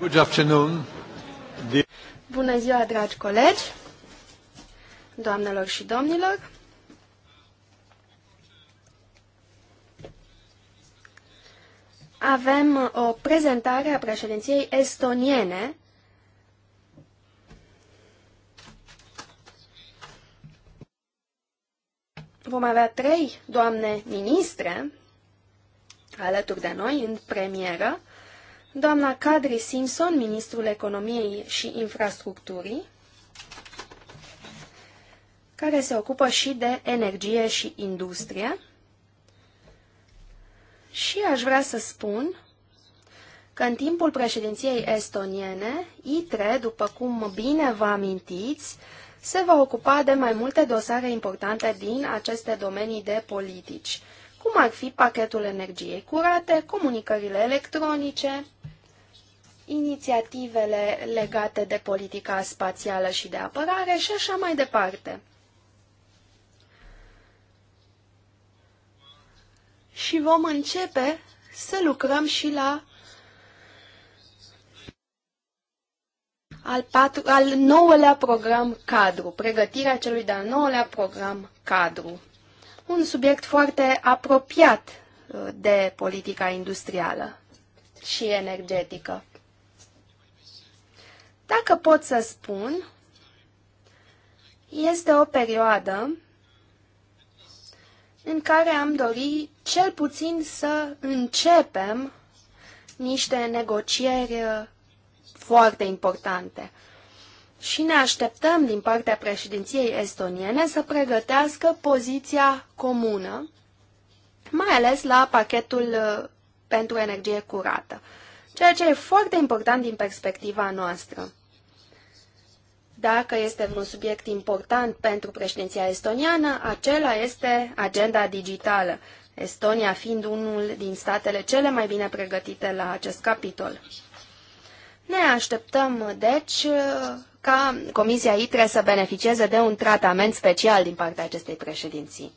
Good afternoon. Bună ziua, dragi colegi, doamnelor și domnilor. Avem o prezentare a președinției estoniene Vom avea trei doamne ministre alături de noi în premieră doamna Kadri Simpson, ministrul economiei și infrastructurii, care se ocupă și de energie și industrie. Și aș vrea să spun că în timpul președinției estoniene, ITRE, după cum bine vă amintiți, se va ocupa de mai multe dosare importante din aceste domenii de politici cum ar fi pachetul energiei curate, comunicările electronice, inițiativele legate de politica spațială și de apărare și așa mai departe. Și vom începe să lucrăm și la al, patru, al nouălea program cadru, pregătirea celui de-al nouălea program cadru un subiect foarte apropiat uh, de politica industrială și energetică. Dacă pot să spun, este o perioadă în care am dori cel puțin să începem niște negocieri uh, foarte importante și ne așteptăm din partea președinției estoniene să pregătească poziția comună, mai ales la pachetul uh, pentru energie curată, ceea ce e foarte important din perspectiva noastră. Dacă este vreun subiect important pentru președinția estoniană, acela este agenda digitală, Estonia fiind unul din statele cele mai bine pregătite la acest capitol. Ne așteptăm, deci, uh, ca Comisia ITRE să beneficieze de un tratament special din partea acestei președinții.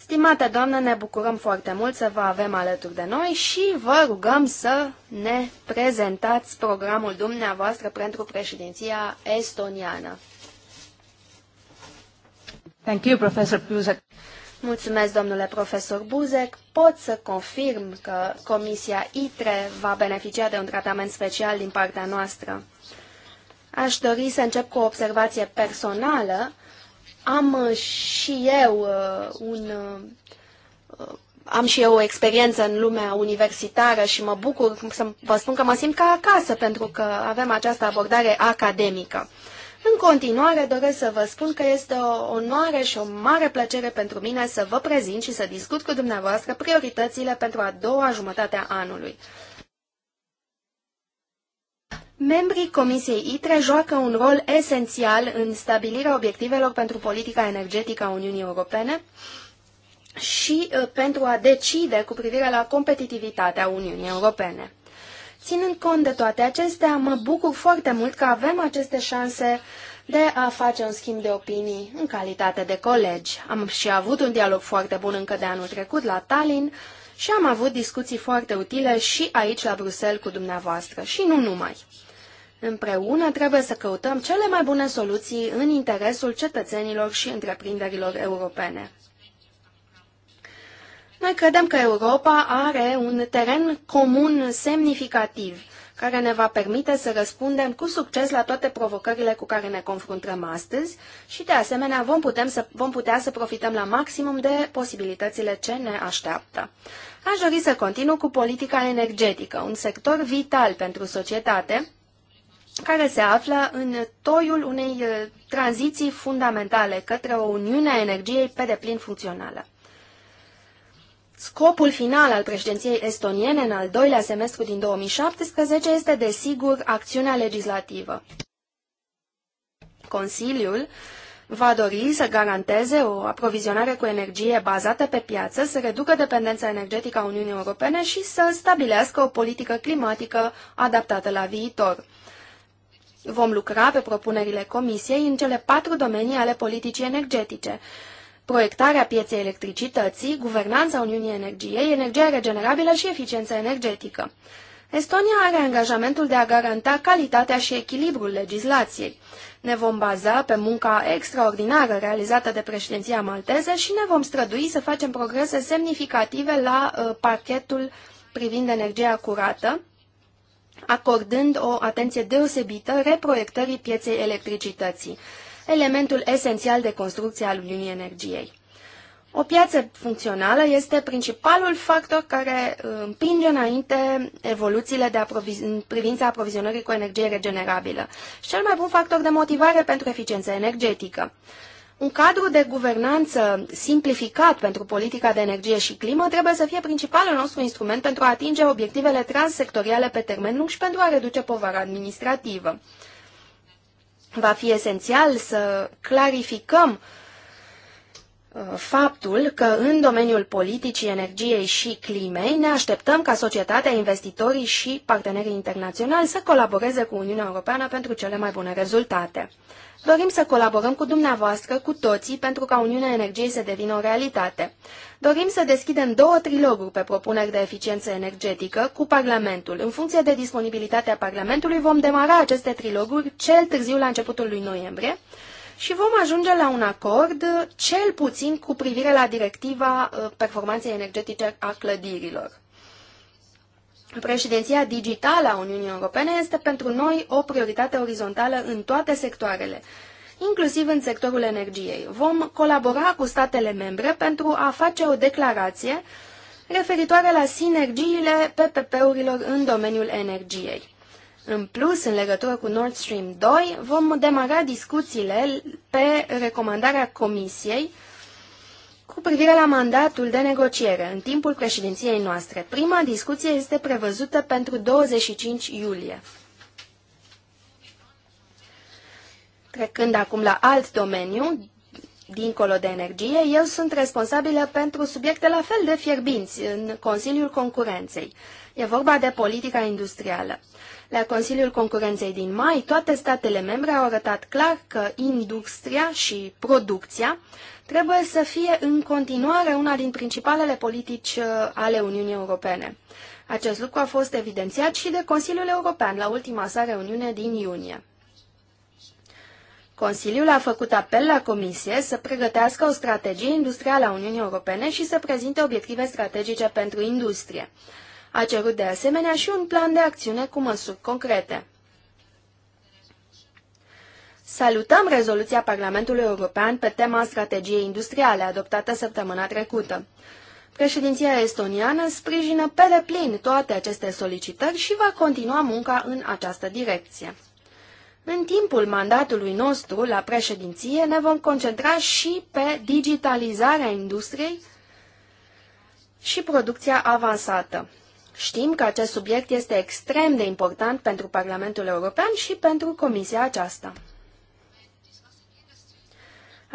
Stimată doamnă, ne bucurăm foarte mult să vă avem alături de noi și vă rugăm să ne prezentați programul dumneavoastră pentru președinția estoniană. Thank you, Professor Buzek. Mulțumesc, domnule profesor Buzek. Pot să confirm că Comisia ITRE va beneficia de un tratament special din partea noastră. Aș dori să încep cu o observație personală. Am uh, și eu uh, un uh, am și eu o experiență în lumea universitară și mă bucur să vă spun că mă simt ca acasă pentru că avem această abordare academică. În continuare doresc să vă spun că este o onoare și o mare plăcere pentru mine să vă prezint și să discut cu dumneavoastră prioritățile pentru a doua jumătate a anului. Membrii Comisiei ITRE joacă un rol esențial în stabilirea obiectivelor pentru politica energetică a Uniunii Europene și uh, pentru a decide cu privire la competitivitatea Uniunii Europene. Ținând cont de toate acestea, mă bucur foarte mult că avem aceste șanse de a face un schimb de opinii în calitate de colegi. Am și avut un dialog foarte bun încă de anul trecut la Tallinn și am avut discuții foarte utile și aici la Bruxelles cu dumneavoastră și nu numai. Împreună trebuie să căutăm cele mai bune soluții în interesul cetățenilor și întreprinderilor europene. Noi credem că Europa are un teren comun semnificativ care ne va permite să răspundem cu succes la toate provocările cu care ne confruntăm astăzi și, de asemenea, vom, putem să, vom putea să profităm la maximum de posibilitățile ce ne așteaptă. Aș dori să continu cu politica energetică, un sector vital pentru societate, care se află în toiul unei uh, tranziții fundamentale către o uniune a energiei pe deplin funcțională. Scopul final al președinției estoniene în al doilea semestru din 2017 este, desigur, acțiunea legislativă. Consiliul va dori să garanteze o aprovizionare cu energie bazată pe piață, să reducă dependența energetică a Uniunii Europene și să stabilească o politică climatică adaptată la viitor. Vom lucra pe propunerile Comisiei în cele patru domenii ale politicii energetice. Proiectarea pieței electricității, guvernanța Uniunii Energiei, energia regenerabilă și eficiența energetică. Estonia are angajamentul de a garanta calitatea și echilibrul legislației. Ne vom baza pe munca extraordinară realizată de președinția malteză și ne vom strădui să facem progrese semnificative la uh, pachetul privind energia curată, acordând o atenție deosebită reproiectării pieței electricității, elementul esențial de construcție al Uniunii Energiei. O piață funcțională este principalul factor care uh, împinge înainte evoluțiile de aproviz- în privința aprovizionării cu energie regenerabilă și cel mai bun factor de motivare pentru eficiența energetică. Un cadru de guvernanță simplificat pentru politica de energie și climă trebuie să fie principalul nostru instrument pentru a atinge obiectivele transsectoriale pe termen lung și pentru a reduce povara administrativă. Va fi esențial să clarificăm uh, faptul că în domeniul politicii, energiei și climei ne așteptăm ca societatea, investitorii și partenerii internaționali să colaboreze cu Uniunea Europeană pentru cele mai bune rezultate. Dorim să colaborăm cu dumneavoastră, cu toții, pentru ca Uniunea Energiei să devină o realitate. Dorim să deschidem două triloguri pe propuneri de eficiență energetică cu Parlamentul. În funcție de disponibilitatea Parlamentului vom demara aceste triloguri cel târziu la începutul lui noiembrie și vom ajunge la un acord cel puțin cu privire la directiva uh, performanței energetice a clădirilor. Președinția digitală a Uniunii Europene este pentru noi o prioritate orizontală în toate sectoarele, inclusiv în sectorul energiei. Vom colabora cu statele membre pentru a face o declarație referitoare la sinergiile PPP-urilor în domeniul energiei. În plus, în legătură cu Nord Stream 2, vom demara discuțiile pe recomandarea Comisiei cu privire la mandatul de negociere, în timpul președinției noastre, prima discuție este prevăzută pentru 25 iulie. Trecând acum la alt domeniu, dincolo de energie, eu sunt responsabilă pentru subiecte la fel de fierbinți în Consiliul Concurenței. E vorba de politica industrială. La Consiliul Concurenței din mai, toate statele membre au arătat clar că industria și producția trebuie să fie în continuare una din principalele politici uh, ale Uniunii Europene. Acest lucru a fost evidențiat și de Consiliul European la ultima sa reuniune din iunie. Consiliul a făcut apel la Comisie să pregătească o strategie industrială a Uniunii Europene și să prezinte obiective strategice pentru industrie. A cerut de asemenea și un plan de acțiune cu măsuri concrete. Salutăm rezoluția Parlamentului European pe tema strategiei industriale adoptată săptămâna trecută. Președinția estoniană sprijină pe deplin toate aceste solicitări și va continua munca în această direcție. În timpul mandatului nostru la președinție ne vom concentra și pe digitalizarea industriei și producția avansată. Știm că acest subiect este extrem de important pentru Parlamentul European și pentru Comisia aceasta.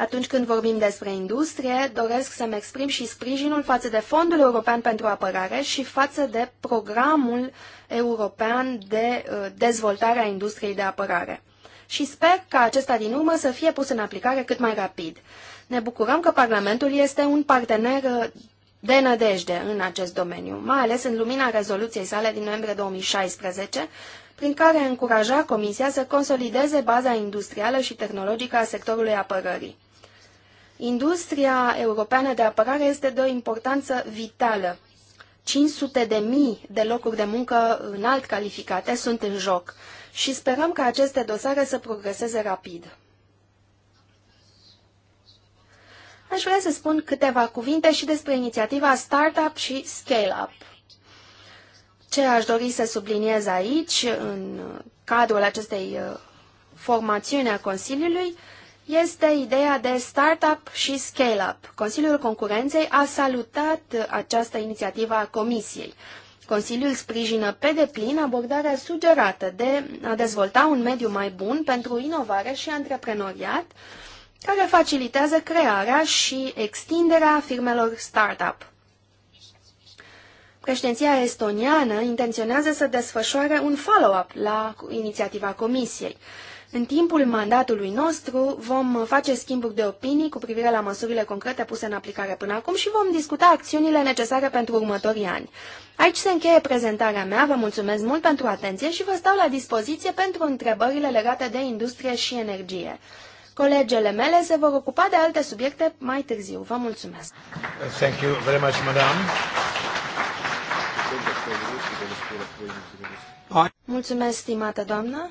Atunci când vorbim despre industrie, doresc să-mi exprim și sprijinul față de Fondul European pentru Apărare și față de Programul European de uh, Dezvoltare a Industriei de Apărare. Și sper ca acesta din urmă să fie pus în aplicare cât mai rapid. Ne bucurăm că Parlamentul este un partener uh, de nădejde în acest domeniu, mai ales în lumina rezoluției sale din noiembrie 2016, prin care încuraja Comisia să consolideze baza industrială și tehnologică a sectorului apărării. Industria europeană de apărare este de o importanță vitală. 500 de mii de locuri de muncă înalt calificate sunt în joc și sperăm ca aceste dosare să progreseze rapid. Aș vrea să spun câteva cuvinte și despre inițiativa Startup și Scale-Up. Ce aș dori să subliniez aici, în cadrul acestei uh, formațiuni a Consiliului, este ideea de startup și scale-up. Consiliul Concurenței a salutat această inițiativă a Comisiei. Consiliul sprijină pe deplin abordarea sugerată de a dezvolta un mediu mai bun pentru inovare și antreprenoriat, care facilitează crearea și extinderea firmelor startup. Președinția estoniană intenționează să desfășoare un follow-up la inițiativa Comisiei. În timpul mandatului nostru vom face schimburi de opinii cu privire la măsurile concrete puse în aplicare până acum și vom discuta acțiunile necesare pentru următorii ani. Aici se încheie prezentarea mea, vă mulțumesc mult pentru atenție și vă stau la dispoziție pentru întrebările legate de industrie și energie. Colegele mele se vor ocupa de alte subiecte mai târziu. Vă mulțumesc. Thank you very much, madam. Mulțumesc, stimată doamnă.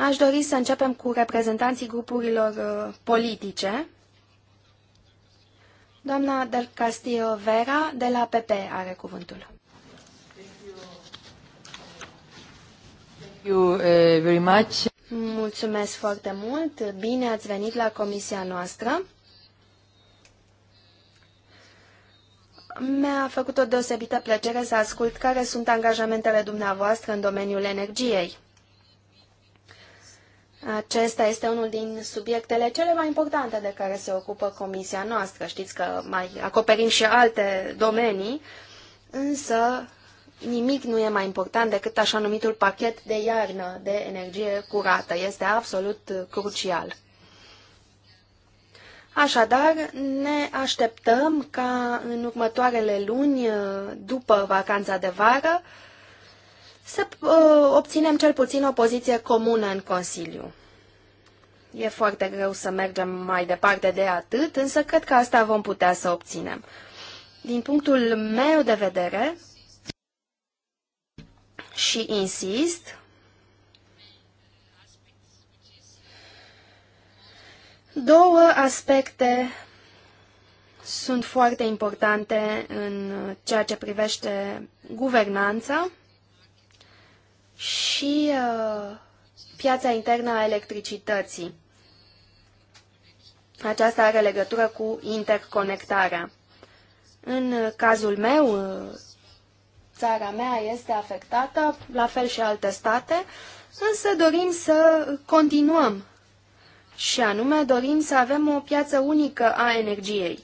Aș dori să începem cu reprezentanții grupurilor uh, politice. Doamna Del Castillo Vera de la PP are cuvântul. Uh, Mulțumesc foarte mult. Bine ați venit la comisia noastră. Mi-a făcut o deosebită plăcere să ascult care sunt angajamentele dumneavoastră în domeniul energiei. Acesta este unul din subiectele cele mai importante de care se ocupă comisia noastră. Știți că mai acoperim și alte domenii, însă nimic nu e mai important decât așa numitul pachet de iarnă de energie curată. Este absolut crucial. Așadar, ne așteptăm ca în următoarele luni, după vacanța de vară, să uh, obținem cel puțin o poziție comună în Consiliu. E foarte greu să mergem mai departe de atât, însă cred că asta vom putea să obținem. Din punctul meu de vedere, și insist, două aspecte sunt foarte importante în ceea ce privește guvernanța și uh, piața internă a electricității. Aceasta are legătură cu interconectarea. În cazul meu, țara mea este afectată, la fel și alte state, însă dorim să continuăm. Și anume, dorim să avem o piață unică a energiei.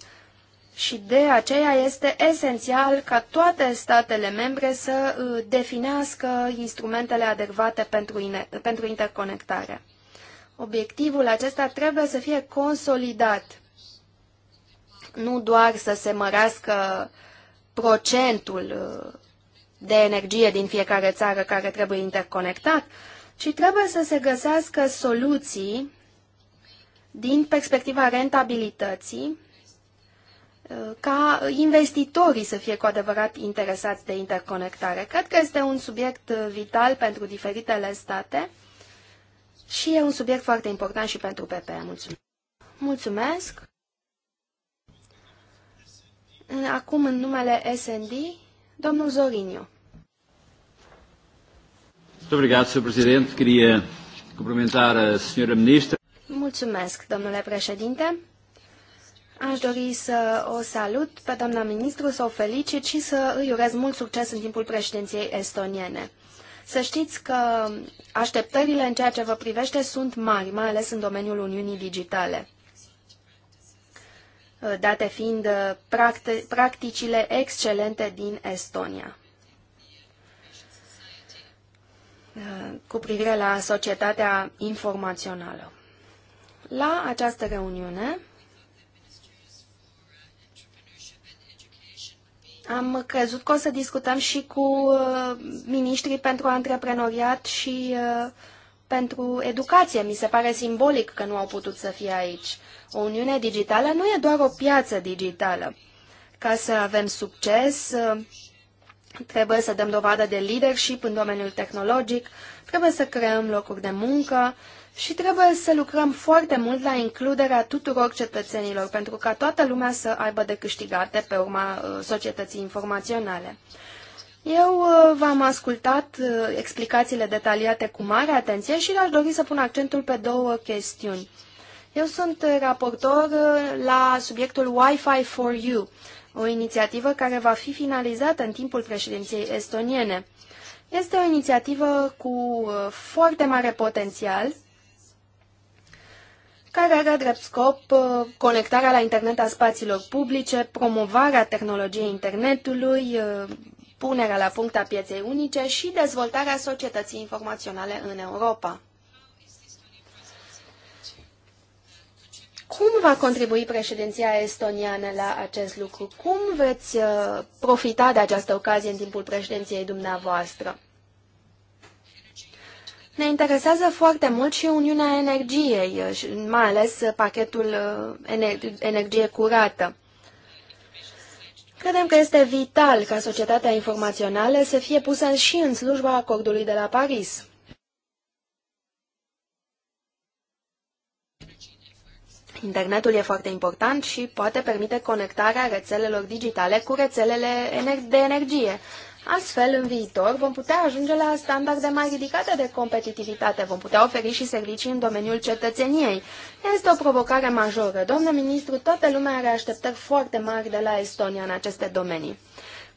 Și de aceea este esențial ca toate statele membre să uh, definească instrumentele adecvate pentru, pentru interconectare. Obiectivul acesta trebuie să fie consolidat, nu doar să se mărească procentul uh, de energie din fiecare țară care trebuie interconectat, ci trebuie să se găsească soluții din perspectiva rentabilității ca investitorii să fie cu adevărat interesați de interconectare. Cred că este un subiect vital pentru diferitele state și e un subiect foarte important și pentru PPE. Mulțumesc! Mulțumesc! Acum, în numele SND, domnul Zorinio. Mulțumesc, domnule președinte. Aș dori să o salut pe doamna ministru, să o felicit și să îi urez mult succes în timpul președinției estoniene. Să știți că așteptările în ceea ce vă privește sunt mari, mai ales în domeniul Uniunii Digitale. Date fiind practicile excelente din Estonia. Cu privire la societatea informațională. La această reuniune, Am crezut că o să discutăm și cu uh, ministrii pentru antreprenoriat și uh, pentru educație. Mi se pare simbolic că nu au putut să fie aici. O Uniune digitală nu e doar o piață digitală. Ca să avem succes, uh, trebuie să dăm dovadă de leadership în domeniul tehnologic, trebuie să creăm locuri de muncă, și trebuie să lucrăm foarte mult la includerea tuturor cetățenilor, pentru ca toată lumea să aibă de câștigat pe urma uh, societății informaționale. Eu uh, v-am ascultat uh, explicațiile detaliate cu mare atenție și aș dori să pun accentul pe două chestiuni. Eu sunt raportor la subiectul Wi-Fi for You, o inițiativă care va fi finalizată în timpul președinției estoniene. Este o inițiativă cu foarte mare potențial care are drept scop uh, conectarea la internet a spațiilor publice, promovarea tehnologiei internetului, uh, punerea la punct a pieței unice și dezvoltarea societății informaționale în Europa. Cum va contribui președinția estoniană la acest lucru? Cum veți uh, profita de această ocazie în timpul președinției dumneavoastră? Ne interesează foarte mult și Uniunea Energiei, uh, mai ales uh, pachetul uh, energie curată. Credem că este vital ca societatea informațională să fie pusă și în slujba acordului de la Paris. Internetul e foarte important și poate permite conectarea rețelelor digitale cu rețelele de energie, Astfel, în viitor, vom putea ajunge la standarde mai ridicate de competitivitate, vom putea oferi și servicii în domeniul cetățeniei. Este o provocare majoră. Domnule ministru, toată lumea are așteptări foarte mari de la Estonia în aceste domenii.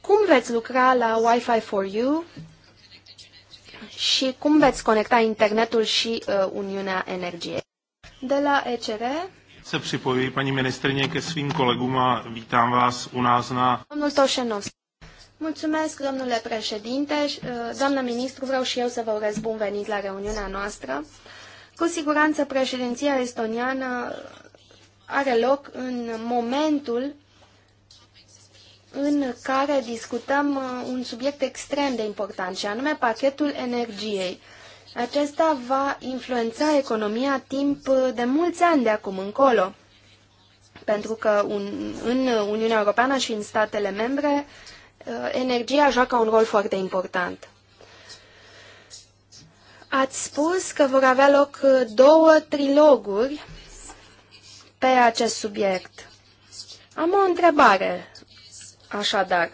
Cum veți lucra la Wi-Fi for You și cum veți conecta internetul și uh, Uniunea Energiei? De la ECR, se připojuji, paní ministrině, ke svým kolegům a vítám vás u nás na... Domnul Toșenovs. Mulțumesc, domnule președinte. Uh, doamnă ministru, vreau și eu să vă urez bun venit la reuniunea noastră. Cu siguranță, președinția estoniană are loc în momentul în care discutăm uh, un subiect extrem de important, și anume pachetul energiei. Acesta va influența economia timp uh, de mulți ani de acum încolo, pentru că un, în Uniunea Europeană și în statele membre uh, Uh, energia joacă un rol foarte important. Ați spus că vor avea loc uh, două triloguri pe acest subiect. Am o întrebare, așadar,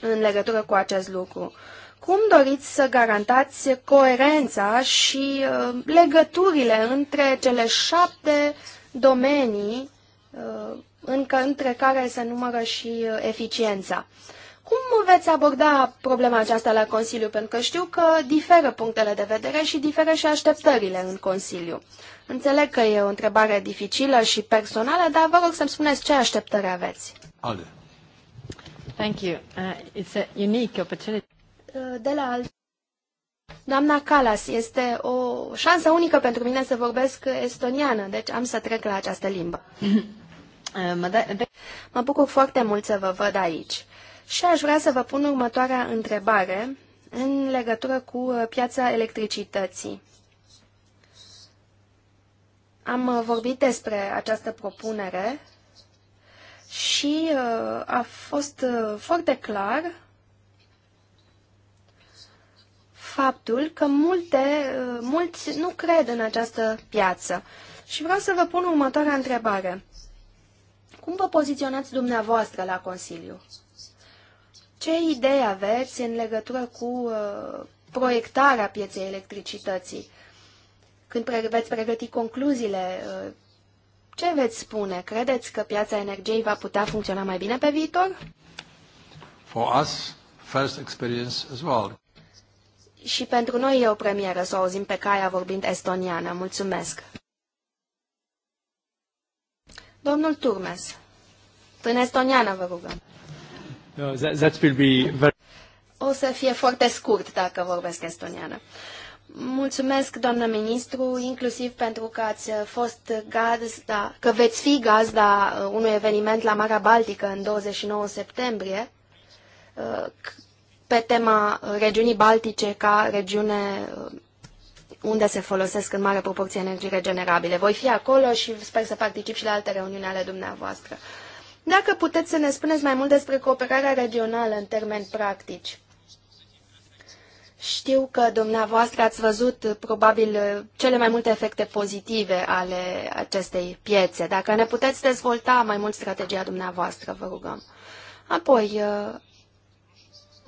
în legătură cu acest lucru. Cum doriți să garantați coerența și uh, legăturile între cele șapte domenii încă între care se numără și uh, eficiența. Cum veți aborda problema aceasta la Consiliu? Pentru că știu că diferă punctele de vedere și diferă și așteptările în Consiliu. Înțeleg că e o întrebare dificilă și personală, dar vă rog să-mi spuneți ce așteptări aveți. Ale. Thank you. Uh, it's a unique opportunity. Uh, de la alt... Doamna Calas, este o șansă unică pentru mine să vorbesc estoniană, deci am să trec la această limbă. Mă bucur foarte mult să vă văd aici și aș vrea să vă pun următoarea întrebare în legătură cu uh, piața electricității. Am uh, vorbit despre această propunere și uh, a fost foarte clar faptul că multe, mulți nu cred în această piață. Și vreau să vă pun următoarea întrebare. Cum vă poziționați dumneavoastră la Consiliu? Ce idei aveți în legătură cu uh, proiectarea pieței electricității? Când pre veți pregăti concluziile, uh, ce veți spune? Credeți că piața energiei va putea funcționa mai bine pe viitor? For us, first experience as well. Și pentru noi e o premieră să o auzim pe Caia vorbind estoniană. Mulțumesc! Domnul Turmes, în estoniană vă rugăm. No, that, that will be very... O să fie foarte scurt dacă vorbesc estoniană. Mulțumesc, doamnă ministru, inclusiv pentru că ați fost gazda, da, că veți fi gazda uh, unui eveniment la Marea Baltică în 29 septembrie uh, pe tema regiunii Baltice ca regiune uh, unde se folosesc în mare proporție energii regenerabile. Voi fi acolo și sper să particip și la alte reuniuni ale dumneavoastră. Dacă puteți să ne spuneți mai mult despre cooperarea regională în termeni practici. Știu că dumneavoastră ați văzut probabil cele mai multe efecte pozitive ale acestei piețe. Dacă ne puteți dezvolta mai mult strategia dumneavoastră, vă rugăm. Apoi,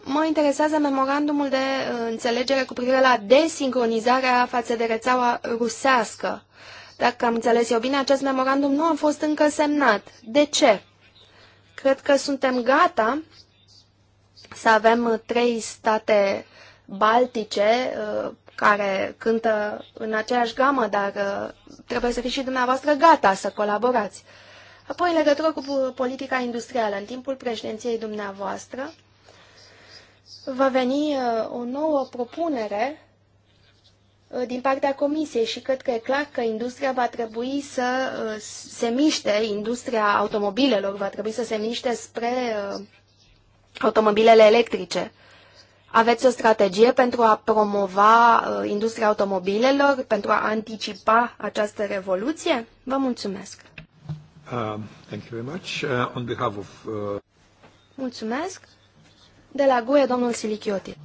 Mă interesează memorandumul de uh, înțelegere cu privire la desincronizarea față de rețeaua rusească. Dacă am înțeles eu bine, acest memorandum nu a fost încă semnat. De ce? Cred că suntem gata să avem trei state baltice uh, care cântă în aceeași gamă, dar uh, trebuie să fiți și dumneavoastră gata să colaborați. Apoi, în legătură cu politica industrială, în timpul președinției dumneavoastră, va veni uh, o nouă propunere uh, din partea Comisiei și cred că e clar că industria va trebui să uh, se miște, industria automobilelor va trebui să se miște spre automobilele electrice. Aveți o strategie pentru a promova industria automobilelor, pentru a anticipa această revoluție? Vă mulțumesc! Uh, thank you very much. Uh, on behalf of, uh... Mulțumesc! De la GUE, domnul Silichioti. Eh?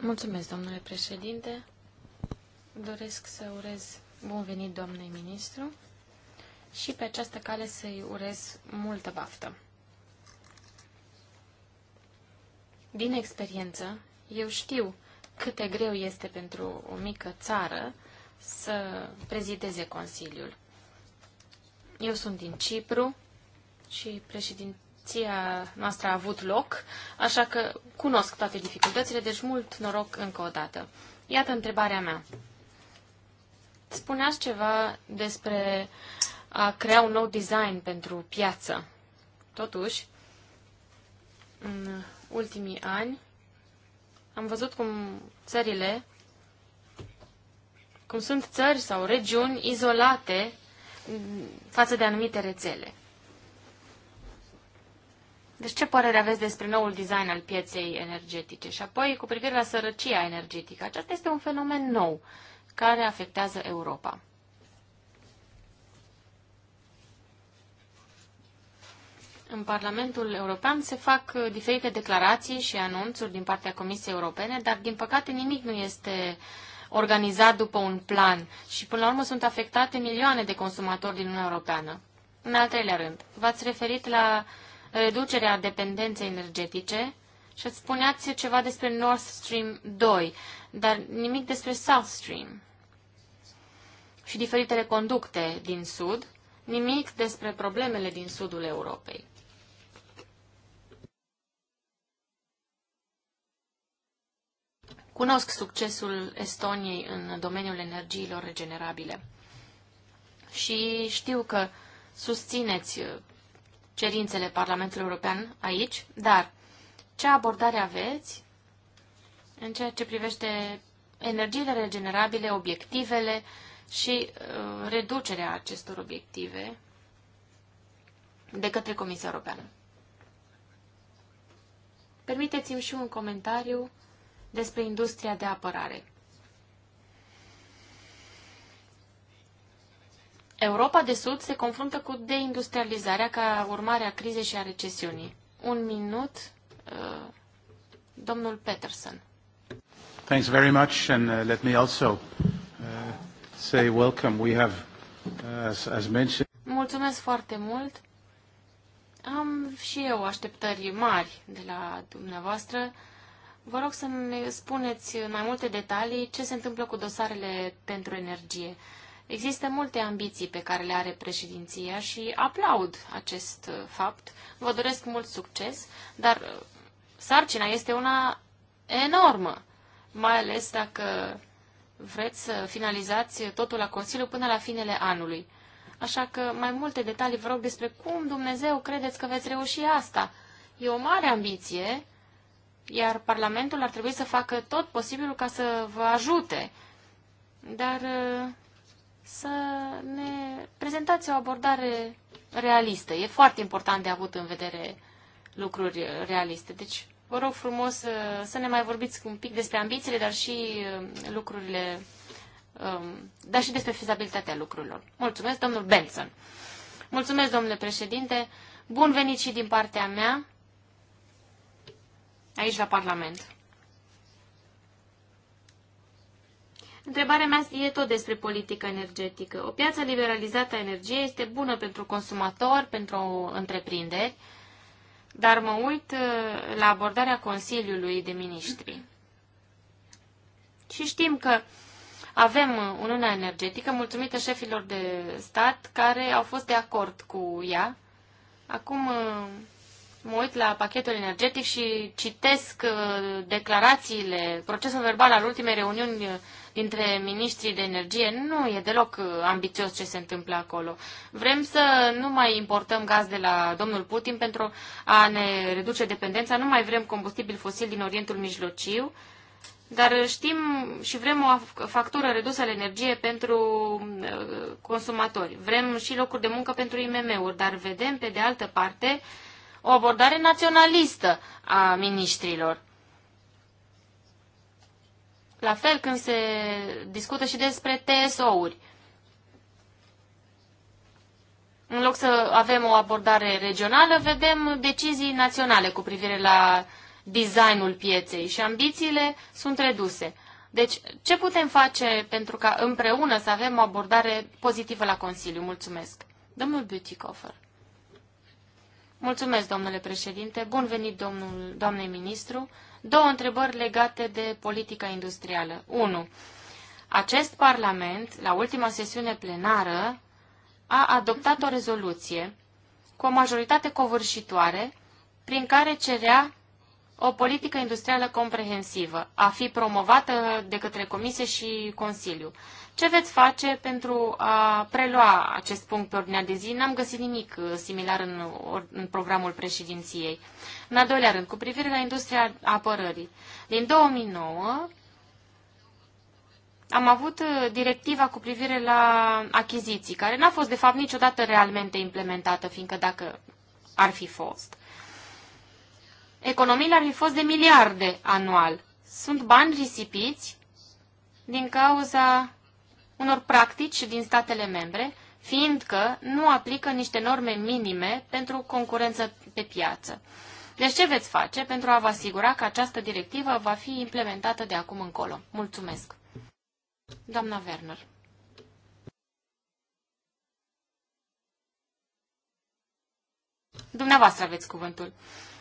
Mulțumesc, domnule președinte. Doresc să urez bun venit, domnule ministru, și pe această cale să-i urez multă baftă. Din experiență, eu știu cât de greu este pentru o mică țară să prezideze Consiliul. Eu sunt din Cipru și președinția noastră a avut loc, așa că cunosc toate dificultățile, deci mult noroc încă o dată. Iată întrebarea mea. Spuneați ceva despre a crea un nou design pentru piață. Totuși, în ultimii ani, am văzut cum țările, cum sunt țări sau regiuni izolate față de anumite rețele. Deci ce părere aveți despre noul design al pieței energetice? Și apoi, cu privire la sărăcia energetică, aceasta este un fenomen nou care afectează Europa. În Parlamentul European se fac uh, diferite declarații și anunțuri din partea Comisiei Europene, dar din păcate nimic nu este organizat după un plan și până la urmă sunt afectate milioane de consumatori din Uniunea Europeană. În al treilea rând, v-ați referit la uh, reducerea dependenței energetice și îți spuneați ceva despre North Stream 2, dar nimic despre South Stream și diferitele conducte din Sud, nimic despre problemele din Sudul Europei. Cunosc succesul Estoniei în domeniul energiilor regenerabile și știu că susțineți cerințele Parlamentului European aici, dar ce abordare aveți în ceea ce privește energiile regenerabile, obiectivele și uh, reducerea acestor obiective de către Comisia Europeană? Permiteți-mi și un comentariu despre industria de apărare. Europa de Sud se confruntă cu deindustrializarea ca urmare a crizei și a recesiunii. Un minut, uh, domnul Peterson. Thanks very much and uh, let me also uh, say welcome. We have, as, as mentioned... Mulțumesc foarte mult. Am și eu așteptări mari de la dumneavoastră. Vă rog să ne spuneți mai multe detalii ce se întâmplă cu dosarele pentru energie. Există multe ambiții pe care le are președinția și aplaud acest uh, fapt. Vă doresc mult succes, dar uh, sarcina este una enormă, mai ales dacă vreți să finalizați totul la Consiliu până la finele anului. Așa că mai multe detalii vă rog despre cum Dumnezeu credeți că veți reuși asta. E o mare ambiție, iar Parlamentul ar trebui să facă tot posibilul ca să vă ajute. Dar uh, să ne prezentați o abordare realistă. E foarte important de avut în vedere lucruri realiste. Deci, vă rog frumos uh, să ne mai vorbiți un pic despre ambițiile, dar și um, lucrurile, um, dar și despre fizabilitatea lucrurilor. Mulțumesc, domnul Benson. Mulțumesc, domnule președinte. Bun venit și din partea mea aici la Parlament. Întrebarea mea e tot despre politică energetică. O piață liberalizată a energiei este bună pentru consumator, pentru întreprinderi, dar mă uit uh, la abordarea Consiliului de Ministri. Și știm că avem uh, Uniunea Energetică, mulțumită șefilor de stat care au fost de acord cu ea. Acum uh, mă uit la pachetul energetic și citesc declarațiile, procesul verbal al ultimei reuniuni dintre ministrii de energie. Nu e deloc uh, ambițios ce se întâmplă acolo. Vrem să nu mai importăm gaz de la domnul Putin pentru a ne reduce dependența. Nu mai vrem combustibil fosil din Orientul Mijlociu. Dar știm și vrem o factură redusă la energie pentru uh, consumatori. Vrem și locuri de muncă pentru IMM-uri, dar vedem, pe de altă parte, o abordare naționalistă a miniștrilor. La fel când se discută și despre TSO-uri. În loc să avem o abordare regională, vedem decizii naționale cu privire la designul pieței și ambițiile sunt reduse. Deci, ce putem face pentru ca împreună să avem o abordare pozitivă la Consiliu? Mulțumesc. Domnul Beautycoffer. Mulțumesc, domnule președinte. Bun venit, domnul, doamne ministru. Două întrebări legate de politica industrială. 1. Acest Parlament, la ultima sesiune plenară, a adoptat o rezoluție cu o majoritate covârșitoare prin care cerea o politică industrială comprehensivă a fi promovată de către Comisie și Consiliu. Ce veți face pentru a prelua acest punct pe ordinea de zi? N-am găsit nimic uh, similar în, în programul președinției. În al doilea rând, cu privire la industria apărării. Din 2009 am avut uh, directiva cu privire la achiziții, care n-a fost de fapt niciodată realmente implementată, fiindcă dacă ar fi fost. Economiile ar fi fost de miliarde anual. Sunt bani risipiți din cauza unor practici din statele membre, fiindcă nu aplică niște norme minime pentru concurență pe piață. Deci ce veți face pentru a vă asigura că această directivă va fi implementată de acum încolo? Mulțumesc! Doamna Werner. Dumneavoastră aveți cuvântul.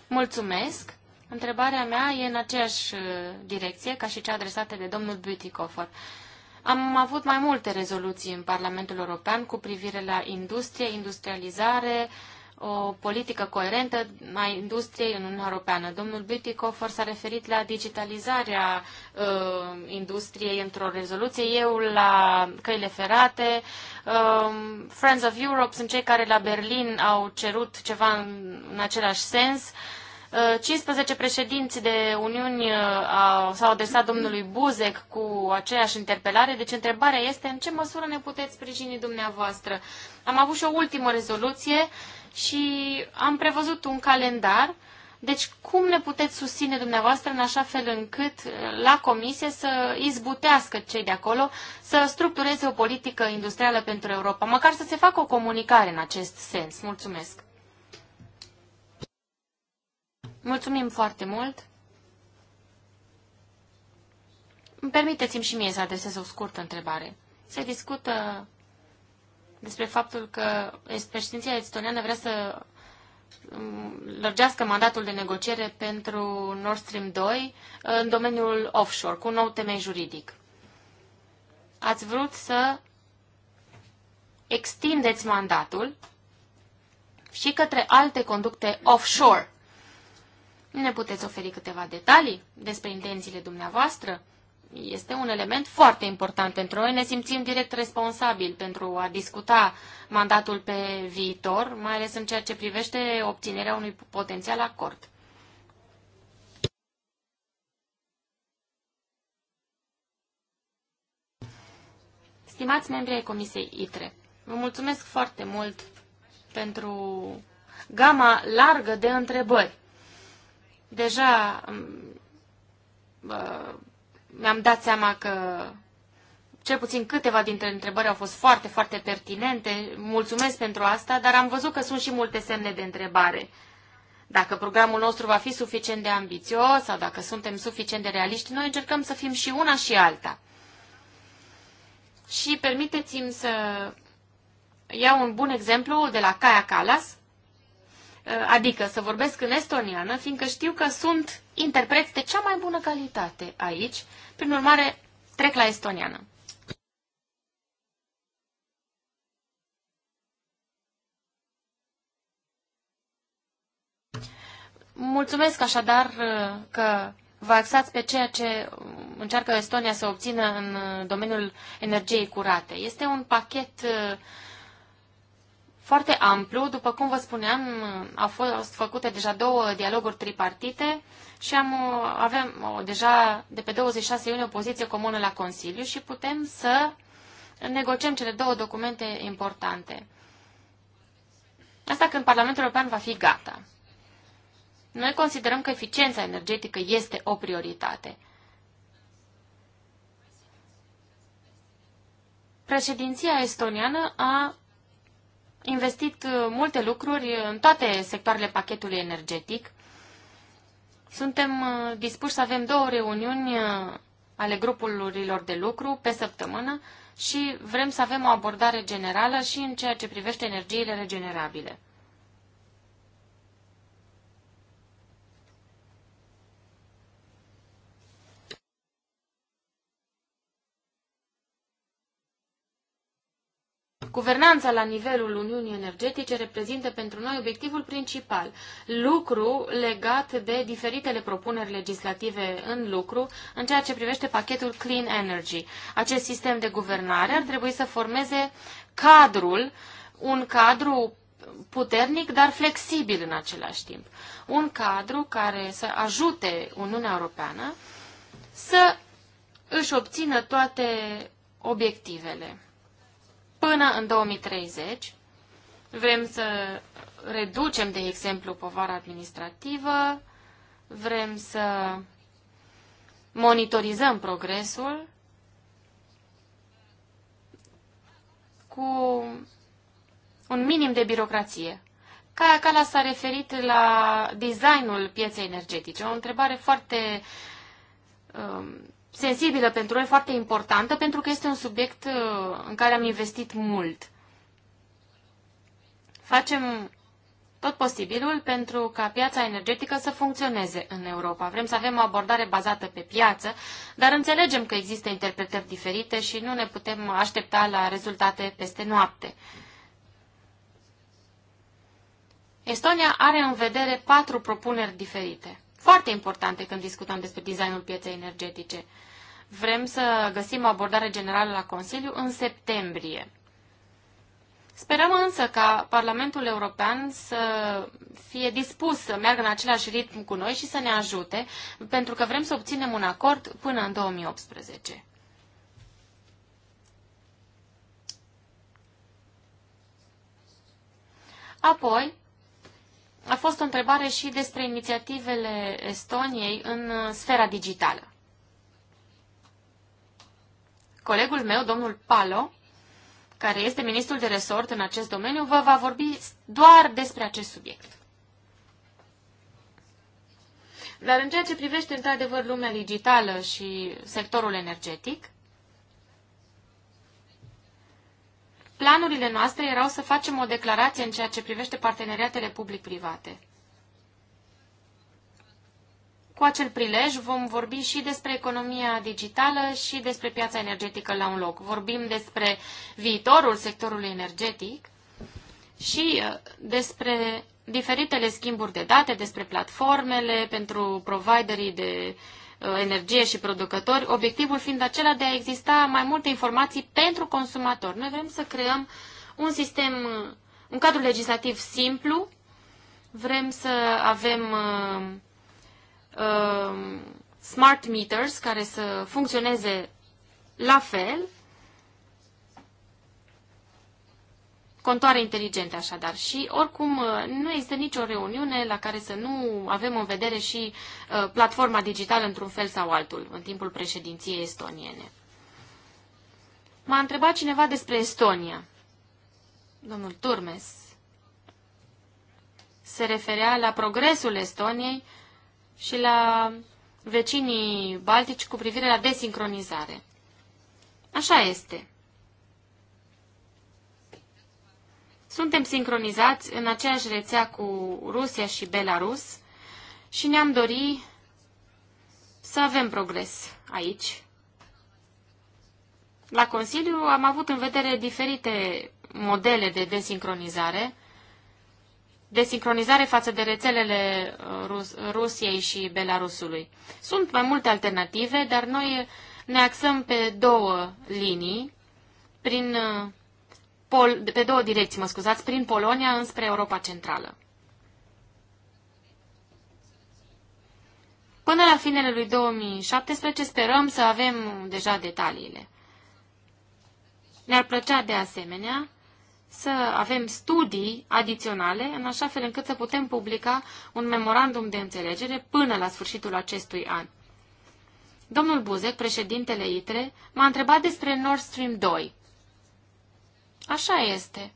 Mulțumesc! Întrebarea mea e în aceeași uh, direcție ca și cea adresată de domnul Butikofer. Am avut mai multe rezoluții în Parlamentul European cu privire la industrie, industrializare, o politică coerentă a industriei în Uniunea Europeană. Domnul Bütikofer s-a referit la digitalizarea uh, industriei într-o rezoluție, eu la căile ferate. Uh, Friends of Europe sunt cei care la Berlin au cerut ceva în, în același sens. Uh, 15 uh, președinți de Uniuni uh, s-au adresat domnului Buzek cu aceeași interpelare, deci întrebarea este în ce măsură ne puteți sprijini dumneavoastră. Am avut și o ultimă rezoluție și am prevăzut un calendar, deci cum ne puteți susține dumneavoastră în așa fel încât uh, la comisie să izbutească cei de acolo să structureze o politică industrială pentru Europa, măcar să se facă o comunicare în acest sens. Mulțumesc! Mulțumim foarte mult! Permiteți-mi și mie să adresez o scurtă întrebare. Se discută despre faptul că președinția estoniană vrea să mm, lărgească mandatul de negociere pentru Nord Stream 2 uh, în domeniul offshore, cu un nou temei juridic. Ați vrut să extindeți mandatul și către alte conducte offshore ne puteți oferi câteva detalii despre intențiile dumneavoastră? Este un element foarte important pentru noi. Ne simțim direct responsabili pentru a discuta mandatul pe viitor, mai ales în ceea ce privește obținerea unui potențial acord. Stimați membri ai Comisiei ITRE, vă mulțumesc foarte mult pentru gama largă de întrebări Deja mm, mi-am dat seama că cel puțin câteva dintre întrebări au fost foarte, foarte pertinente. Mulțumesc pentru asta, dar am văzut că sunt și multe semne de întrebare. Dacă programul nostru va fi suficient de ambițios sau dacă suntem suficient de realiști, noi încercăm să fim și una și alta. Și permiteți-mi să iau un bun exemplu de la Caia Calas, Eh, adică să vorbesc în estoniană, fiindcă știu că sunt interpreți de cea mai bună calitate aici, prin urmare trec la estoniană. Mulțumesc așadar eh, că vă axați pe ceea ce încearcă Estonia să obțină în eh, domeniul energiei curate. Este un pachet uh, foarte amplu. După cum vă spuneam, au fost făcute deja două dialoguri tripartite și am, avem deja de pe 26 iunie o poziție comună la Consiliu și putem să negociem cele două documente importante. Asta când Parlamentul European va fi gata. Noi considerăm că eficiența energetică este o prioritate. Președinția estoniană a investit uh, multe lucruri în toate sectoarele pachetului energetic. Suntem uh, dispuși să avem două reuniuni uh, ale grupurilor de lucru pe săptămână și vrem să avem o abordare generală și în ceea ce privește energiile regenerabile. Guvernanța la nivelul Uniunii Energetice reprezintă pentru noi obiectivul principal, lucru legat de diferitele propuneri legislative în lucru în ceea ce privește pachetul Clean Energy. Acest sistem de guvernare ar trebui să formeze cadrul, un cadru puternic, dar flexibil în același timp. Un cadru care să ajute Uniunea Europeană să își obțină toate obiectivele până în 2030. Vrem să reducem, de exemplu, povara administrativă, vrem să monitorizăm progresul cu un minim de birocrație. Ca Cala s-a referit la designul pieței energetice, o întrebare foarte um, sensibilă pentru noi, foarte importantă, pentru că este un subiect uh, în care am investit mult. Facem tot posibilul pentru ca piața energetică să funcționeze în Europa. Vrem să avem o abordare bazată pe piață, dar înțelegem că există interpretări diferite și nu ne putem aștepta la rezultate peste noapte. Estonia are în vedere patru propuneri diferite foarte importante când discutăm despre designul pieței energetice. Vrem să găsim o abordare generală la Consiliu în septembrie. Sperăm însă ca Parlamentul European să fie dispus să meargă în același ritm cu noi și să ne ajute, pentru că vrem să obținem un acord până în 2018. Apoi, a fost o întrebare și despre inițiativele Estoniei în uh, sfera digitală. Colegul meu, domnul Palo, care este ministrul de resort în acest domeniu, vă va vorbi doar despre acest subiect. Dar în ceea ce privește într-adevăr lumea digitală și sectorul energetic, planurile noastre erau să facem o declarație în ceea ce privește parteneriatele public-private. Cu acel prilej vom vorbi și despre economia digitală și despre piața energetică la un loc. Vorbim despre viitorul sectorului energetic și uh, despre diferitele schimburi de date, despre platformele pentru providerii de Uh, energie și producători, obiectivul fiind acela de a exista mai multe informații pentru consumator. Noi vrem să creăm un sistem, uh, un cadru legislativ simplu, vrem să avem uh, uh, smart meters care să funcționeze la fel, contoare inteligente așadar. Și oricum uh, nu există nicio reuniune la care să nu avem în vedere și uh, platforma digitală într-un fel sau altul în timpul președinției estoniene. M-a întrebat cineva despre Estonia. Domnul Turmes se referea la progresul Estoniei și la vecinii baltici cu privire la desincronizare. Așa este. Suntem sincronizați în aceeași rețea cu Rusia și Belarus și ne-am dori să avem progres aici. La Consiliu am avut în vedere diferite modele de desincronizare, desincronizare față de rețelele uh, Rus Rusiei și Belarusului. Sunt mai multe alternative, dar noi ne axăm pe două linii prin uh, Pol, pe două direcții, mă scuzați, prin Polonia înspre Europa Centrală. Până la finele lui 2017 sperăm să avem deja detaliile. Ne-ar plăcea de asemenea să avem studii adiționale, în așa fel încât să putem publica un memorandum de înțelegere până la sfârșitul acestui an. Domnul Buzek, președintele ITRE, m-a întrebat despre Nord Stream 2. Așa este.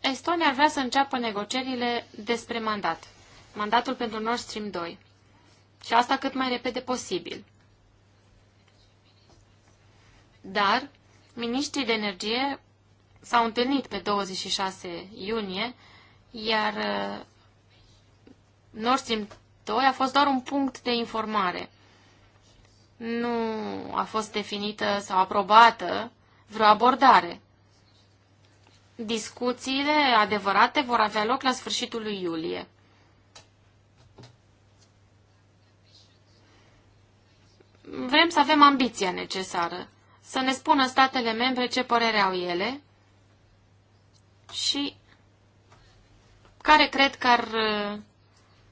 Estonia vrea să înceapă negocierile despre mandat. Mandatul pentru Nord Stream 2. Și asta cât mai repede posibil. Dar, miniștrii de energie s-au întâlnit pe 26 iunie, iar Nord Stream 2 a fost doar un punct de informare. Nu a fost definită sau aprobată vreo abordare. Discuțiile adevărate vor avea loc la sfârșitul lui iulie. Vrem să avem ambiția necesară, să ne spună statele membre ce părere au ele și care cred că ar uh,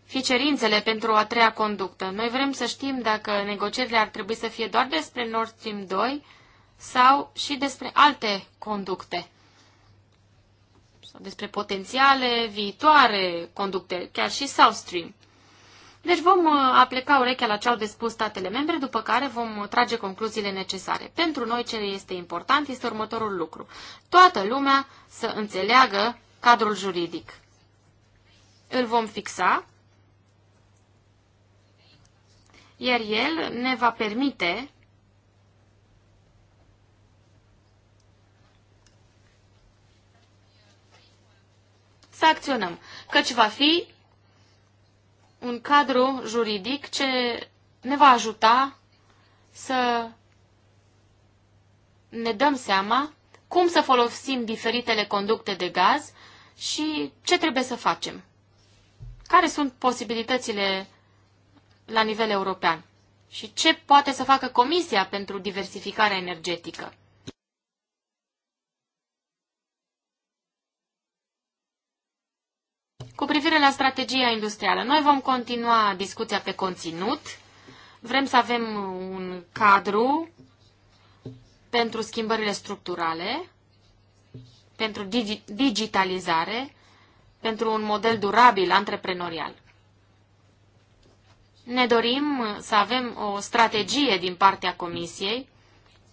fi cerințele pentru a treia conductă. Noi vrem să știm dacă negocierile ar trebui să fie doar despre Nord Stream 2 sau și despre alte conducte sau despre potențiale viitoare conducte, chiar și South Stream. Deci vom uh, apleca urechea la ce au de spus statele membre, după care vom uh, trage concluziile necesare. Pentru noi ce este important este următorul lucru. Toată lumea să înțeleagă cadrul juridic. Îl vom fixa, iar el ne va permite să acționăm, căci va fi un cadru juridic ce ne va ajuta să ne dăm seama cum să folosim diferitele conducte de gaz și ce trebuie să facem. Care sunt posibilitățile la nivel european și ce poate să facă Comisia pentru diversificarea energetică. Cu privire la strategia industrială, noi vom continua discuția pe conținut. Vrem să avem un cadru pentru schimbările structurale, pentru digi digitalizare, pentru un model durabil antreprenorial. Ne dorim să avem o strategie din partea Comisiei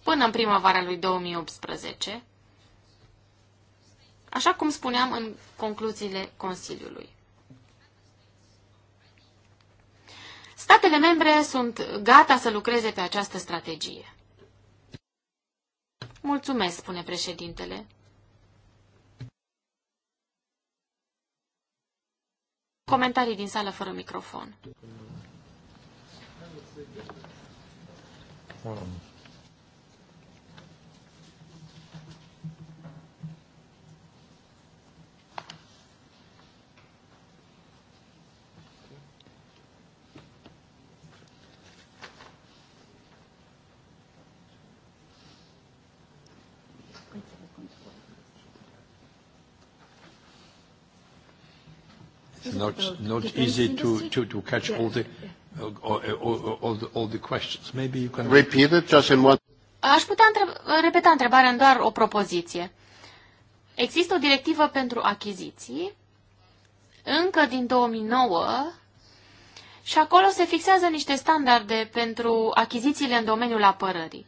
până în primăvara lui 2018 așa cum spuneam în concluziile Consiliului. Statele membre sunt gata să lucreze pe această strategie. Mulțumesc, spune președintele. Comentarii din sală fără microfon. Um. not easy to catch all the questions. Maybe you can repeat it just in one. Aș putea repeta întrebarea în doar o propoziție. Există o directivă pentru achiziții, încă din 2009, și acolo se fixează niște standarde pentru achizițiile în domeniul apărării.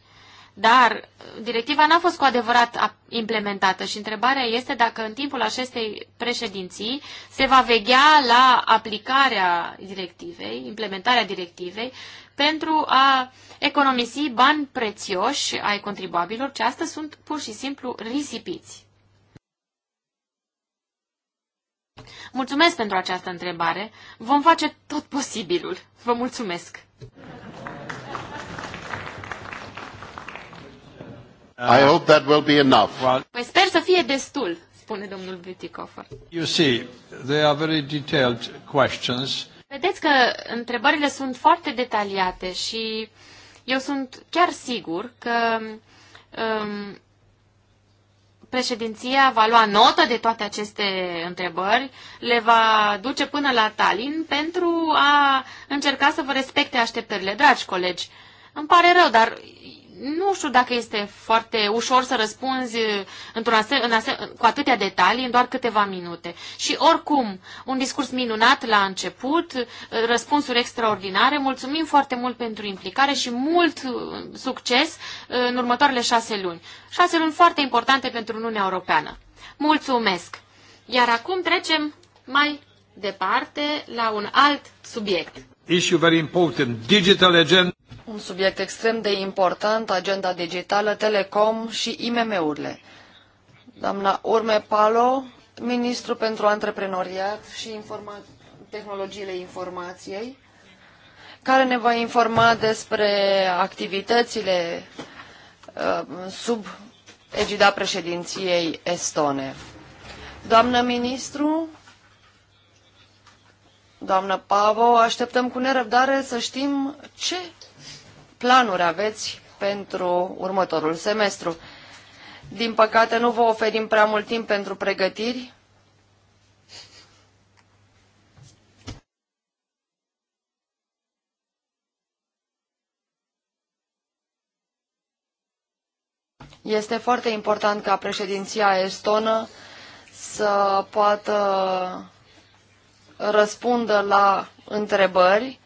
Dar directiva n-a fost cu adevărat implementată și întrebarea este dacă în timpul acestei președinții se va veghea la aplicarea directivei, implementarea directivei, pentru a economisi bani prețioși ai contribuabilor, ce astăzi sunt pur și simplu risipiți. Mulțumesc pentru această întrebare. Vom face tot posibilul. Vă mulțumesc. I uh, hope that will be enough. păi sper să fie destul, spune domnul Butikofer. You see, they are very detailed questions. Vedeți că întrebările sunt foarte detaliate și eu sunt chiar sigur că um, președinția va lua notă de toate aceste întrebări, le va duce până la Tallinn pentru a încerca să vă respecte așteptările, dragi colegi. Îmi pare rău, dar nu știu dacă este foarte ușor să răspunzi într-un ase- în ase- cu atâtea detalii în doar câteva minute. Și oricum, un discurs minunat la început, răspunsuri extraordinare, mulțumim foarte mult pentru implicare și mult uh, succes uh, în următoarele șase luni. Șase luni foarte importante pentru Uniunea Europeană. Mulțumesc! Iar acum trecem mai departe la un alt subiect issue very important, digital agenda. Un subiect extrem de important, agenda digitală, telecom și IMM-urile. Doamna Urme Palo, ministru pentru antreprenoriat și informa- tehnologiile informației, care ne va informa despre activitățile uh, sub egida președinției estone. Doamnă ministru, Doamnă Pavo, așteptăm cu nerăbdare să știm ce planuri aveți pentru următorul semestru. Din păcate nu vă oferim prea mult timp pentru pregătiri. Este foarte important ca președinția estonă să poată răspundă la întrebări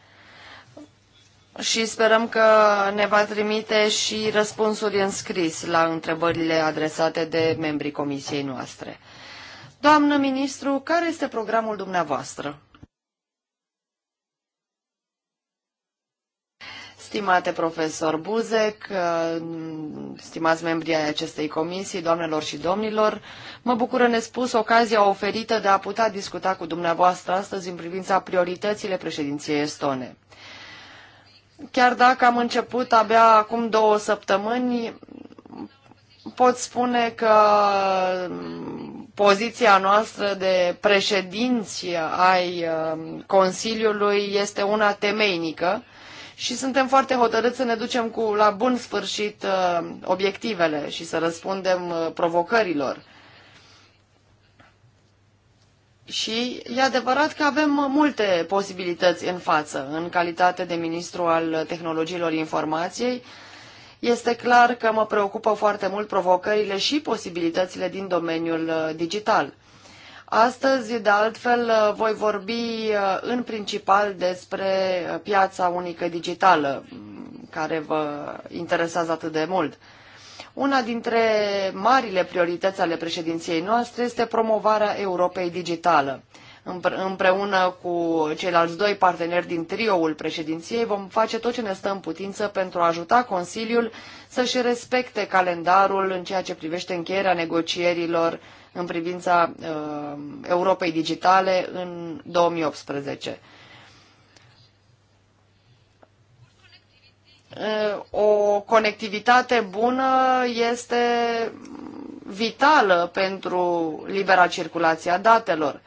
și sperăm că ne va trimite și răspunsuri în scris la întrebările adresate de membrii comisiei noastre. Doamnă ministru, care este programul dumneavoastră? Stimate profesor Buzec, uh, stimați membri ai acestei comisii, doamnelor și domnilor, mă bucură nespus ocazia oferită de a putea discuta cu dumneavoastră astăzi în privința prioritățile președinției estone. Chiar dacă am început abia acum două săptămâni, pot spune că poziția noastră de președinți ai uh, Consiliului este una temeinică, și suntem foarte hotărâți să ne ducem cu la bun sfârșit uh, obiectivele și să răspundem uh, provocărilor. Și e adevărat că avem uh, multe posibilități în față. În calitate de ministru al tehnologiilor informației, este clar că mă preocupă foarte mult provocările și posibilitățile din domeniul digital. Astăzi, de altfel, voi vorbi uh, în principal despre piața unică digitală, mm, care vă interesează atât de mult. Una dintre marile priorități ale președinției noastre este promovarea Europei Digitală. Împreună cu ceilalți doi parteneri din trioul președinției vom face tot ce ne stă în putință pentru a ajuta Consiliul să-și respecte calendarul în ceea ce privește încheierea negocierilor în privința uh, Europei Digitale în 2018. Uh, o conectivitate bună este vitală pentru libera circulație a datelor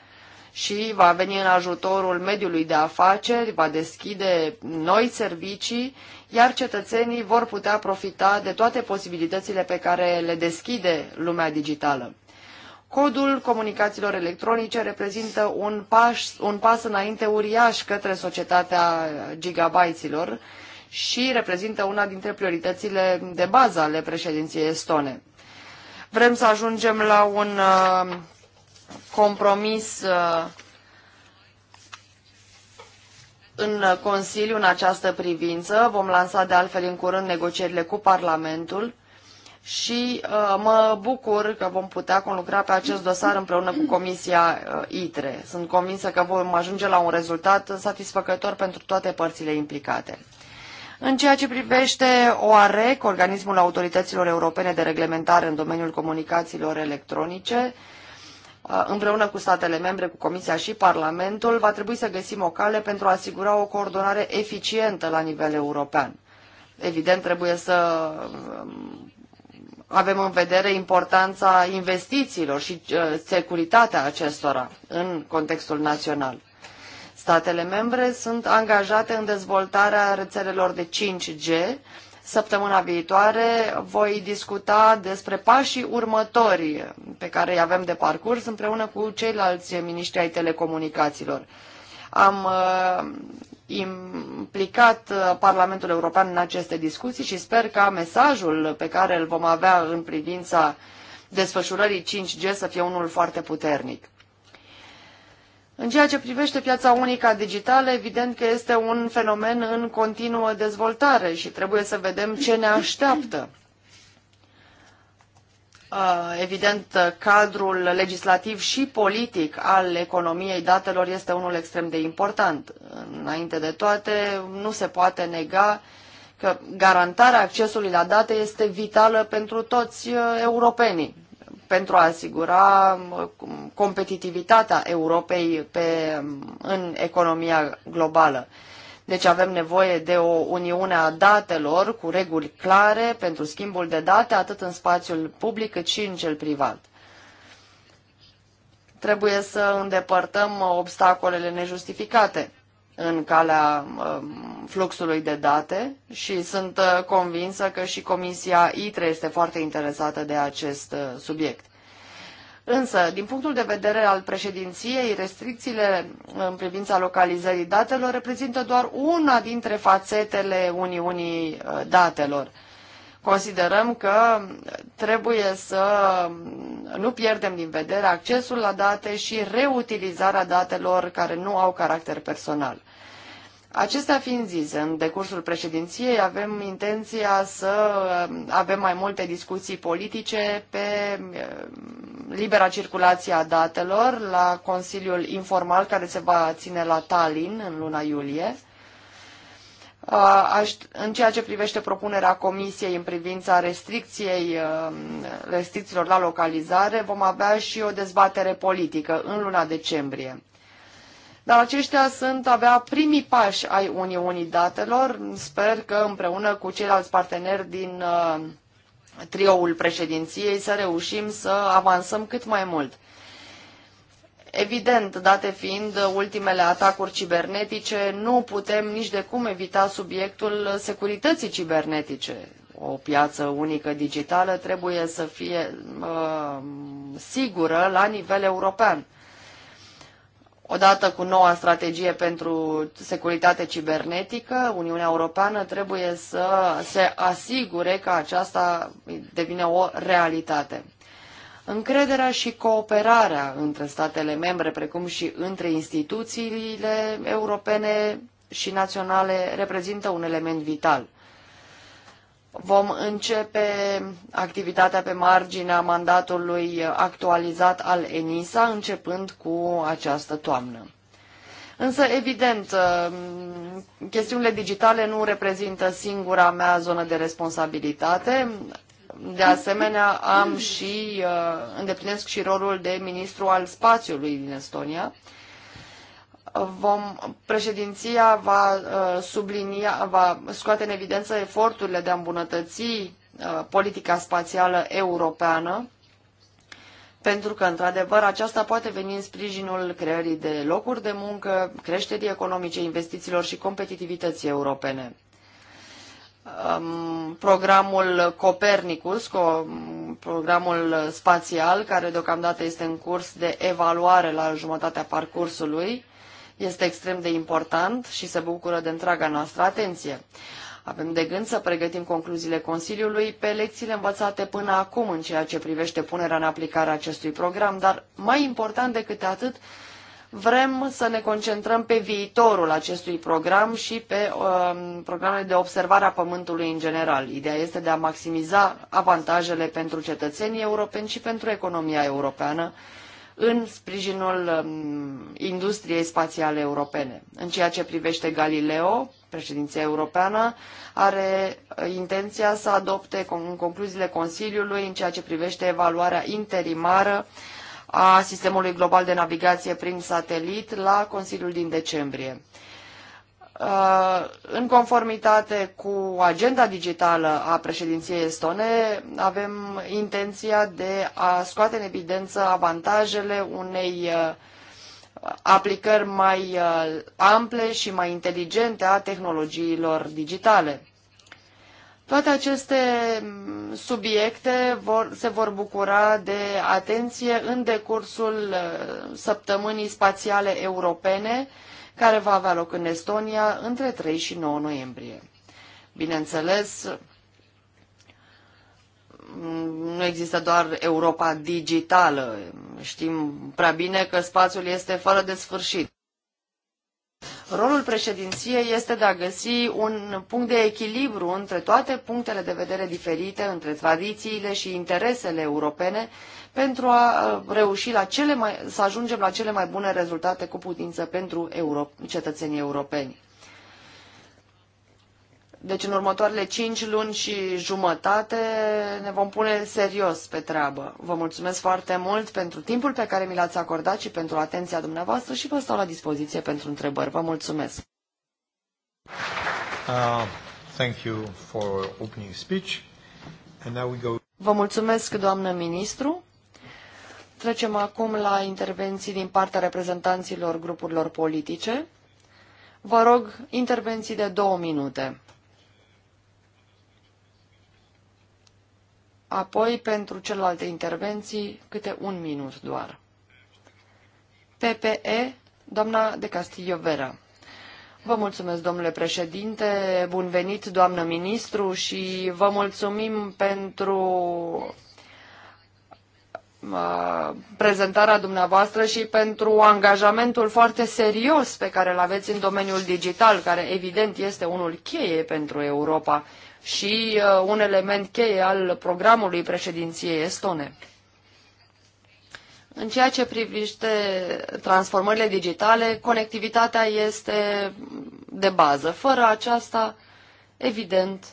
și va veni în ajutorul mediului de afaceri, va deschide noi servicii, iar cetățenii vor putea profita de toate posibilitățile pe care le deschide lumea digitală. Codul comunicațiilor electronice reprezintă un pas, un pas înainte uriaș către societatea gigabaiților și reprezintă una dintre prioritățile de bază ale președinției estone. Vrem să ajungem la un uh, compromis uh, în Consiliu în această privință. Vom lansa de altfel în curând negocierile cu Parlamentul și uh, mă bucur că vom putea conlucra pe acest dosar împreună cu Comisia uh, ITRE. Sunt convinsă că vom ajunge la un rezultat satisfăcător pentru toate părțile implicate. În ceea ce privește OAREC, Organismul Autorităților Europene de Reglementare în domeniul comunicațiilor electronice, uh, împreună cu statele membre, cu Comisia și Parlamentul, va trebui să găsim o cale pentru a asigura o coordonare eficientă la nivel european. Evident, trebuie să um, avem în vedere importanța investițiilor și uh, securitatea acestora în contextul național. Statele membre sunt angajate în dezvoltarea rețelelor de 5G. Săptămâna viitoare voi discuta despre pașii următori pe care îi avem de parcurs împreună cu ceilalți miniștri ai telecomunicațiilor. Am uh, implicat uh, Parlamentul European în aceste discuții și sper ca mesajul pe care îl vom avea în privința desfășurării 5G să fie unul foarte puternic. În ceea ce privește piața unică digitală, evident că este un fenomen în continuă dezvoltare și trebuie să vedem ce ne așteaptă. Uh, evident, cadrul legislativ și politic al economiei datelor este unul extrem de important. Înainte de toate, nu se poate nega că garantarea accesului la date este vitală pentru toți uh, europenii, pentru a asigura uh, competitivitatea Europei pe, um, în economia globală. Deci avem nevoie de o uniune a datelor cu reguli clare pentru schimbul de date, atât în spațiul public cât și în cel privat. Trebuie să îndepărtăm obstacolele nejustificate în calea um, fluxului de date și sunt uh, convinsă că și Comisia ITRE este foarte interesată de acest uh, subiect. Însă, din punctul de vedere al președinției, restricțiile în privința localizării datelor reprezintă doar una dintre fațetele Uniunii uh, datelor. Considerăm că trebuie să nu pierdem din vedere accesul la date și reutilizarea datelor care nu au caracter personal. Acestea fiind zise, în decursul președinției avem intenția să uh, avem mai multe discuții politice pe uh, libera circulație a datelor la Consiliul Informal care se va ține la Tallinn în luna iulie. În ceea ce privește propunerea Comisiei în privința restricției, um, restricțiilor la localizare, vom avea și o dezbatere politică în luna decembrie. Dar aceștia sunt abia primii pași ai Uniunii Datelor. Sper că împreună cu ceilalți parteneri din uh, trioul președinției să reușim să avansăm cât mai mult. Evident, date fiind ultimele atacuri cibernetice, nu putem nici de cum evita subiectul securității cibernetice. O piață unică digitală trebuie să fie uh, sigură la nivel european. Odată cu noua strategie pentru securitate cibernetică, Uniunea Europeană trebuie să se asigure că aceasta devine o realitate. Încrederea și cooperarea între statele membre, precum și între instituțiile europene și naționale, reprezintă un element vital – Vom începe activitatea pe marginea mandatului actualizat al ENISA, începând cu această toamnă. Însă, evident, chestiunile digitale nu reprezintă singura mea zonă de responsabilitate. De asemenea, am și uh, îndeplinesc și rolul de ministru al spațiului din Estonia vom, președinția va uh, sublinia, va scoate în evidență eforturile de a îmbunătăți uh, politica spațială europeană, pentru că, într-adevăr, aceasta poate veni în sprijinul creării de locuri de muncă, creșterii economice, investițiilor și competitivității europene. Um, programul Copernicus, programul spațial, care deocamdată este în curs de evaluare la jumătatea parcursului, este extrem de important și se bucură de întreaga noastră atenție. Avem de gând să pregătim concluziile Consiliului pe lecțiile învățate până acum în ceea ce privește punerea în aplicare a acestui program, dar mai important decât atât, vrem să ne concentrăm pe viitorul acestui program și pe uh, programele de observare a Pământului în general. Ideea este de a maximiza avantajele pentru cetățenii europeni și pentru economia europeană în sprijinul um, industriei spațiale europene. În ceea ce privește Galileo, președinția europeană are uh, intenția să adopte în concluziile Consiliului în ceea ce privește evaluarea interimară a sistemului global de navigație prin satelit la Consiliul din decembrie. Uh, în conformitate cu agenda digitală a președinției estone, avem intenția de a scoate în evidență avantajele unei uh, aplicări mai uh, ample și mai inteligente a tehnologiilor digitale. Toate aceste mm, subiecte vor, se vor bucura de atenție în decursul săptămânii spațiale europene, care va avea loc în Estonia între 3 și 9 noiembrie. Bineînțeles, nu există doar Europa digitală. Știm prea bine că spațiul este fără de sfârșit. Rolul președinției este de a găsi un punct de echilibru între toate punctele de vedere diferite, între tradițiile și interesele europene, pentru a uh, reuși la cele mai, să ajungem la cele mai bune rezultate cu putință pentru euro, cetățenii europeni. Deci în următoarele cinci luni și jumătate ne vom pune serios pe treabă. Vă mulțumesc foarte mult pentru timpul pe care mi l-ați acordat și pentru atenția dumneavoastră și vă stau la dispoziție pentru întrebări. Vă mulțumesc. Uh, thank you for opening speech. And now we go... Vă mulțumesc, doamnă ministru. Trecem acum la intervenții din partea reprezentanților grupurilor politice. Vă rog, intervenții de două minute. Apoi, pentru celelalte intervenții, câte un minut doar. PPE, doamna de Castillo Vera. Vă mulțumesc, domnule președinte, bun venit, doamnă ministru, și vă mulțumim pentru uh, prezentarea dumneavoastră și pentru angajamentul foarte serios pe care îl aveți în domeniul digital, care evident este unul cheie pentru Europa și uh, un element cheie al programului președinției estone. În ceea ce privește transformările digitale, conectivitatea este de bază. Fără aceasta, evident,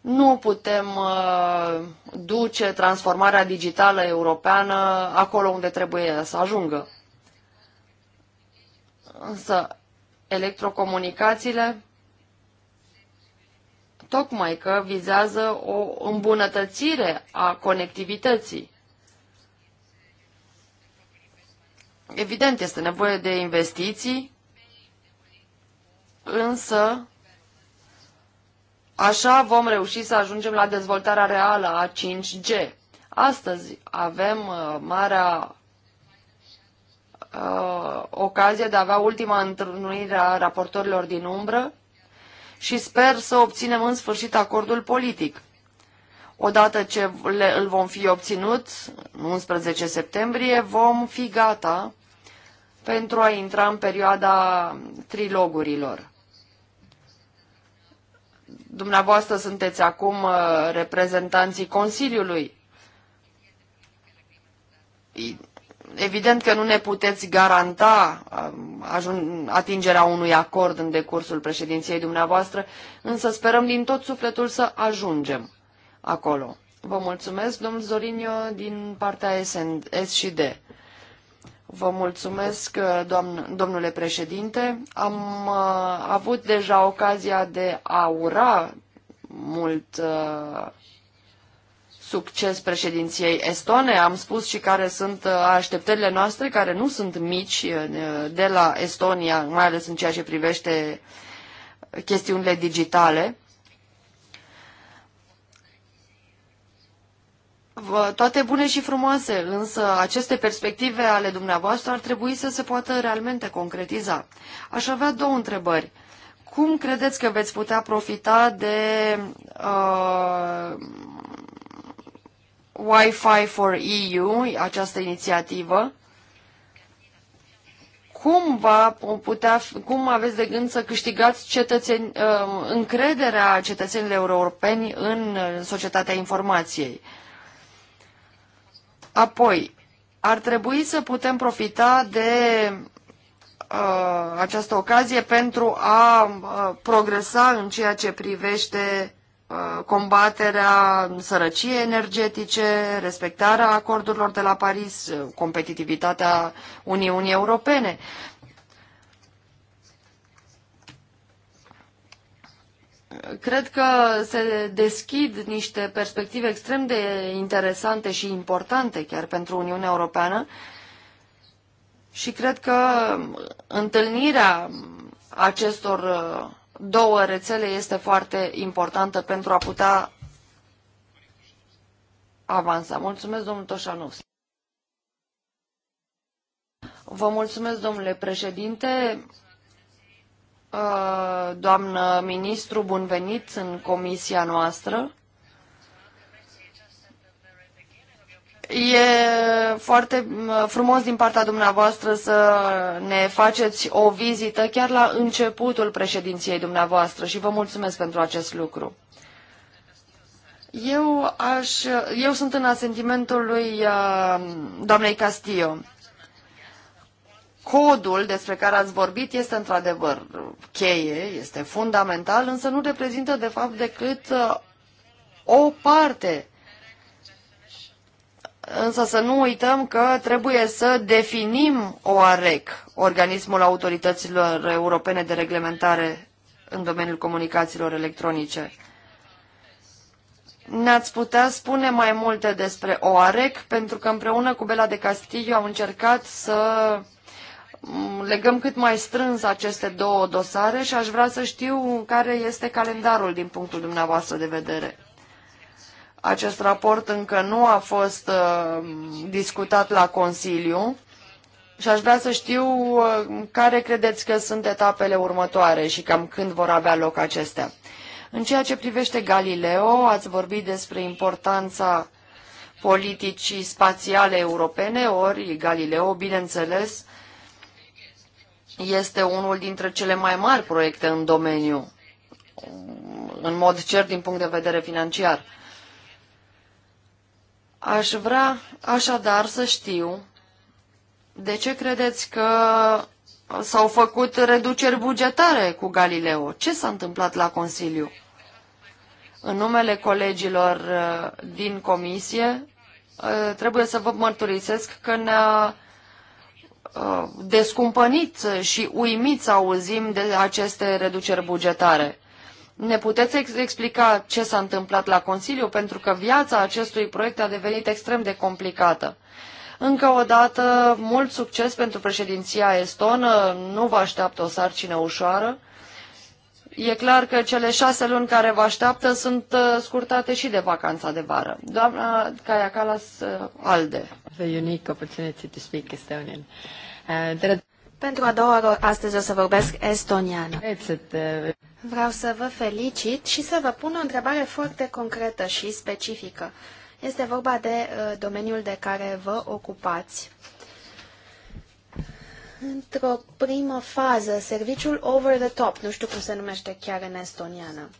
nu putem uh, duce transformarea digitală europeană acolo unde trebuie să ajungă. Însă, electrocomunicațiile tocmai că vizează o îmbunătățire a conectivității. Evident, este nevoie de investiții, însă așa vom reuși să ajungem la dezvoltarea reală a 5G. Astăzi avem uh, marea uh, ocazie de a avea ultima întâlnire a raportorilor din umbră și sper să obținem în sfârșit acordul politic. Odată ce le, îl vom fi obținut, 11 septembrie, vom fi gata pentru a intra în perioada trilogurilor. Dumneavoastră sunteți acum uh, reprezentanții Consiliului evident că nu ne puteți garanta um, atingerea unui acord în decursul președinției dumneavoastră, însă sperăm din tot sufletul să ajungem acolo. Vă mulțumesc, domnul Zorinio, din partea S și D. Vă mulțumesc, uh, doamn, domnule președinte. Am uh, avut deja ocazia de a ura mult uh, succes președinției estone. Am spus și care sunt uh, așteptările noastre, care nu sunt mici uh, de la Estonia, mai ales în ceea ce privește chestiunile digitale. Toate bune și frumoase, însă aceste perspective ale dumneavoastră ar trebui să se poată realmente concretiza. Aș avea două întrebări. Cum credeți că veți putea profita de uh, Wi-Fi for EU, această inițiativă, cum, va putea, cum aveți de gând să câștigați cetățeni, uh, încrederea cetățenilor europeni în uh, societatea informației? Apoi, ar trebui să putem profita de uh, această ocazie pentru a uh, progresa în ceea ce privește Uh, combaterea sărăciei energetice, respectarea acordurilor de la Paris, uh, competitivitatea Uniunii Europene. Cred că se deschid niște perspective extrem de interesante și importante chiar pentru Uniunea Europeană și cred că um, întâlnirea acestor uh, două rețele este foarte importantă pentru a putea avansa. Mulțumesc, domnul Toșanus. Vă mulțumesc, domnule președinte. Uh, doamnă ministru, bun venit în comisia noastră. E foarte frumos din partea dumneavoastră să ne faceți o vizită chiar la începutul președinției dumneavoastră și vă mulțumesc pentru acest lucru. Eu, aș, eu sunt în asentimentul lui uh, doamnei Castillo. Codul despre care ați vorbit este într-adevăr cheie, este fundamental, însă nu reprezintă de fapt decât uh, o parte însă să nu uităm că trebuie să definim OAREC, Organismul Autorităților Europene de Reglementare în domeniul comunicațiilor electronice. Ne-ați putea spune mai multe despre OAREC, pentru că împreună cu Bela de Castillo am încercat să mm, legăm cât mai strâns aceste două dosare și aș vrea să știu care este calendarul din punctul dumneavoastră de vedere. Acest raport încă nu a fost uh, discutat la Consiliu și aș vrea să știu uh, care credeți că sunt etapele următoare și cam când vor avea loc acestea. În ceea ce privește Galileo, ați vorbit despre importanța politicii spațiale europene, ori Galileo, bineînțeles, este unul dintre cele mai mari proiecte în domeniu, în mod cert din punct de vedere financiar. Aș vrea așadar să știu de ce credeți că s-au făcut reduceri bugetare cu Galileo. Ce s-a întâmplat la Consiliu? În numele colegilor uh, din comisie, uh, trebuie să vă mărturisesc că ne-a uh, descumpănit și uimit să auzim de aceste reduceri bugetare. Ne puteți explica ce s-a întâmplat la Consiliu, pentru că viața acestui proiect a devenit extrem de complicată. Încă o dată, mult succes pentru președinția estonă, nu vă așteaptă o sarcină ușoară. E clar că cele șase luni care vă așteaptă sunt uh, scurtate și de vacanța de vară. Doamna Caia Calas uh, Alde. Uh, pentru a doua oară astăzi o să vorbesc estoniană. Vreau să vă felicit și să vă pun o întrebare foarte concretă și specifică. Este vorba de uh, domeniul de care vă ocupați. Într-o primă fază, serviciul over the top, nu știu cum se numește chiar în estoniană,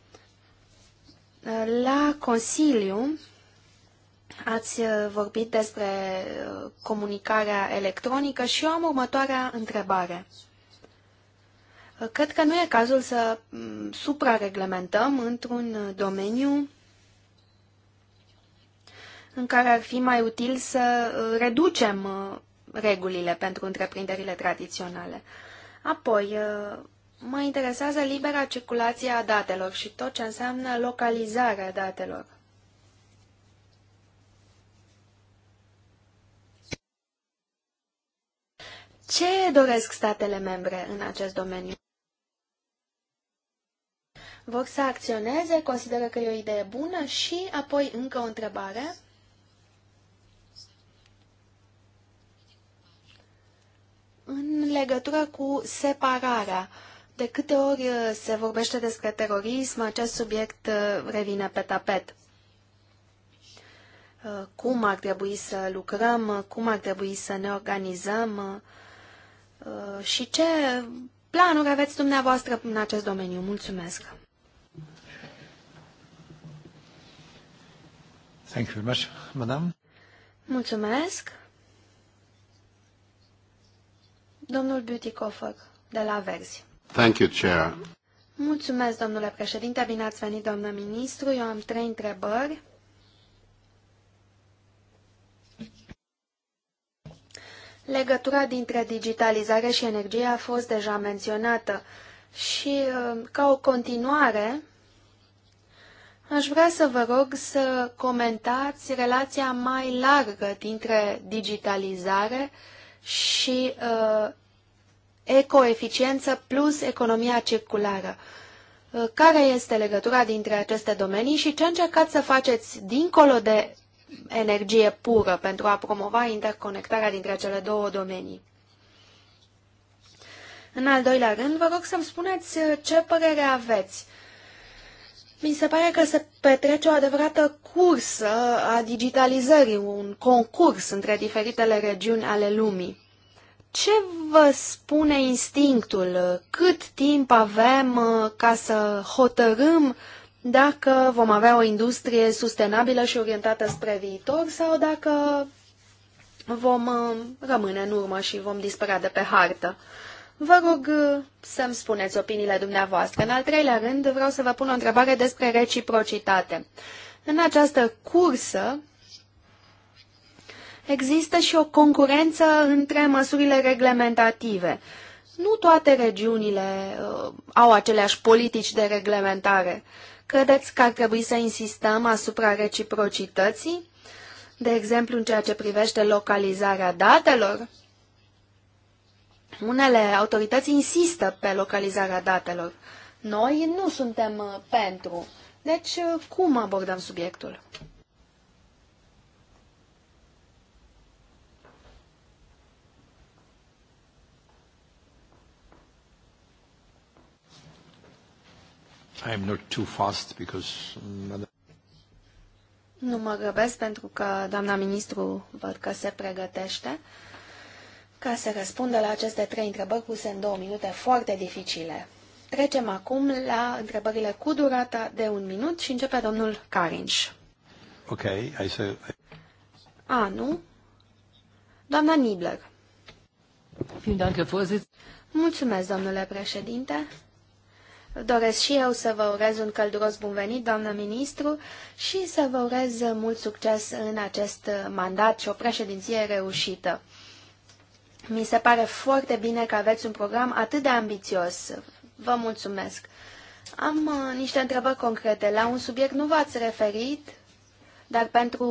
uh, la Consiliu ați uh, vorbit despre uh, comunicarea electronică și eu am următoarea întrebare. Cred că nu e cazul să mm, suprareglementăm într-un domeniu în care ar fi mai util să uh, reducem uh, regulile pentru întreprinderile tradiționale. Apoi, uh, mă interesează libera circulație a datelor și tot ce înseamnă localizarea datelor. Ce doresc statele membre în acest domeniu? vor să acționeze, consideră că e o idee bună și apoi încă o întrebare. În legătură cu separarea, de câte ori uh, se vorbește despre terorism, acest subiect uh, revine pe tapet. Uh, cum ar trebui să lucrăm, cum ar trebui să ne organizăm și ce planuri aveți dumneavoastră în acest domeniu. Mulțumesc! Thank you very much, madam. Mulțumesc. Domnul Butikofer, de la Verzi. Thank you, Chair. Mulțumesc, domnule președinte. Bine ați venit, domnule ministru. Eu am trei întrebări. Legătura dintre digitalizare și energie a fost deja menționată și uh, ca o continuare Aș vrea să vă rog să comentați relația mai largă dintre digitalizare și uh, ecoeficiență plus economia circulară. Uh, care este legătura dintre aceste domenii și ce încercați să faceți dincolo de energie pură pentru a promova interconectarea dintre cele două domenii? În al doilea rând, vă rog să-mi spuneți uh, ce părere aveți mi se pare că se petrece o adevărată cursă a digitalizării, un concurs între diferitele regiuni ale lumii. Ce vă spune instinctul? Cât timp avem uh, ca să hotărâm dacă vom avea o industrie sustenabilă și orientată spre viitor sau dacă vom uh, rămâne în urmă și vom dispărea de pe hartă? Vă rog uh, să-mi spuneți opiniile dumneavoastră. În al treilea rând, vreau să vă pun o întrebare despre reciprocitate. În această cursă există și o concurență între măsurile reglementative. Nu toate regiunile uh, au aceleași politici de reglementare. Credeți că ar trebui să insistăm asupra reciprocității? De exemplu, în ceea ce privește localizarea datelor? Unele autorități insistă pe localizarea datelor. Noi nu suntem uh, pentru. Deci, uh, cum abordăm subiectul? I'm not too fast because... Um, nu mă grăbesc pentru că doamna ministru văd că se pregătește ca să răspundă la aceste trei întrebări puse în două minute foarte dificile. Trecem acum la întrebările cu durata de un minut și începe domnul Carinș. Ok, I să... A, nu. Doamna Nibler. Mulțumesc, domnule președinte. Doresc și eu să vă urez un călduros bun venit, doamnă ministru, și să vă urez mult succes în acest mandat și o președinție reușită. Mi se pare foarte bine că aveți un program atât de ambițios. Vă mulțumesc. Am uh, niște întrebări concrete. La un subiect nu v-ați referit, dar pentru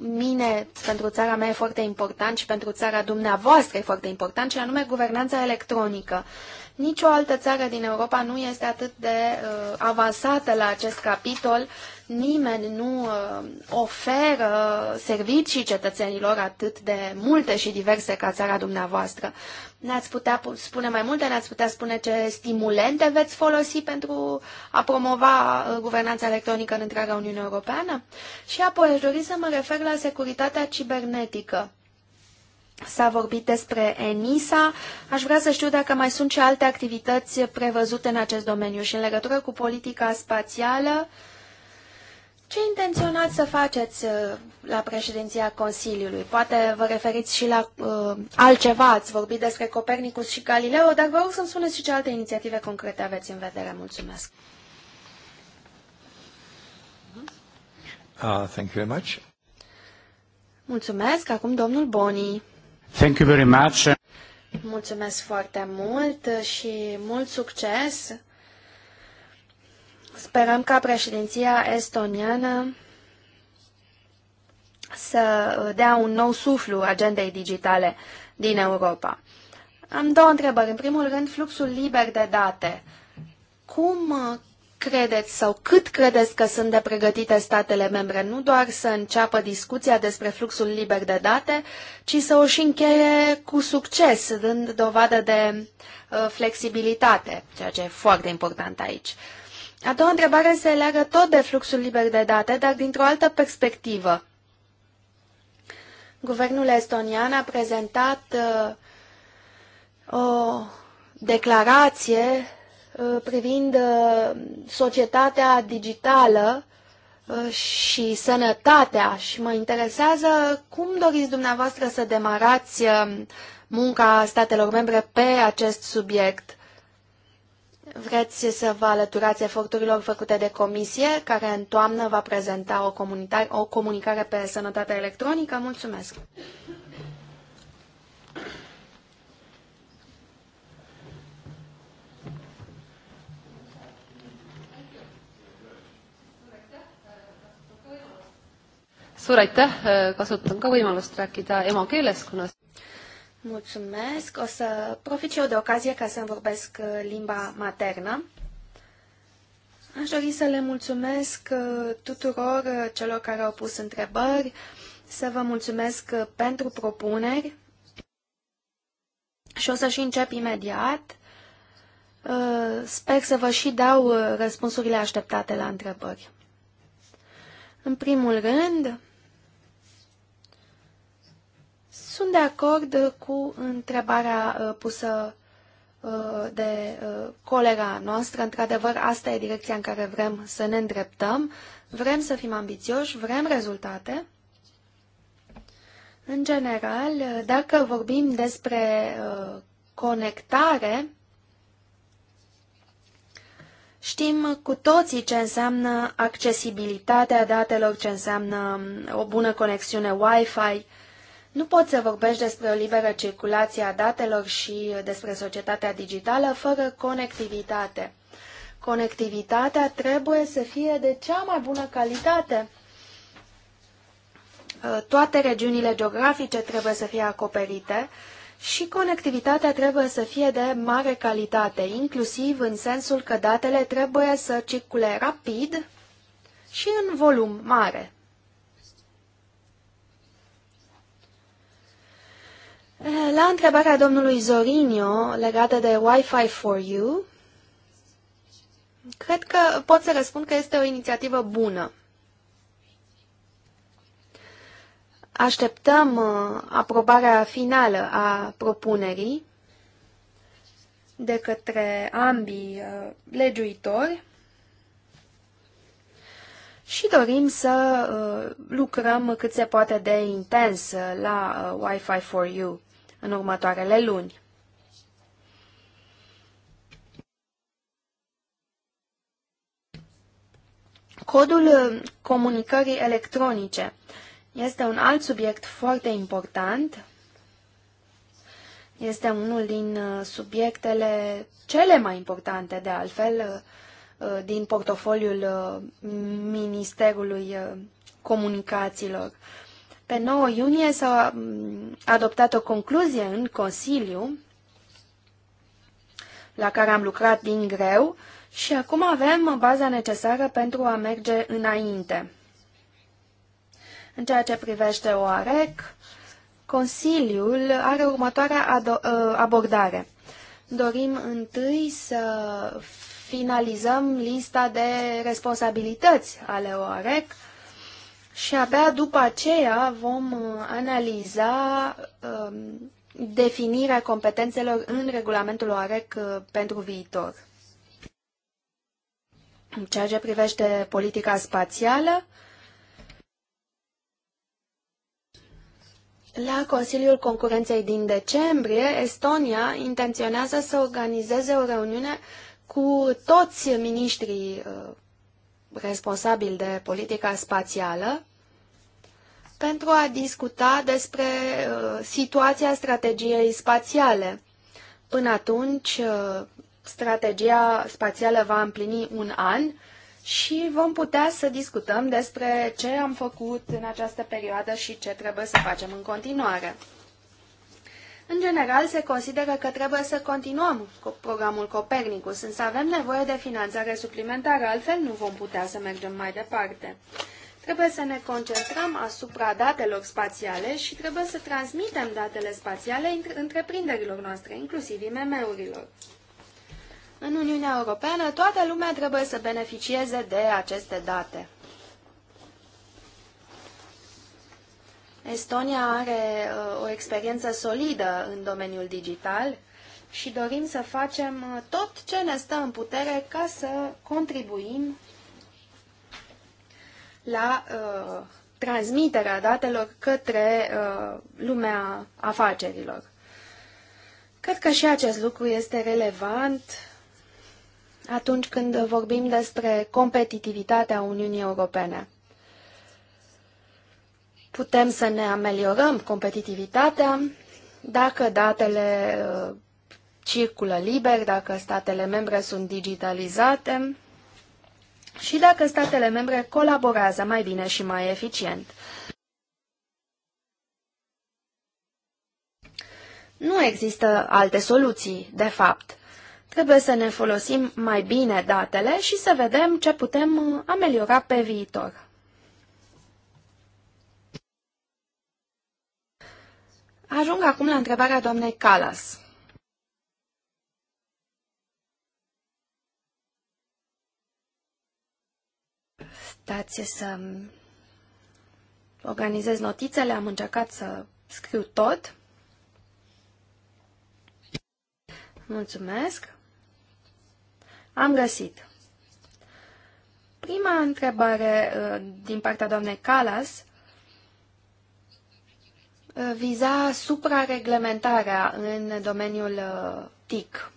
mine, pentru țara mea e foarte important și pentru țara dumneavoastră e foarte important, și anume guvernanța electronică. Nicio altă țară din Europa nu este atât de uh, avansată la acest capitol nimeni nu uh, oferă servicii cetățenilor atât de multe și diverse ca țara dumneavoastră. Ne-ați putea spune mai multe, ne-ați putea spune ce stimulente veți folosi pentru a promova uh, guvernanța electronică în întreaga Uniune Europeană? Și apoi aș dori să mă refer la securitatea cibernetică. S-a vorbit despre ENISA. Aș vrea să știu dacă mai sunt și alte activități prevăzute în acest domeniu și în legătură cu politica spațială. Uh, ce intenționați să faceți uh, la președinția Consiliului? Poate vă referiți și la uh, altceva, ați vorbit despre Copernicus și Galileo, dar vă rog să-mi spuneți și ce alte inițiative concrete aveți în vedere. Mulțumesc! Uh, thank you very much. Mulțumesc. Acum domnul Boni. Thank you very much. Mulțumesc foarte mult și mult succes Sperăm ca președinția estoniană să dea un nou suflu agendei digitale din Europa. Am două întrebări. În primul rând, fluxul liber de date. Cum credeți sau cât credeți că sunt de pregătite statele membre nu doar să înceapă discuția despre fluxul liber de date, ci să o și încheie cu succes, dând dovadă de uh, flexibilitate, ceea ce e foarte important aici. A doua întrebare se leagă tot de fluxul liber de date, dar dintr-o altă perspectivă. Guvernul estonian a prezentat uh, o declarație uh, privind uh, societatea digitală uh, și sănătatea și mă interesează cum doriți dumneavoastră să demarați uh, munca statelor membre pe acest subiect Vreți să vă alăturați eforturilor făcute de comisie, care în toamnă va prezenta o, o comunicare pe sănătatea electronică? Mulțumesc! suur aitäh kasutan ka võimalust rääkida emakeeles kuna Mulțumesc. O să profit și eu de ocazie ca să-mi vorbesc uh, limba maternă. Aș dori să le mulțumesc uh, tuturor uh, celor care au pus întrebări, să vă mulțumesc pentru propuneri și o să și încep imediat. Sper să vă și dau răspunsurile așteptate la întrebări. În primul rând, Sunt de acord cu întrebarea uh, pusă uh, de uh, colega noastră. Într-adevăr, asta e direcția în care vrem să ne îndreptăm. Vrem să fim ambițioși, vrem rezultate. În general, dacă vorbim despre conectare, știm cu toții ce înseamnă accesibilitatea datelor, ce înseamnă um, o bună conexiune Wi-Fi, nu poți să vorbești despre o liberă circulație a datelor și despre societatea digitală fără conectivitate. Conectivitatea trebuie să fie de cea mai bună calitate. Uh, toate regiunile geografice trebuie să fie acoperite și conectivitatea trebuie să fie de mare calitate, inclusiv în sensul că datele trebuie să circule rapid și în volum mare. La întrebarea domnului Zorinio legată de Wi-Fi for You, cred că pot să răspund că este o inițiativă bună. Așteptăm uh, aprobarea finală a propunerii de către ambii uh, legiuitori și dorim să uh, lucrăm cât se poate de intens la Wi-Fi for You în următoarele luni. Codul uh, comunicării electronice este un alt subiect foarte important. Este unul din uh, subiectele cele mai importante, de altfel, uh, din portofoliul Ministerului Comunicațiilor. Pe 9 iunie s-a mm, adoptat o concluzie în Consiliu la care am lucrat din greu și acum avem baza necesară pentru a merge înainte. În ceea ce privește OAREC, Consiliul are următoarea ă, abordare. Dorim întâi să finalizăm lista de responsabilități ale OAREC, și abia după aceea vom uh, analiza um, definirea competențelor în regulamentul OAREC uh, pentru viitor. În ceea ce privește politica spațială, La Consiliul Concurenței din decembrie, Estonia intenționează să organizeze o reuniune cu toți miniștrii uh, responsabil de politica spațială, pentru a discuta despre uh, situația strategiei spațiale. Până atunci, uh, strategia spațială va împlini un an și vom putea să discutăm despre ce am făcut în această perioadă și ce trebuie să facem în continuare. În general, se consideră că trebuie să continuăm cu programul Copernicus, însă avem nevoie de finanțare suplimentară, altfel nu vom putea să mergem mai departe. Trebuie să ne concentrăm asupra datelor spațiale și trebuie să transmitem datele spațiale întreprinderilor noastre, inclusiv IMM-urilor. În Uniunea Europeană, toată lumea trebuie să beneficieze de aceste date. Estonia are uh, o experiență solidă în domeniul digital și dorim să facem uh, tot ce ne stă în putere ca să contribuim la uh, transmiterea datelor către uh, lumea afacerilor. Cred că și acest lucru este relevant atunci când vorbim despre competitivitatea Uniunii Europene. Putem să ne ameliorăm competitivitatea dacă datele uh, circulă liber, dacă statele membre sunt digitalizate și dacă statele membre colaborează mai bine și mai eficient. Nu există alte soluții, de fapt. Trebuie să ne folosim mai bine datele și să vedem ce putem uh, ameliora pe viitor. Ajung acum la întrebarea doamnei Calas. Stați să organizez notițele, am încercat să scriu tot. Mulțumesc. Am găsit. Prima întrebare uh, din partea doamnei Calas viza suprareglementarea în domeniul uh, TIC.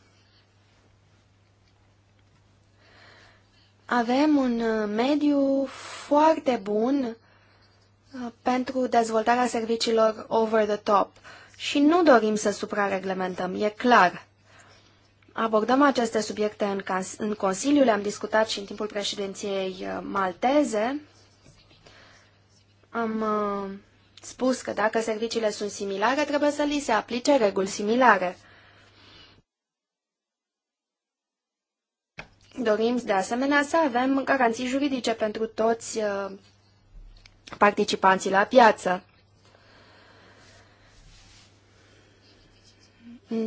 Avem un uh, mediu foarte bun uh, pentru dezvoltarea serviciilor over the top și nu dorim să suprareglementăm, e clar. Abordăm aceste subiecte în, în Consiliu, le-am discutat și în timpul președinției malteze. Am uh, spus că dacă serviciile sunt similare, trebuie să li se aplice reguli similare. Dorim, de asemenea, să avem garanții juridice pentru toți uh, participanții la piață.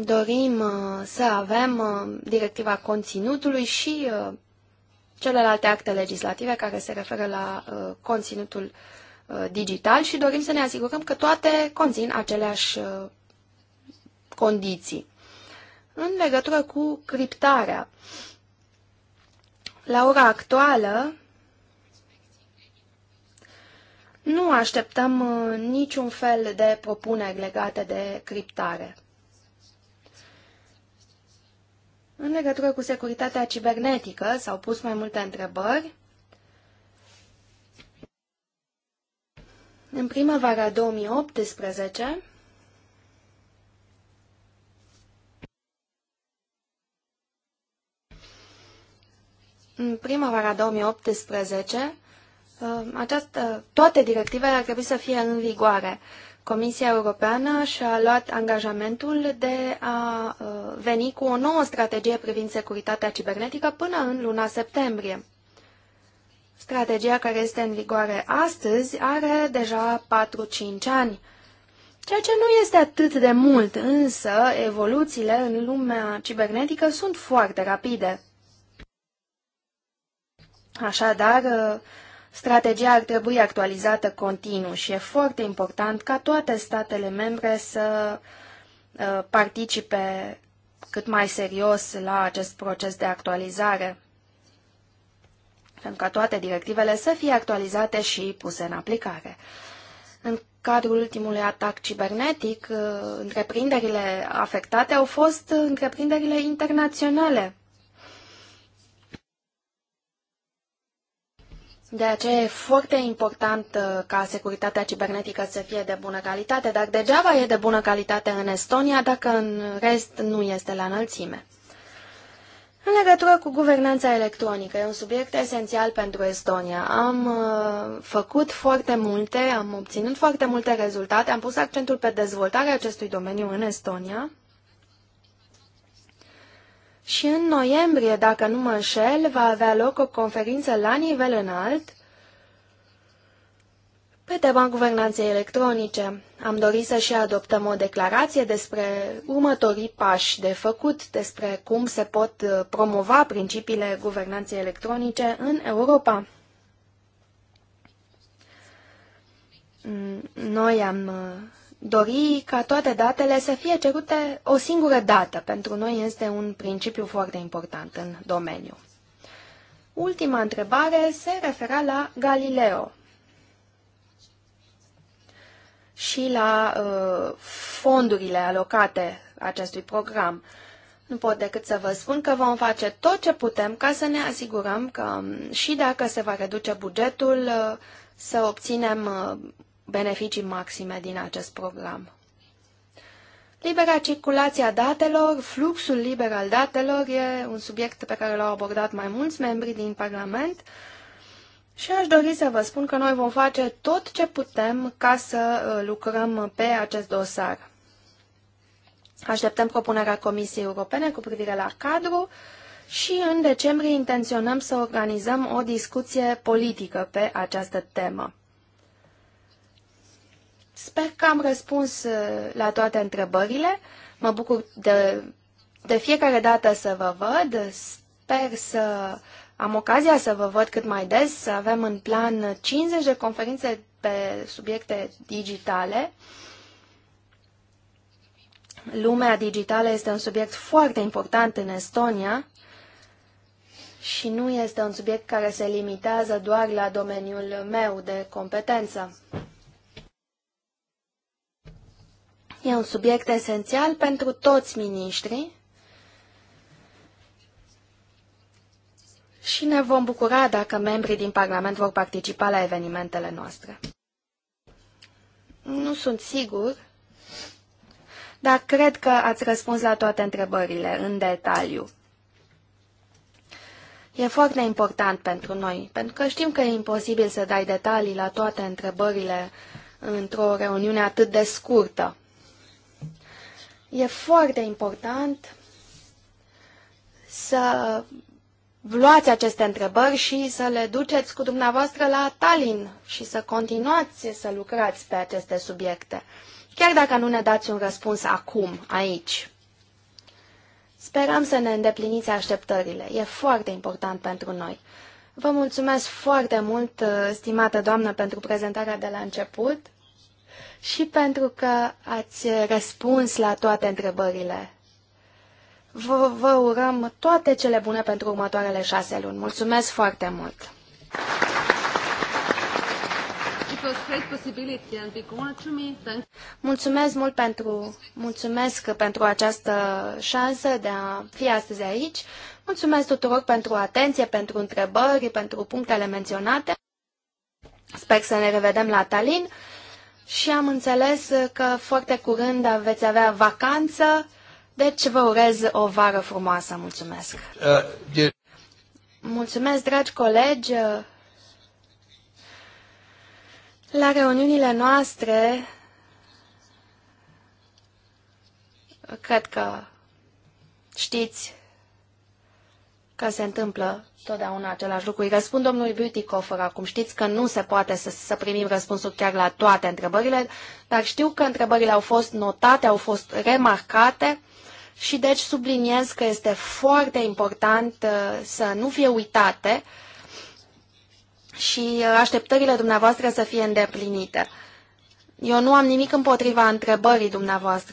Dorim uh, să avem uh, directiva conținutului și celelalte acte legislative care se referă la conținutul Uh, digital și dorim să ne asigurăm că toate conțin aceleași uh, condiții. În legătură cu criptarea, la ora actuală nu așteptăm uh, niciun fel de propuneri legate de criptare. În legătură cu securitatea cibernetică s-au pus mai multe întrebări. În primăvara 2018, în primăvara 2018, uh, această, toate directivele ar trebui să fie în vigoare. Comisia Europeană și-a luat angajamentul de a uh, veni cu o nouă strategie privind securitatea cibernetică până în luna septembrie. Strategia care este în vigoare astăzi are deja 4-5 ani, ceea ce nu este atât de mult, însă evoluțiile în lumea cibernetică sunt foarte rapide. Așadar, strategia ar trebui actualizată continuu și e foarte important ca toate statele membre să uh, participe cât mai serios la acest proces de actualizare pentru ca toate directivele să fie actualizate și puse în aplicare. În cadrul ultimului atac cibernetic, uh, întreprinderile afectate au fost întreprinderile internaționale. De aceea e foarte important uh, ca securitatea cibernetică să fie de bună calitate, dar degeaba e de bună calitate în Estonia dacă în rest nu este la înălțime. În legătură cu guvernanța electronică, e un subiect esențial pentru Estonia. Am uh, făcut foarte multe, am obținut foarte multe rezultate, am pus accentul pe dezvoltarea acestui domeniu în Estonia. Și în noiembrie, dacă nu mă înșel, va avea loc o conferință la nivel înalt pe tema guvernanței electronice, am dorit să și adoptăm o declarație despre următorii pași de făcut, despre cum se pot uh, promova principiile guvernanței electronice în Europa. Mm, noi am uh, dori ca toate datele să fie cerute o singură dată. Pentru noi este un principiu foarte important în domeniu. Ultima întrebare se refera la Galileo și la uh, fondurile alocate acestui program. Nu pot decât să vă spun că vom face tot ce putem ca să ne asigurăm că um, și dacă se va reduce bugetul, uh, să obținem uh, beneficii maxime din acest program. Libera circulație a datelor, fluxul liber al datelor e un subiect pe care l-au abordat mai mulți membri din Parlament. Uh, și aș dori să vă spun că noi vom face tot ce putem ca să uh, lucrăm pe acest dosar. Așteptăm propunerea Comisiei Europene cu privire la cadru și în decembrie intenționăm să organizăm o discuție politică pe această temă. Sper că am răspuns uh, la toate întrebările. Mă bucur de, de fiecare dată să vă văd. Sper să am ocazia să vă văd cât mai des, să avem în plan 50 de conferințe pe subiecte digitale. Lumea digitală este un subiect foarte important în Estonia și nu este un subiect care se limitează doar la domeniul meu de competență. E un subiect esențial pentru toți miniștrii și ne vom bucura dacă membrii din Parlament vor participa la evenimentele noastre. Nu sunt sigur, dar cred că ați răspuns la toate întrebările în detaliu. E foarte important pentru noi, pentru că știm că e imposibil să dai detalii la toate întrebările într-o reuniune atât de scurtă. E foarte important să luați aceste întrebări și să le duceți cu dumneavoastră la Tallinn și să continuați să lucrați pe aceste subiecte, chiar dacă nu ne dați un răspuns acum, aici. Sperăm să ne îndepliniți așteptările. E foarte important pentru noi. Vă mulțumesc foarte mult, uh, stimată doamnă, pentru prezentarea de la început și pentru că ați răspuns la toate întrebările Vă, vă urăm toate cele bune pentru următoarele șase luni. Mulțumesc foarte mult! Mulțumesc mult pentru, mulțumesc pentru această șansă de a fi astăzi aici. Mulțumesc tuturor pentru atenție, pentru întrebări, pentru punctele menționate. Sper să ne revedem la Talin și am înțeles că foarte curând veți avea vacanță deci vă urez o vară frumoasă, mulțumesc. Uh, mulțumesc, dragi colegi. La reuniunile noastre, cred că știți că se întâmplă totdeauna același lucru. Îi răspund domnului Beautycofer acum. Știți că nu se poate să, să primim răspunsul chiar la toate întrebările, dar știu că întrebările au fost notate, au fost remarcate și deci subliniez că este foarte important uh, să nu fie uitate și uh, așteptările dumneavoastră să fie îndeplinite. Eu nu am nimic împotriva întrebării dumneavoastră,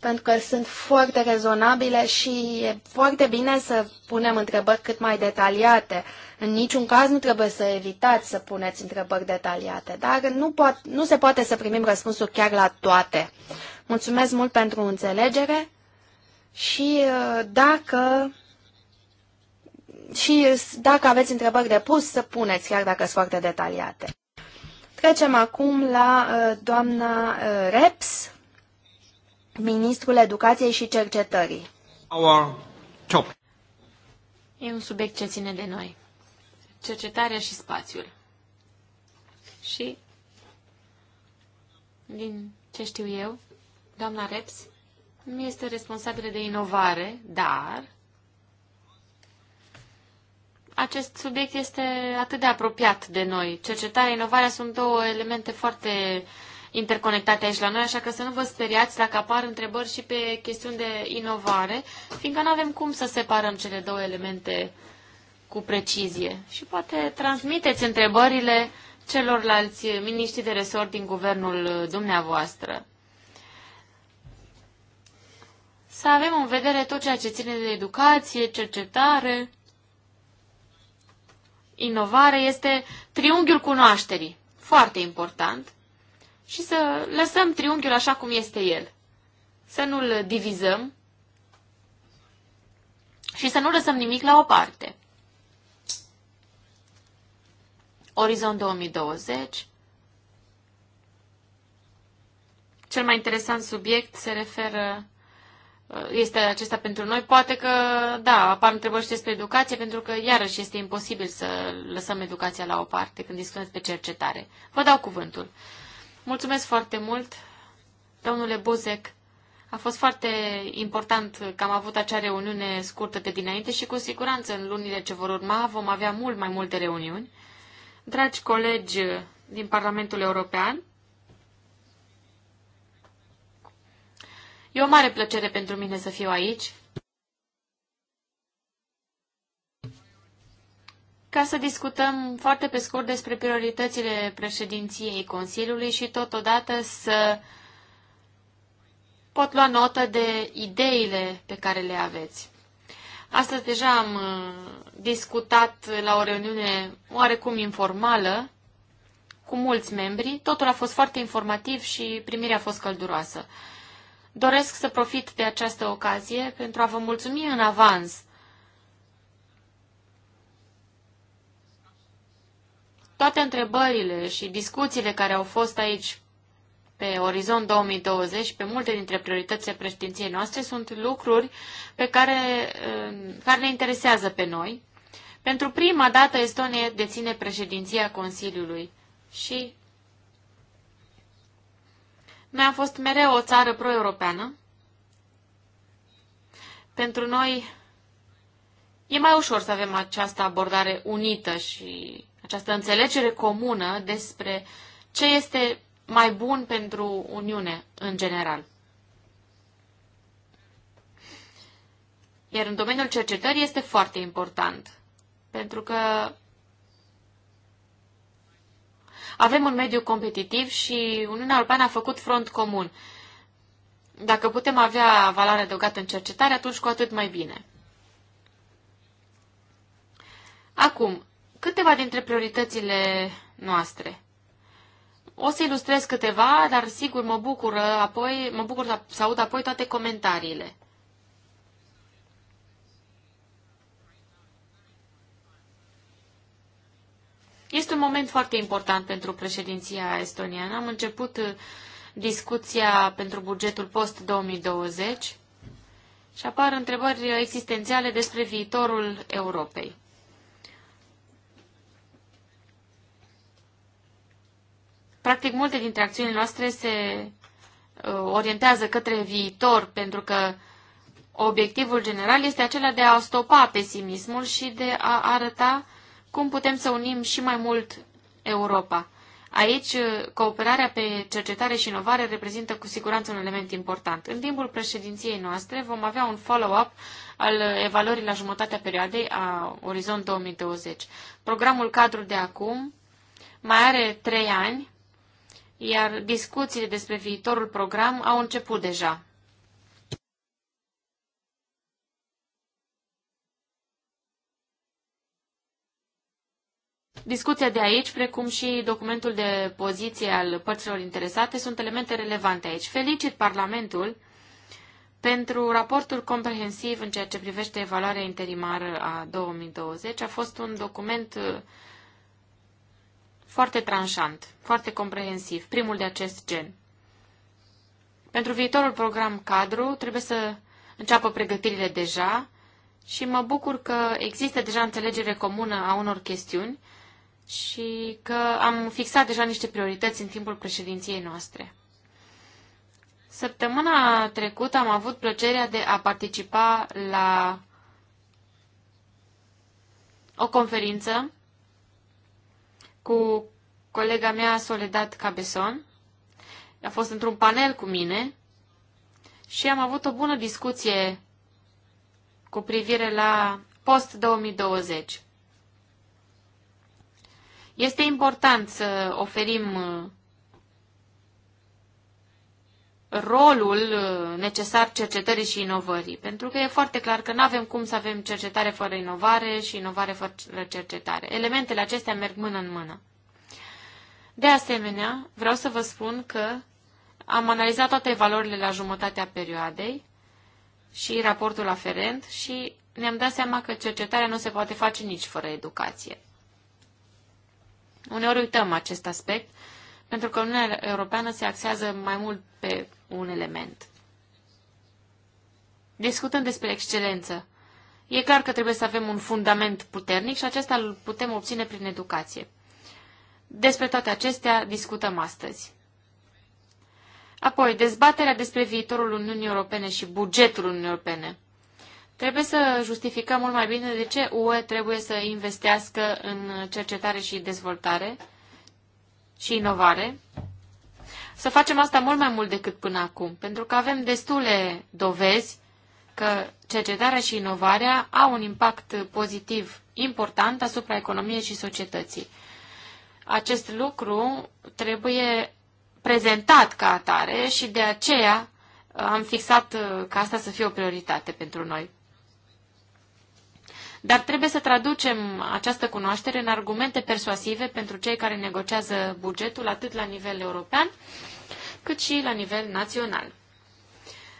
pentru că sunt foarte rezonabile și e foarte bine să punem întrebări cât mai detaliate. În niciun caz nu trebuie să evitați să puneți întrebări detaliate, dar nu, poate, nu se poate să primim răspunsuri chiar la toate. Mulțumesc mult pentru înțelegere și uh, dacă și dacă aveți întrebări de pus, să puneți, chiar dacă sunt foarte detaliate. Trecem acum la uh, doamna uh, Reps, ministrul Educației și Cercetării. Our top. E un subiect ce ține de noi. Cercetarea și spațiul. Și, din ce știu eu, Doamna Reps nu este responsabilă de inovare, dar acest subiect este atât de apropiat de noi. Cercetarea, inovarea sunt două elemente foarte interconectate aici la noi, așa că să nu vă speriați dacă apar întrebări și pe chestiuni de inovare, fiindcă nu avem cum să separăm cele două elemente cu precizie. Și poate transmiteți întrebările celorlalți miniștri de resort din guvernul dumneavoastră. să avem în vedere tot ceea ce ține de educație, cercetare. Inovare este triunghiul cunoașterii, foarte important, și să lăsăm triunghiul așa cum este el. Să nu-l divizăm și să nu lăsăm nimic la o parte. Orizont 2020. Cel mai interesant subiect se referă este acesta pentru noi. Poate că, da, apar întrebări și despre educație, pentru că, iarăși, este imposibil să lăsăm educația la o parte când discutăm despre cercetare. Vă dau cuvântul. Mulțumesc foarte mult, domnule Buzec. A fost foarte important că am avut acea reuniune scurtă de dinainte și, cu siguranță, în lunile ce vor urma vom avea mult mai multe reuniuni. Dragi colegi din Parlamentul European, E o mare plăcere pentru mine să fiu aici. ca să discutăm foarte pe scurt despre prioritățile președinției Consiliului și totodată să pot lua notă de ideile pe care le aveți. Astăzi deja am uh, discutat la o reuniune oarecum informală cu mulți membri. Totul a fost foarte informativ și primirea a fost călduroasă. Doresc să profit de această ocazie pentru a vă mulțumi în avans toate întrebările și discuțiile care au fost aici pe orizont 2020, pe multe dintre prioritățile președinției noastre, sunt lucruri pe care, care ne interesează pe noi. Pentru prima dată, Estonia deține președinția Consiliului și noi am fost mereu o țară pro-europeană. Pentru noi e mai ușor să avem această abordare unită și această înțelegere comună despre ce este mai bun pentru Uniune în general. Iar în domeniul cercetării este foarte important, pentru că avem un mediu competitiv și Uniunea Europeană a făcut front comun. Dacă putem avea valoare adăugată în cercetare, atunci cu atât mai bine. Acum, câteva dintre prioritățile noastre. O să ilustrez câteva, dar sigur mă bucur, apoi, mă bucur să aud apoi toate comentariile. Este un moment foarte important pentru președinția estoniană. Am început uh, discuția pentru bugetul post-2020 și apar întrebări uh, existențiale despre viitorul Europei. Practic, multe dintre acțiunile noastre se uh, orientează către viitor, pentru că obiectivul general este acela de a stopa pesimismul și de a arăta uh, cum putem să unim și mai mult Europa. Aici, uh, cooperarea pe cercetare și inovare reprezintă cu siguranță un element important. În timpul președinției noastre vom avea un follow-up al evaluării la jumătatea perioadei a Orizont 2020. Programul cadru de acum mai are trei ani, iar discuțiile despre viitorul program au început deja. Discuția de aici, precum și documentul de poziție al părților interesate, sunt elemente relevante aici. Felicit Parlamentul pentru raportul comprehensiv în ceea ce privește evaluarea interimară a 2020. A fost un document uh, foarte tranșant, foarte comprehensiv, primul de acest gen. Pentru viitorul program cadru trebuie să înceapă pregătirile deja și mă bucur că există deja înțelegere comună a unor chestiuni și că am fixat deja niște priorități în timpul președinției noastre. Săptămâna trecută am avut plăcerea de a participa la o conferință cu colega mea Soledad Cabeson. A fost într-un panel cu mine și am avut o bună discuție cu privire la post-2020. Este important să oferim uh, rolul uh, necesar cercetării și inovării, pentru că e foarte clar că nu avem cum să avem cercetare fără inovare și inovare fără cercetare. Elementele acestea merg mână în mână. De asemenea, vreau să vă spun că am analizat toate valorile la jumătatea perioadei și raportul aferent și ne-am dat seama că cercetarea nu se poate face nici fără educație. Uneori uităm acest aspect, pentru că Uniunea Europeană se axează mai mult pe un element. Discutăm despre excelență. E clar că trebuie să avem un fundament puternic și acesta îl putem obține prin educație. Despre toate acestea discutăm astăzi. Apoi, dezbaterea despre viitorul Uniunii Europene și bugetul Uniunii Europene. Trebuie să justificăm mult mai bine de ce UE trebuie să investească în cercetare și dezvoltare și inovare. Să facem asta mult mai mult decât până acum, pentru că avem destule dovezi că cercetarea și inovarea au un impact pozitiv important asupra economiei și societății. Acest lucru trebuie prezentat ca atare și de aceea am fixat ca asta să fie o prioritate pentru noi. Dar trebuie să traducem această cunoaștere în argumente persuasive pentru cei care negociază bugetul, atât la nivel european, cât și la nivel național.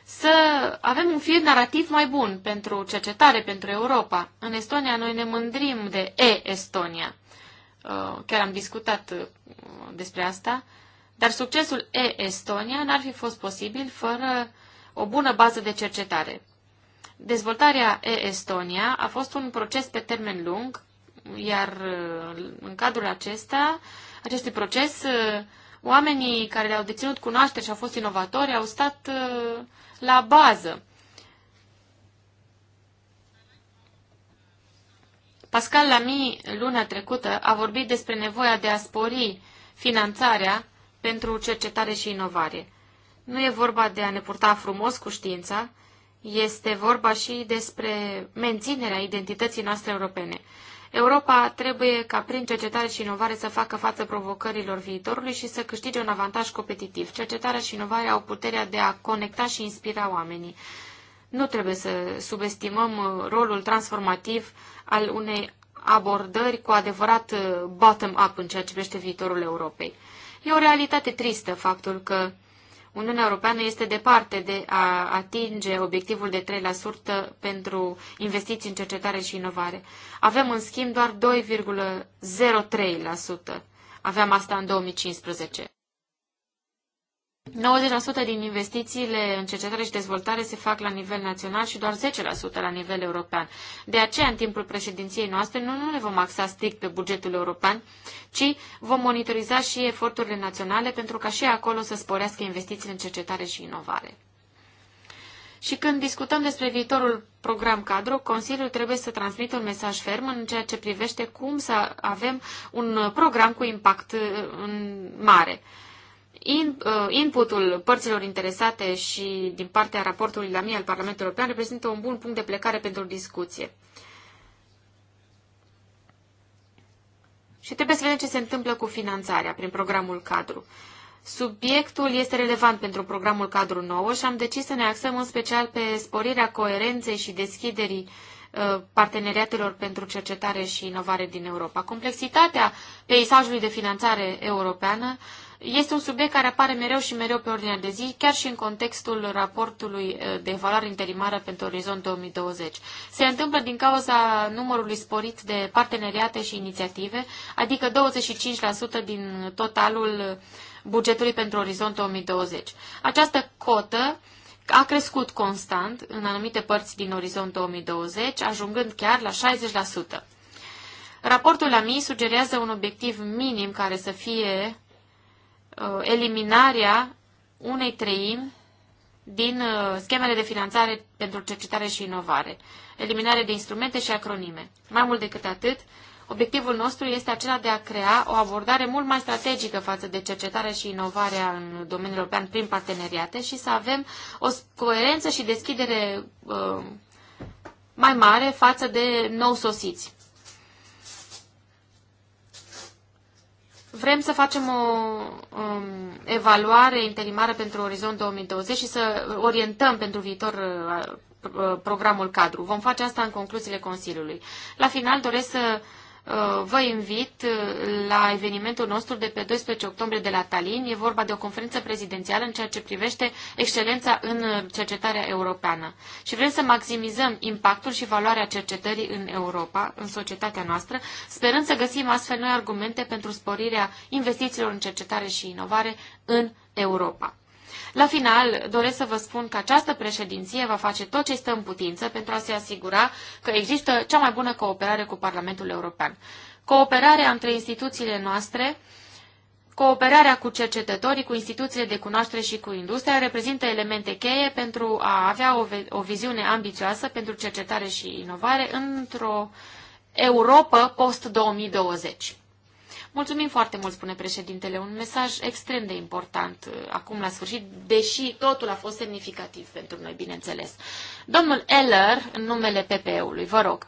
Să avem un fir narrativ mai bun pentru cercetare, pentru Europa. În Estonia noi ne mândrim de E-Estonia. Uh, chiar am discutat uh, despre asta. Dar succesul E-Estonia n-ar fi fost posibil fără o bună bază de cercetare. Dezvoltarea e-Estonia a fost un proces pe termen lung, iar uh, în cadrul acesta, acestui proces, uh, oamenii care le-au deținut cunoaștere și au fost inovatori au stat uh, la bază. Pascal Lamy, luna trecută, a vorbit despre nevoia de a spori finanțarea pentru cercetare și inovare. Nu e vorba de a ne purta frumos cu știința, este vorba și despre menținerea identității noastre europene. Europa trebuie ca prin cercetare și inovare să facă față provocărilor viitorului și să câștige un avantaj competitiv. Cercetarea și inovarea au puterea de a conecta și inspira oamenii. Nu trebuie să subestimăm uh, rolul transformativ al unei abordări cu adevărat uh, bottom-up în ceea ce privește viitorul Europei. E o realitate tristă faptul că Uniunea Europeană este departe de a atinge obiectivul de 3% pentru investiții în cercetare și inovare. Avem, în schimb, doar 2,03%. Aveam asta în 2015. 90% din investițiile în cercetare și dezvoltare se fac la nivel național și doar 10% la nivel european. De aceea, în timpul președinției noastre, noi nu ne vom axa strict pe bugetul european, ci vom monitoriza și eforturile naționale pentru ca și acolo să sporească investițiile în cercetare și inovare. Și când discutăm despre viitorul program cadru, Consiliul trebuie să transmită un mesaj ferm în ceea ce privește cum să avem un program cu impact uh, mare in, uh, inputul părților interesate și din partea raportului la mie al Parlamentului European reprezintă un bun punct de plecare pentru discuție. Și trebuie să vedem ce se întâmplă cu finanțarea prin programul cadru. Subiectul este relevant pentru programul cadru nou și am decis să ne axăm în special pe sporirea coerenței și deschiderii uh, parteneriatelor pentru cercetare și inovare din Europa. Complexitatea peisajului de finanțare europeană este un subiect care apare mereu și mereu pe ordinea de zi, chiar și în contextul raportului eh, de evaluare interimară pentru Orizont 2020. Se întâmplă din cauza numărului sporit de parteneriate și inițiative, adică 25% din totalul eh, bugetului pentru Orizont 2020. Această cotă a crescut constant în anumite părți din Orizont 2020, ajungând chiar la 60%. Raportul AMI sugerează un obiectiv minim care să fie Uh, eliminarea unei treimi din uh, schemele de finanțare pentru cercetare și inovare, eliminare de instrumente și acronime. Mai mult decât atât, obiectivul nostru este acela de a crea o abordare mult mai strategică față de cercetare și inovarea în domeniul european prin parteneriate și să avem o coerență și deschidere uh, mai mare față de nou sosiți. Vrem să facem o um, evaluare interimară pentru Orizont 2020 și să orientăm pentru viitor uh, uh, programul cadru. Vom face asta în concluziile Consiliului. La final doresc să Uh, vă invit uh, la evenimentul nostru de pe 12 octombrie de la Tallinn. E vorba de o conferință prezidențială în ceea ce privește excelența în uh, cercetarea europeană. Și vrem să maximizăm impactul și valoarea cercetării în Europa, în societatea noastră, sperând să găsim astfel noi argumente pentru sporirea investițiilor în cercetare și inovare în Europa. La final, doresc să vă spun că această președinție va face tot ce stă în putință pentru a se asigura că există cea mai bună cooperare cu Parlamentul European. Cooperarea între instituțiile noastre Cooperarea cu cercetătorii, cu instituțiile de cunoaștere și cu industria reprezintă elemente cheie pentru a avea o, o viziune ambițioasă pentru cercetare și inovare într-o Europa post-2020. Mulțumim foarte mult, spune președintele, un mesaj extrem de important uh, acum la sfârșit, deși totul a fost semnificativ pentru noi, bineînțeles. Domnul Eller, în numele PPE-ului, vă rog.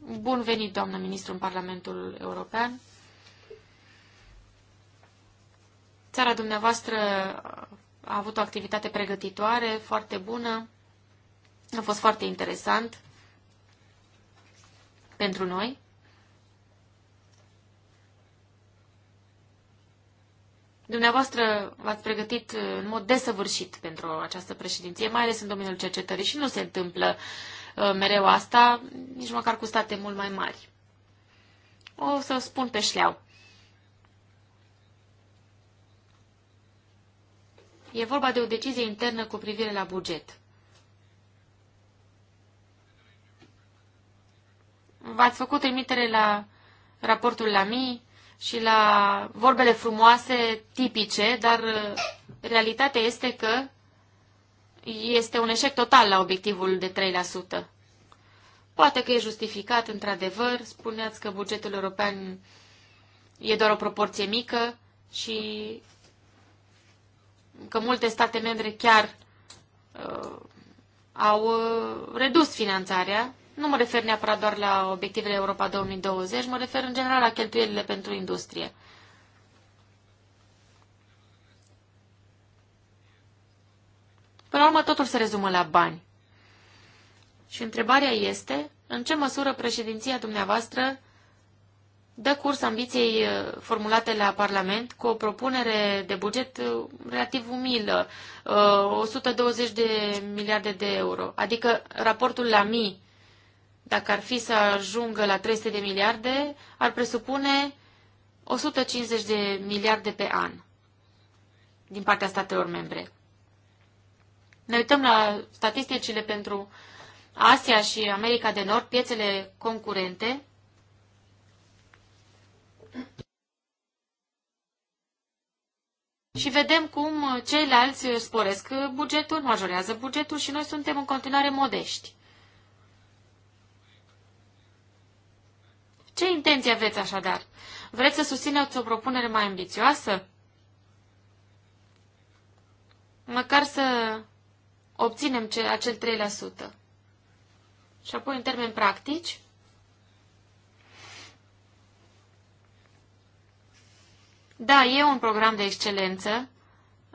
Bun venit, doamnă ministru, în Parlamentul European. Țara dumneavoastră a avut o activitate pregătitoare foarte bună. A fost foarte interesant pentru noi. Dumneavoastră v-ați pregătit în mod desăvârșit pentru această președinție, mai ales în domeniul cercetării și nu se întâmplă uh, mereu asta, nici măcar cu state mult mai mari. O să spun pe șleau. E vorba de o decizie internă cu privire la buget. V-ați făcut trimitere la raportul la mii și la vorbele frumoase, tipice, dar uh, realitatea este că este un eșec total la obiectivul de 3%. Poate că e justificat, într-adevăr, spuneați că bugetul european e doar o proporție mică și că multe state membre chiar uh, au uh, redus finanțarea nu mă refer neapărat doar la obiectivele Europa 2020, mă refer în general la cheltuielile pentru industrie. Până la urmă, totul se rezumă la bani. Și întrebarea este, în ce măsură președinția dumneavoastră dă curs ambiției uh, formulate la Parlament cu o propunere de buget uh, relativ umilă, 120 uh, de miliarde de euro, adică raportul la mii dacă ar fi să ajungă la 300 de miliarde, ar presupune 150 de miliarde pe an din partea statelor membre. Ne uităm la statisticile pentru Asia și America de Nord, piețele concurente. Și vedem cum ceilalți sporesc bugetul, majorează bugetul și noi suntem în continuare modești. Ce intenție aveți așadar? Vreți să susțineți o propunere mai ambițioasă? Măcar să obținem ce, acel 3%. Și apoi, în termeni practici, da, e un program de excelență,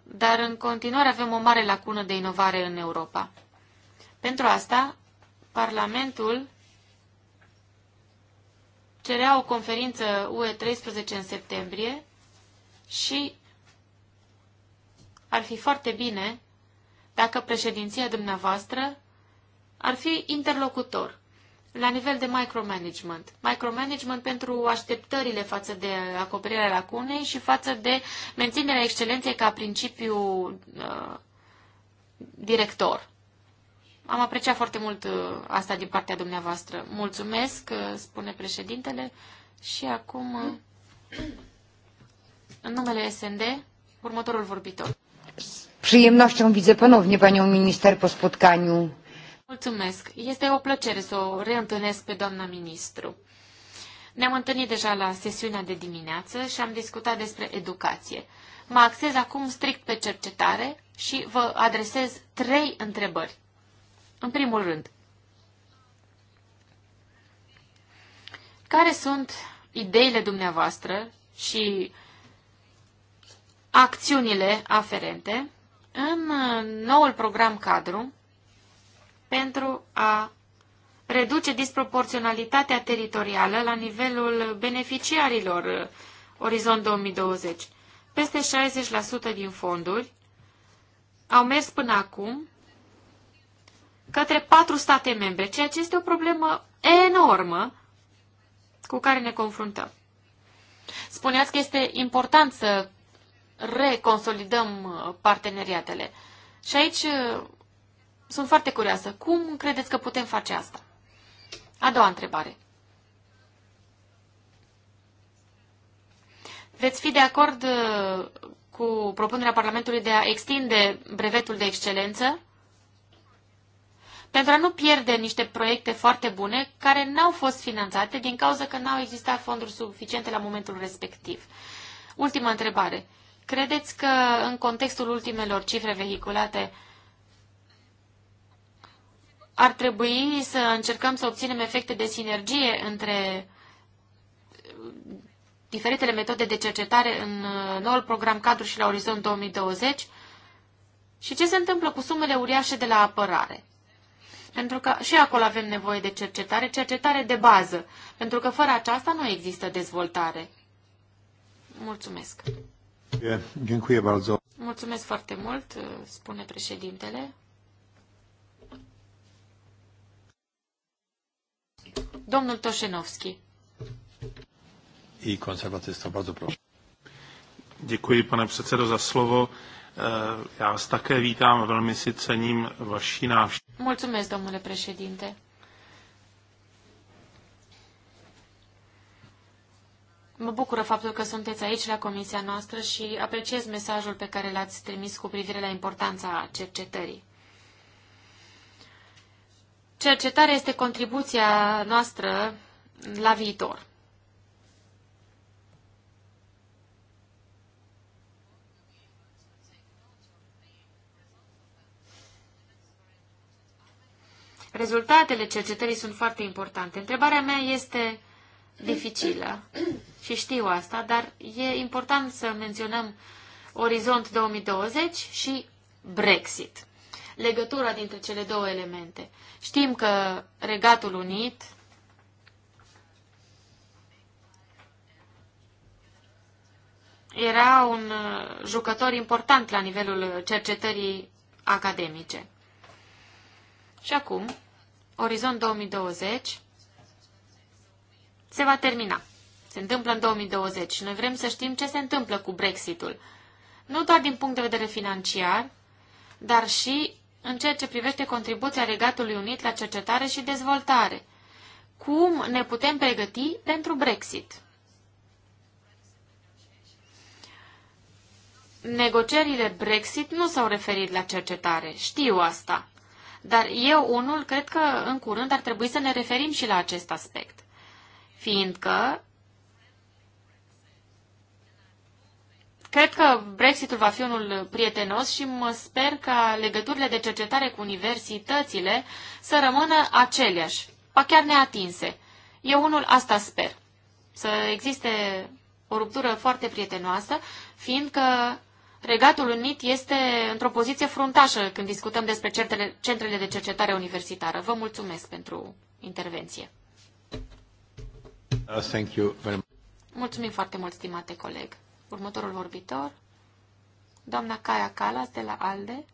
dar în continuare avem o mare lacună de inovare în Europa. Pentru asta, Parlamentul cerea o conferință UE 13 în septembrie și ar fi foarte bine dacă președinția dumneavoastră ar fi interlocutor la nivel de micromanagement. Micromanagement pentru așteptările față de acoperirea lacunei și față de menținerea excelenței ca principiu uh, director. Am apreciat foarte mult uh, asta din partea dumneavoastră. Mulțumesc, uh, spune președintele. Și acum, uh, în numele SND, următorul vorbitor. Przyjemnością widzę ponownie panią minister po spotkaniu. Mulțumesc. Este o plăcere să o reîntâlnesc pe doamna ministru. Ne-am întâlnit deja la sesiunea de dimineață și am discutat despre educație. Mă axez acum strict pe cercetare și vă adresez trei întrebări. În primul rând, care sunt ideile dumneavoastră și acțiunile aferente în uh, noul program cadru pentru a reduce disproporționalitatea teritorială la nivelul beneficiarilor uh, Orizont 2020. Peste 60% din fonduri au mers până acum către patru state membre, ceea ce este o problemă enormă cu care ne confruntăm. Spuneați că este important să reconsolidăm uh, parteneriatele. Și aici uh, sunt foarte curioasă. Cum credeți că putem face asta? A doua întrebare. Veți fi de acord uh, cu propunerea Parlamentului de a extinde brevetul de excelență pentru a nu pierde niște proiecte foarte bune care n-au fost finanțate din cauza că n-au existat fonduri suficiente la momentul respectiv. Ultima întrebare. Credeți că în contextul ultimelor cifre vehiculate ar trebui să încercăm să obținem efecte de sinergie între diferitele metode de cercetare în uh, noul program cadru și la orizont 2020? Și ce se întâmplă cu sumele uriașe de la apărare? pentru că și acolo avem nevoie de cercetare, cercetare de bază, pentru că fără aceasta nu există dezvoltare. Mulțumesc. Mulțumesc foarte mult, spune președintele. Domnul Toșenovski. I konservatysta, bardzo proszę. Děkuji, pane předsedo, za slovo. Eh, já vás také vítám a velmi si cením vaší návštěvy. Mulțumesc, domnule președinte. Mă bucură faptul că sunteți aici la comisia noastră și apreciez mesajul pe care l-ați trimis cu privire la importanța cercetării. Cercetarea este contribuția noastră la viitor. Rezultatele cercetării sunt foarte importante. Întrebarea mea este dificilă și știu asta, dar e important să menționăm Orizont 2020 și Brexit. Legătura dintre cele două elemente. Știm că Regatul Unit era un uh, jucător important la nivelul cercetării academice. Și acum, Orizont 2020 se va termina. Se întâmplă în 2020 și noi vrem să știm ce se întâmplă cu Brexitul. Nu doar din punct de vedere financiar, dar și în ceea ce privește contribuția Regatului Unit la cercetare și dezvoltare. Cum ne putem pregăti pentru Brexit? Negocierile Brexit nu s-au referit la cercetare, știu asta. Dar eu, unul, cred că în curând ar trebui să ne referim și la acest aspect. Fiindcă Cred că Brexitul va fi unul prietenos și mă sper ca legăturile de cercetare cu universitățile să rămână aceleași, pa chiar neatinse. Eu unul asta sper. Să existe o ruptură foarte prietenoasă, fiindcă Regatul Unit este într-o poziție fruntașă când discutăm despre centrele de cercetare universitară. Vă mulțumesc pentru intervenție. Uh, thank you very much. Mulțumim foarte mult, stimate coleg. Următorul vorbitor, doamna Caia Calas de la ALDE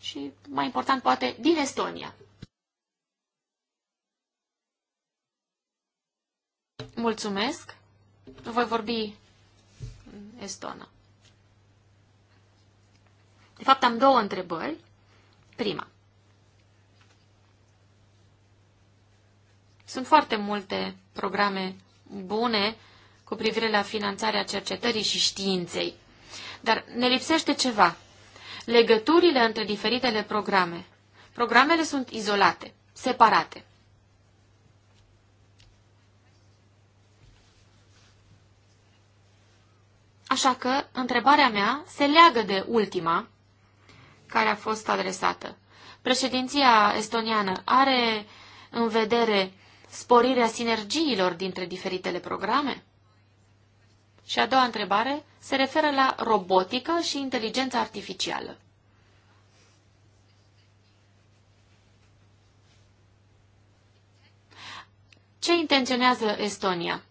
și, mai important, poate, din Estonia. Mulțumesc. Voi vorbi estonă. De fapt, am două întrebări. Prima. Sunt foarte multe programe bune cu privire la finanțarea cercetării și științei. Dar ne lipsește ceva. Legăturile între diferitele programe. Programele sunt izolate, separate. Așa că întrebarea mea se leagă de ultima care a fost adresată. Președinția estoniană are în vedere sporirea sinergiilor dintre diferitele programe? Și a doua întrebare se referă la robotică și inteligența artificială. Ce intenționează Estonia?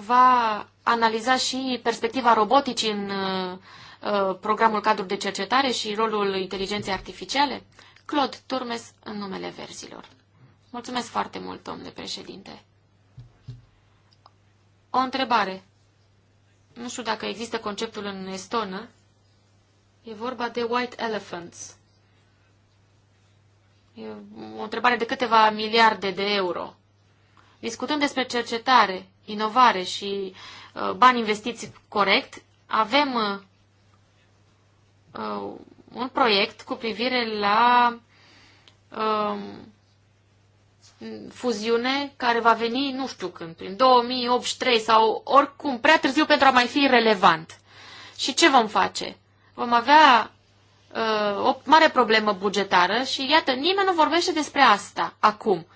va analiza și perspectiva roboticii în uh, uh, programul cadru de cercetare și rolul inteligenței artificiale? Claude Turmes în numele verzilor. Mulțumesc foarte mult, domnule președinte. O întrebare. Nu știu dacă există conceptul în estonă. E vorba de white elephants. E o întrebare de câteva miliarde de euro discutăm despre cercetare, inovare și uh, bani investiți corect, avem uh, uh, un proiect cu privire la um, fuziune care va veni, nu știu când, prin 2083 sau oricum, prea târziu pentru a mai fi relevant. Și ce vom face? Vom avea uh, o mare problemă bugetară și iată, nimeni nu vorbește despre asta acum.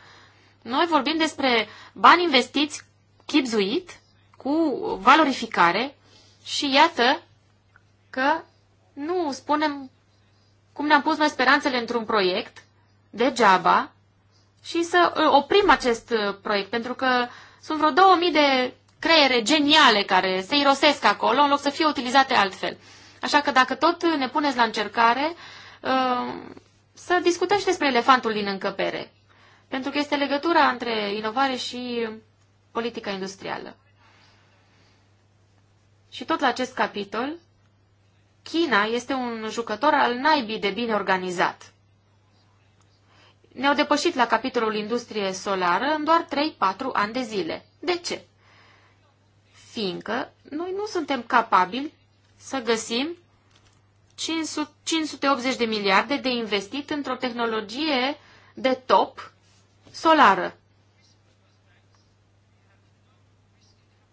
Noi vorbim despre bani investiți chipzuit, cu valorificare și iată că nu spunem cum ne-am pus noi speranțele într-un proiect, degeaba, și să uh, oprim acest uh, proiect, pentru că sunt vreo 2000 de creiere geniale care se irosesc acolo, în loc să fie utilizate altfel. Așa că dacă tot ne puneți la încercare, uh, să discutăm și despre elefantul din încăpere pentru că este legătura între inovare și politica industrială. Și tot la acest capitol, China este un jucător al naibii de bine organizat. Ne-au depășit la capitolul industrie solară în doar 3-4 ani de zile. De ce? Fiindcă noi nu suntem capabili să găsim 500, 580 de miliarde de investit într-o tehnologie de top solară.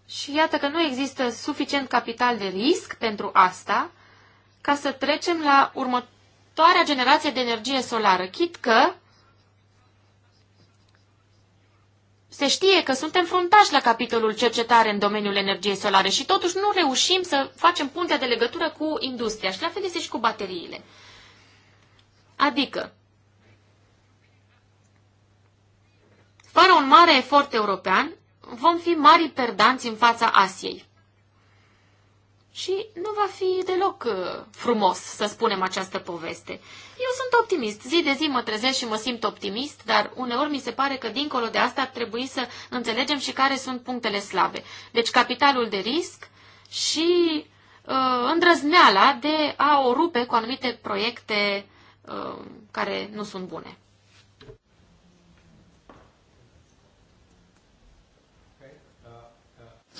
Și iată că nu există suficient capital de risc pentru asta ca să trecem la următoarea generație de energie solară, chit că se știe că suntem fruntași la capitolul cercetare în domeniul energiei solare și totuși nu reușim să facem puntea de legătură cu industria și la fel este și cu bateriile. Adică, Fără un mare efort european, vom fi mari perdanți în fața Asiei. Și nu va fi deloc uh, frumos să spunem această poveste. Eu sunt optimist. Zi de zi mă trezesc și mă simt optimist, dar uneori mi se pare că dincolo de asta ar trebui să înțelegem și care sunt punctele slabe. Deci capitalul de risc și uh, îndrăzneala de a o rupe cu anumite proiecte uh, care nu sunt bune.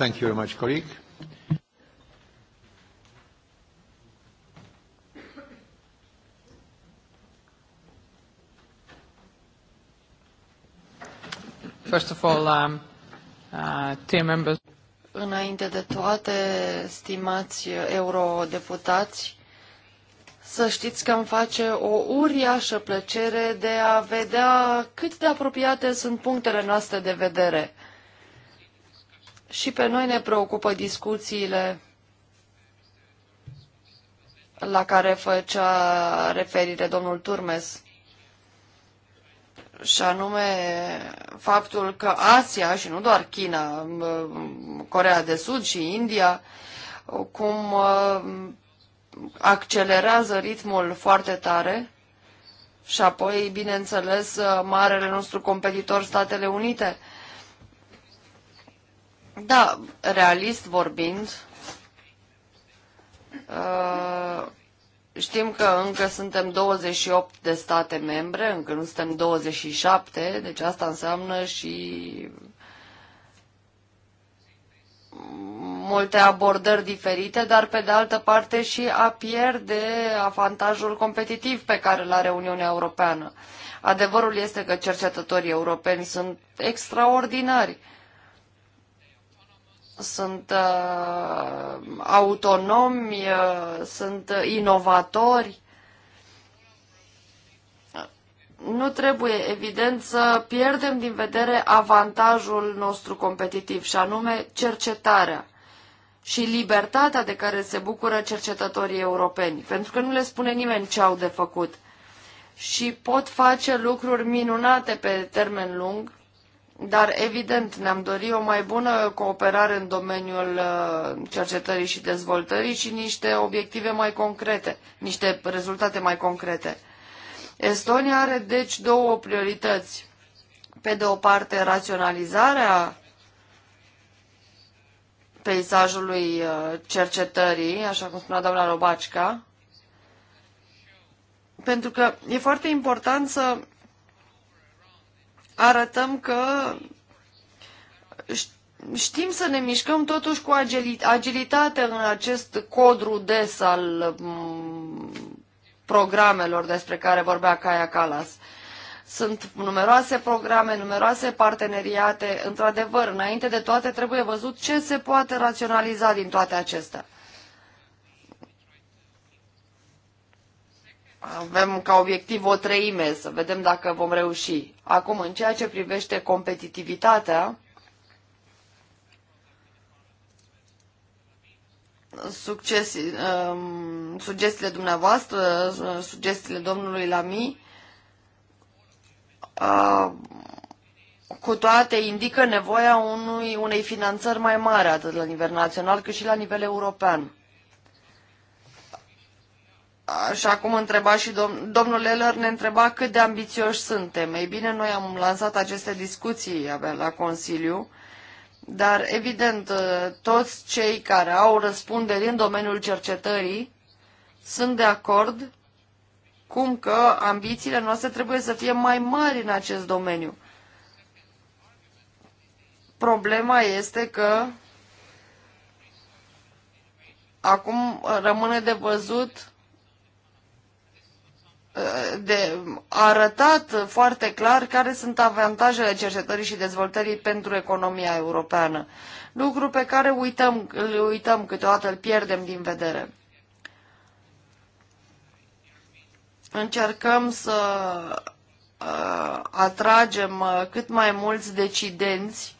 Thank you very much, colleague. First of all, um, uh, team members. Înainte de toate, stimați eurodeputați, să știți că îmi face o uriașă plăcere de a vedea cât de apropiate sunt punctele noastre de vedere. Și pe noi ne preocupă discuțiile la care făcea referire domnul Turmes, și anume faptul că Asia și nu doar China, Corea de Sud și India, cum accelerează ritmul foarte tare și apoi, bineînțeles, marele nostru competitor, Statele Unite – da, realist vorbind, uh, știm că încă suntem 28 de state membre, încă nu suntem 27, deci asta înseamnă și multe abordări diferite, dar pe de altă parte și a pierde avantajul competitiv pe care îl are Uniunea Europeană. Adevărul este că cercetătorii europeni sunt extraordinari sunt uh, autonomi, uh, sunt inovatori. Nu trebuie, evident, să pierdem din vedere avantajul nostru competitiv, și anume cercetarea și libertatea de care se bucură cercetătorii europeni, pentru că nu le spune nimeni ce au de făcut. Și pot face lucruri minunate pe termen lung, dar, evident, ne-am dorit o mai bună cooperare în domeniul uh, cercetării și dezvoltării și niște obiective mai concrete, niște rezultate mai concrete. Estonia are, deci, două priorități. Pe de o parte, raționalizarea peisajului uh, cercetării, așa cum spunea doamna Robacica, pentru că e foarte important să arătăm că știm să ne mișcăm totuși cu agilitate în acest codru des al mm, programelor despre care vorbea Caia Calas. Sunt numeroase programe, numeroase parteneriate. Într-adevăr, înainte de toate, trebuie văzut ce se poate raționaliza din toate acestea. avem ca obiectiv o treime, să vedem dacă vom reuși. Acum, în ceea ce privește competitivitatea, succes, um, sugestiile dumneavoastră, sugestiile domnului Lami, uh, cu toate indică nevoia unui, unei finanțări mai mari, atât la nivel național cât și la nivel european. Și acum întreba și domn, domnul Eller ne întreba cât de ambițioși suntem. Ei bine, noi am lansat aceste discuții abia la Consiliu, dar evident ă, toți cei care au răspunderi în domeniul cercetării sunt de acord cum că ambițiile noastre trebuie să fie mai mari în acest domeniu. Problema este că acum rămâne de văzut de arătat foarte clar care sunt avantajele cercetării și dezvoltării pentru economia europeană. Lucru pe care uităm, îl uităm câteodată, îl pierdem din vedere. Încercăm să uh, atragem uh, cât mai mulți decidenți,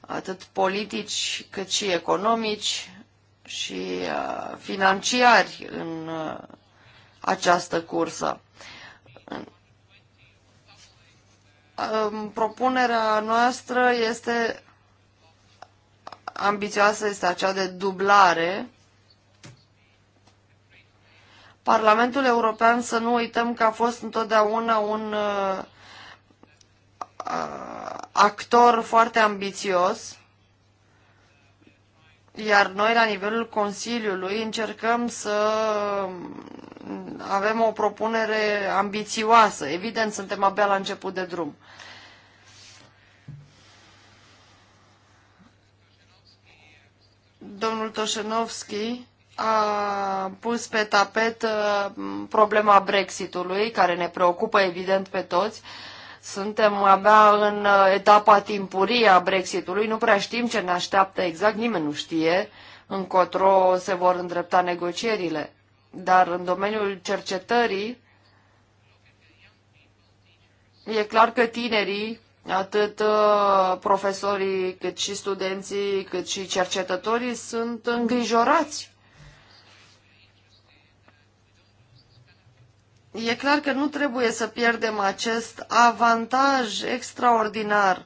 atât politici cât și economici și uh, financiari în această cursă. Propunerea noastră este ambițioasă, este acea de dublare. Parlamentul European, să nu uităm că a fost întotdeauna un uh, actor foarte ambițios, iar noi la nivelul Consiliului încercăm să avem o propunere ambițioasă. Evident, suntem abia la început de drum. Domnul Toșenovski a pus pe tapet uh, problema Brexitului, care ne preocupă evident pe toți. Suntem abia în uh, etapa timpurie a Brexitului, nu prea știm ce ne așteaptă exact, nimeni nu știe încotro se vor îndrepta negocierile. Dar în domeniul cercetării, e clar că tinerii, atât uh, profesorii, cât și studenții, cât și cercetătorii, sunt îngrijorați E clar că nu trebuie să pierdem acest avantaj extraordinar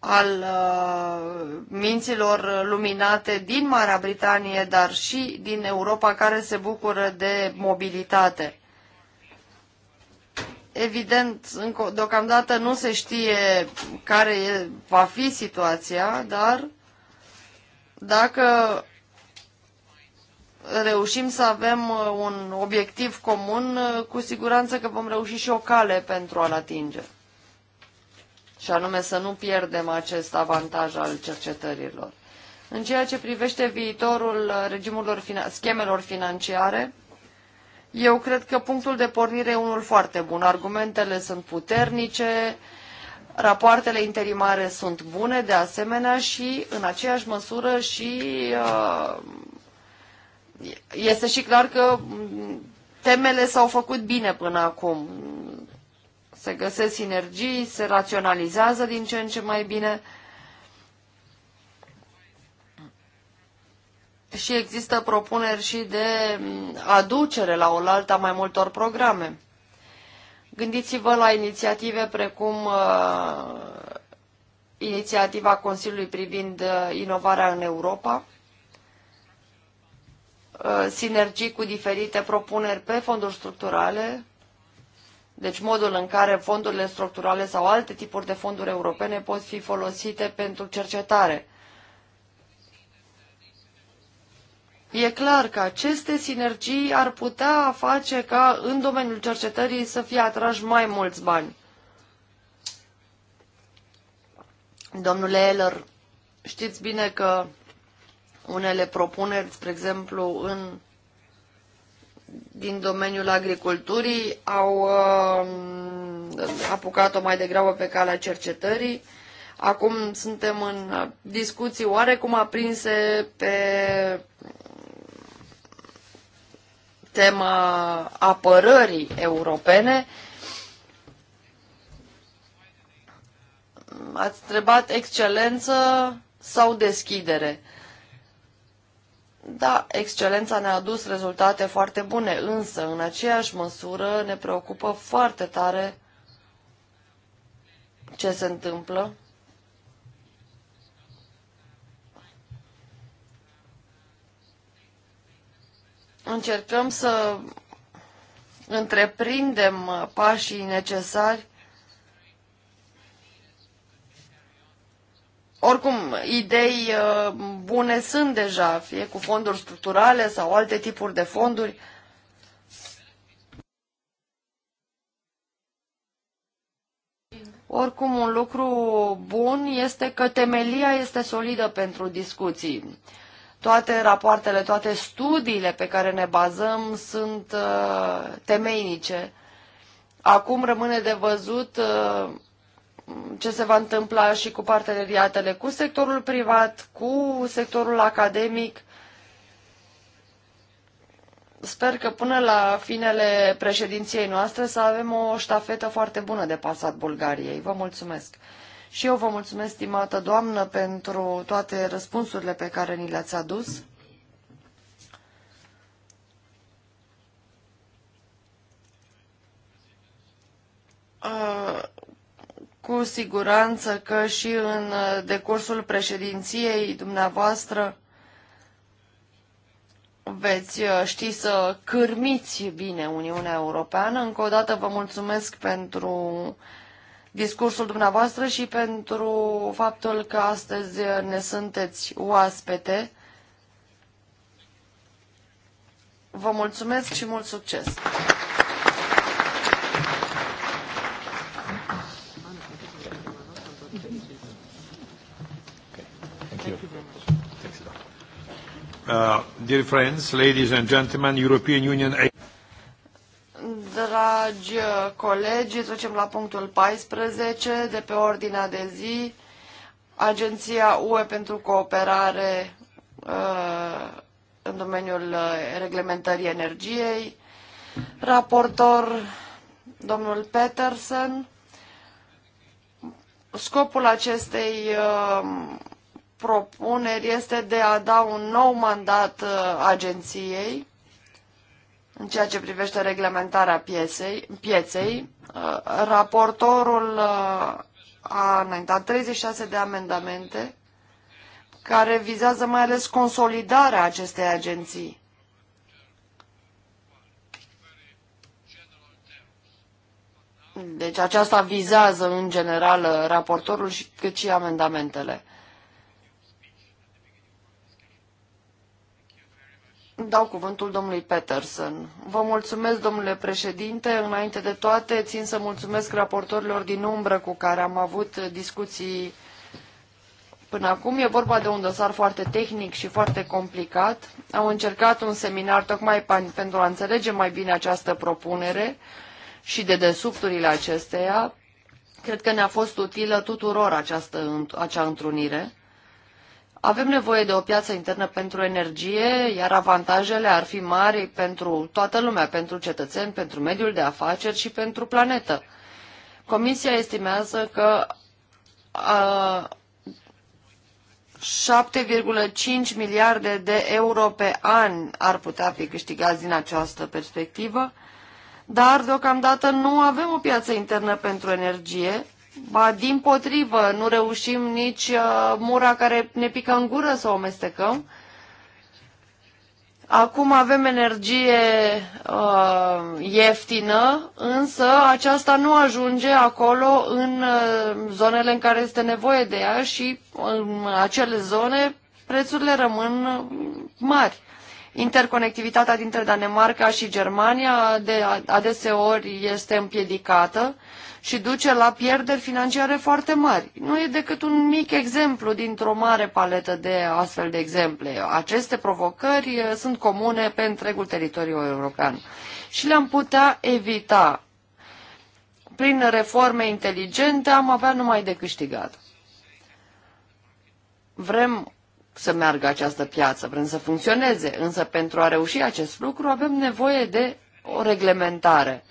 al uh, minților luminate din Marea Britanie, dar și din Europa, care se bucură de mobilitate. Evident, deocamdată nu se știe care va fi situația, dar dacă reușim să avem uh, un obiectiv comun, uh, cu siguranță că vom reuși și o cale pentru a-l atinge și anume să nu pierdem acest avantaj al cercetărilor. În ceea ce privește viitorul uh, regimurilor, schemelor financiare, eu cred că punctul de pornire e unul foarte bun. Argumentele sunt puternice, rapoartele interimare sunt bune de asemenea și în aceeași măsură și uh, este și clar că mm, temele s-au făcut bine până acum se găsesc sinergii, se raționalizează din ce în ce mai bine și există propuneri și de aducere la oaltă a mai multor programe. Gândiți-vă la inițiative precum uh, inițiativa Consiliului privind uh, inovarea în Europa, uh, sinergii cu diferite propuneri pe fonduri structurale, deci modul în care fondurile structurale sau alte tipuri de fonduri europene pot fi folosite pentru cercetare. E clar că aceste sinergii ar putea face ca în domeniul cercetării să fie atrași mai mulți bani. Domnule Eller, știți bine că unele propuneri, spre exemplu, în din domeniul agriculturii au uh, apucat-o mai degrabă pe calea cercetării. Acum suntem în discuții oarecum aprinse pe tema apărării europene. Ați întrebat excelență sau deschidere. Uh, da, excelența ne-a adus rezultate foarte bune, însă, în aceeași măsură, ne preocupă foarte tare ce se întâmplă. Încercăm să întreprindem pașii necesari Oricum, idei uh, bune sunt deja, fie cu fonduri structurale sau alte tipuri de fonduri. Oricum, un lucru bun este că temelia este solidă pentru discuții. Toate rapoartele, toate studiile pe care ne bazăm sunt uh, temeinice. Acum rămâne de văzut uh, ce se va întâmpla și cu parteneriatele cu sectorul privat, cu sectorul academic. Sper că până la finele președinției noastre să avem o ștafetă foarte bună de pasat Bulgariei. Vă mulțumesc! Și eu vă mulțumesc, stimată doamnă, pentru toate răspunsurile pe care ni le-ați adus. Uh cu siguranță că și în uh, decursul președinției dumneavoastră veți uh, ști să cârmiți bine Uniunea Europeană. Încă o dată vă mulțumesc pentru discursul dumneavoastră și pentru faptul că astăzi ne sunteți oaspete. Vă mulțumesc și mult succes! Uh, dear friends, ladies and gentlemen, European Union... Dragi uh, colegi, trecem la punctul 14 de pe ordinea de zi. Agenția UE pentru cooperare uh, în domeniul uh, reglementării energiei. Raportor domnul Peterson. Scopul acestei uh, propuneri este de a da un nou mandat uh, agenției în ceea ce privește reglementarea pieței. pieței. Uh, raportorul uh, a înaintat 36 de amendamente care vizează mai ales consolidarea acestei agenții. Deci aceasta vizează în general raportorul și cât și amendamentele. Dau cuvântul domnului Peterson. Vă mulțumesc, domnule președinte. Înainte de toate, țin să mulțumesc raportorilor din umbră cu care am avut discuții până acum. E vorba de un dosar foarte tehnic și foarte complicat. Am încercat un seminar tocmai pentru a înțelege mai bine această propunere și de dedesubturile acesteia. Cred că ne-a fost utilă tuturor această, acea întrunire. Avem nevoie de o piață internă pentru energie, iar avantajele ar fi mari pentru toată lumea, pentru cetățeni, pentru mediul de afaceri și pentru planetă. Comisia estimează că 7,5 miliarde de euro pe an ar putea fi câștigați din această perspectivă, dar deocamdată nu avem o piață internă pentru energie, Ba, din potrivă, nu reușim nici uh, mura care ne pică în gură să o amestecăm. Acum avem energie uh, ieftină, însă aceasta nu ajunge acolo în uh, zonele în care este nevoie de ea și în acele zone prețurile rămân uh, mari. Interconectivitatea dintre Danemarca și Germania de adeseori este împiedicată și duce la pierderi financiare foarte mari. Nu e decât un mic exemplu dintr-o mare paletă de astfel de exemple. Aceste provocări uh, sunt comune pe întregul teritoriu european și le-am putea evita. Prin reforme inteligente am avea numai de câștigat. Vrem să meargă această piață, vrem să funcționeze, însă pentru a reuși acest lucru avem nevoie de o reglementare.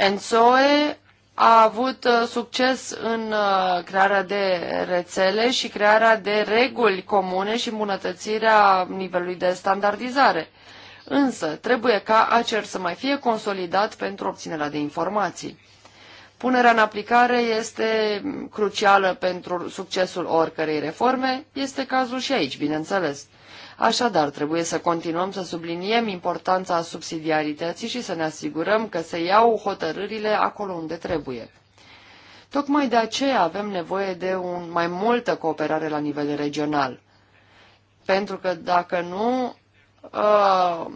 Enzoe a avut uh, succes în uh, crearea de rețele și crearea de reguli comune și îmbunătățirea nivelului de standardizare. Însă, trebuie ca ACER să mai fie consolidat pentru obținerea de informații. Punerea în aplicare este crucială pentru succesul oricărei reforme, este cazul și aici, bineînțeles. Așadar, trebuie să continuăm să subliniem importanța subsidiarității și să ne asigurăm că se iau hotărârile acolo unde trebuie. Tocmai de aceea avem nevoie de un, mai multă cooperare la nivel regional. Pentru că dacă nu, uh,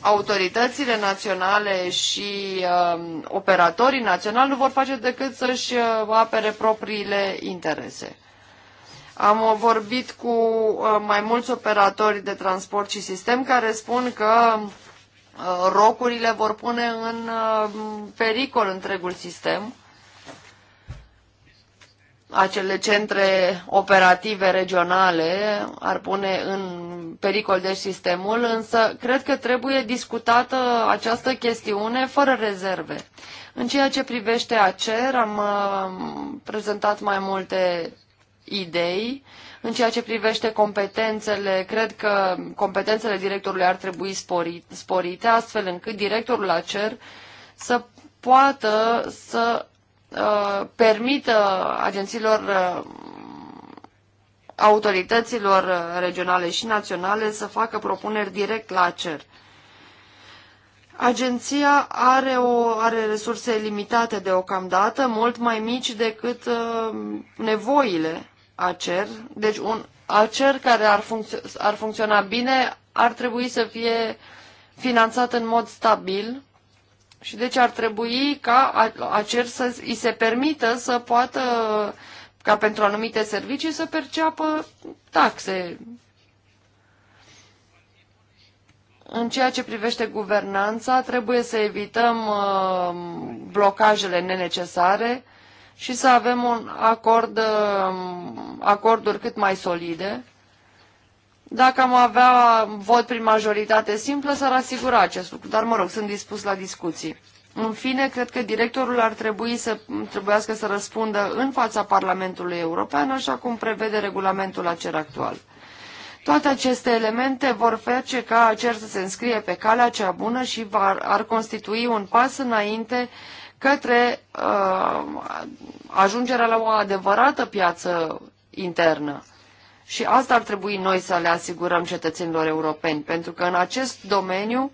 autoritățile naționale și uh, operatorii naționali nu vor face decât să-și uh, apere propriile interese. Am vorbit cu uh, mai mulți operatori de transport și sistem care spun că uh, rocurile vor pune în uh, pericol întregul sistem. Acele centre operative regionale ar pune în pericol de deci, sistemul, însă cred că trebuie discutată această chestiune fără rezerve. În ceea ce privește ACER, am prezentat mai multe idei. În ceea ce privește competențele, cred că competențele directorului ar trebui sporite, astfel încât directorul la cer să poată să uh, permită agențiilor, uh, autorităților uh, regionale și naționale să facă propuneri direct la cer. Agenția are, o, are resurse limitate deocamdată, mult mai mici decât uh, nevoile acer. Deci un acer care ar, funcț- ar funcționa bine ar trebui să fie finanțat în mod stabil și deci ar trebui ca acer să îi se permită să poată, ca pentru anumite servicii, să perceapă taxe. În ceea ce privește guvernanța, trebuie să evităm uh, blocajele nenecesare, uh, și să avem un acord, um, acorduri cât mai solide. Dacă am avea vot prin majoritate simplă, s-ar asigura acest lucru, dar mă rog, sunt dispus la discuții. În fine, cred că directorul ar trebui să trebuiască să răspundă în fața Parlamentului European, așa cum prevede regulamentul acel actual. Toate aceste elemente vor face ca acer să se înscrie pe calea cea bună și va, ar constitui un pas înainte uh, către uh, ajungerea la o adevărată piață internă. Și asta ar trebui noi să le asigurăm cetățenilor europeni, pentru că în acest domeniu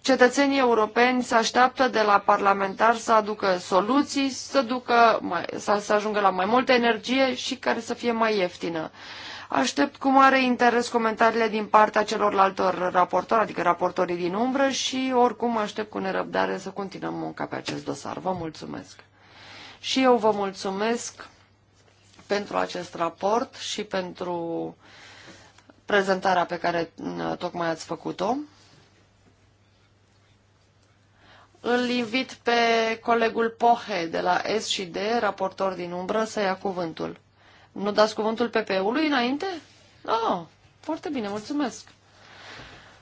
cetățenii europeni se așteaptă de la parlamentari să aducă soluții, să, ducă, să, să ajungă la mai multă energie și care să fie mai ieftină. Aștept cu mare interes comentariile din partea celorlaltor raportori, adică raportorii din umbră și oricum aștept cu nerăbdare să continuăm munca pe acest dosar. Vă mulțumesc! Și eu vă mulțumesc pentru acest raport și pentru prezentarea pe care mm, tocmai ați făcut-o. Îl invit pe colegul Pohe de la S&D, raportor din umbră, să ia cuvântul. Nu dați cuvântul PP-ului înainte? Oh, foarte bine, mulțumesc.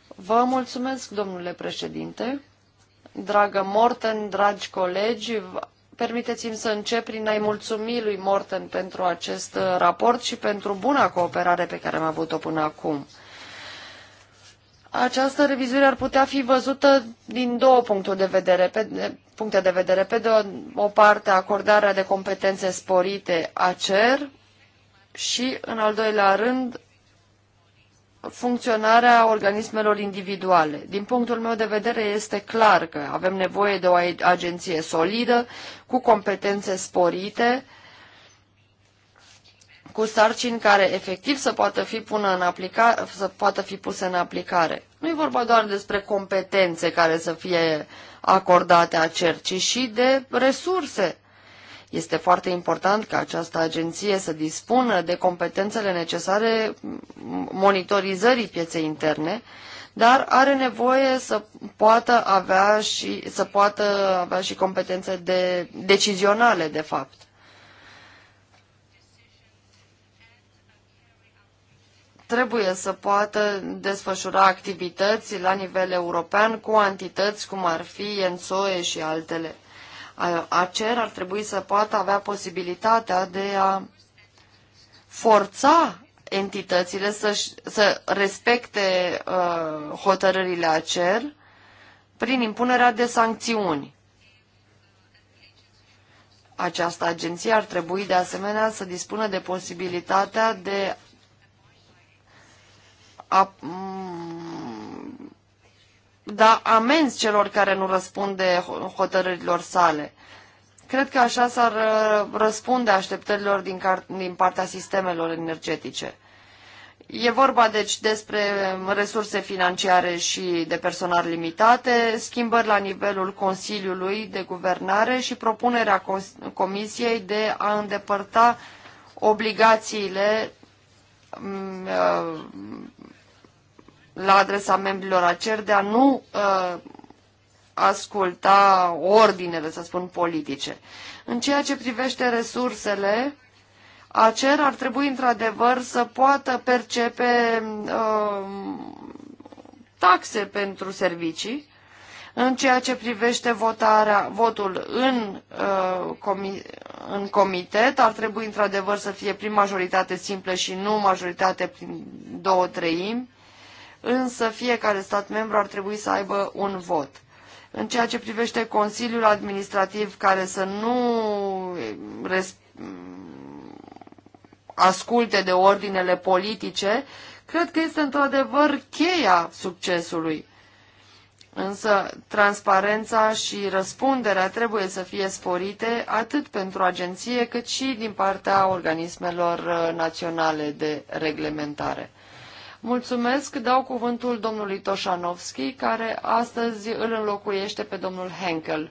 Vă mulțumesc, domnule președinte. Dragă Morten, dragi colegi, permiteți-mi să încep prin a-i mulțumi lui Morten pentru acest raport și pentru buna cooperare pe care am avut-o până acum. Această revizuire ar putea fi văzută din două puncte de vedere. Pe, puncte de vedere. Pe de o, o parte, acordarea de competențe sporite a CER, și, în al doilea rând, funcționarea organismelor individuale. Din punctul meu de vedere este clar că avem nevoie de o agenție solidă, cu competențe sporite, cu sarcini care efectiv să poată fi, pună în aplica- să poată fi puse în aplicare. Nu e vorba doar despre competențe care să fie acordate acer, ci și de resurse este foarte important ca această agenție să dispună de competențele necesare monitorizării pieței interne, dar are nevoie să poată avea și, să poată avea și competențe de, decizionale, de fapt. trebuie să poată desfășura activități la nivel european cu antități cum ar fi ENSOE și altele. ACER ar trebui să poată avea posibilitatea de a forța entitățile să, să respecte uh, hotărârile ACER prin impunerea de sancțiuni. Această agenție ar trebui de asemenea să dispună de posibilitatea de a da amenzi celor care nu răspunde hotărârilor sale. Cred că așa s-ar uh, răspunde așteptărilor din, din partea sistemelor energetice. E vorba deci despre um, resurse financiare și de personal limitate, schimbări la nivelul Consiliului de Guvernare și propunerea Comisiei de a îndepărta obligațiile um, uh, la adresa membrilor acer de a nu uh, asculta ordinele, să spun, politice. În ceea ce privește resursele, acer ar trebui într-adevăr să poată percepe uh, taxe pentru servicii, în ceea ce privește votarea, votul în, uh, comi în comitet, ar trebui într-adevăr să fie prin majoritate simplă și nu majoritate prin două treimi însă fiecare stat membru ar trebui să aibă un vot. În ceea ce privește Consiliul Administrativ care să nu mm, mm, asculte de ordinele politice, cred că este într-adevăr cheia succesului. Însă transparența și răspunderea trebuie să fie sporite atât pentru agenție cât și din partea organismelor uh, naționale de reglementare. Mulțumesc, dau cuvântul domnului Toșanovski, care astăzi îl înlocuiește pe domnul Henkel,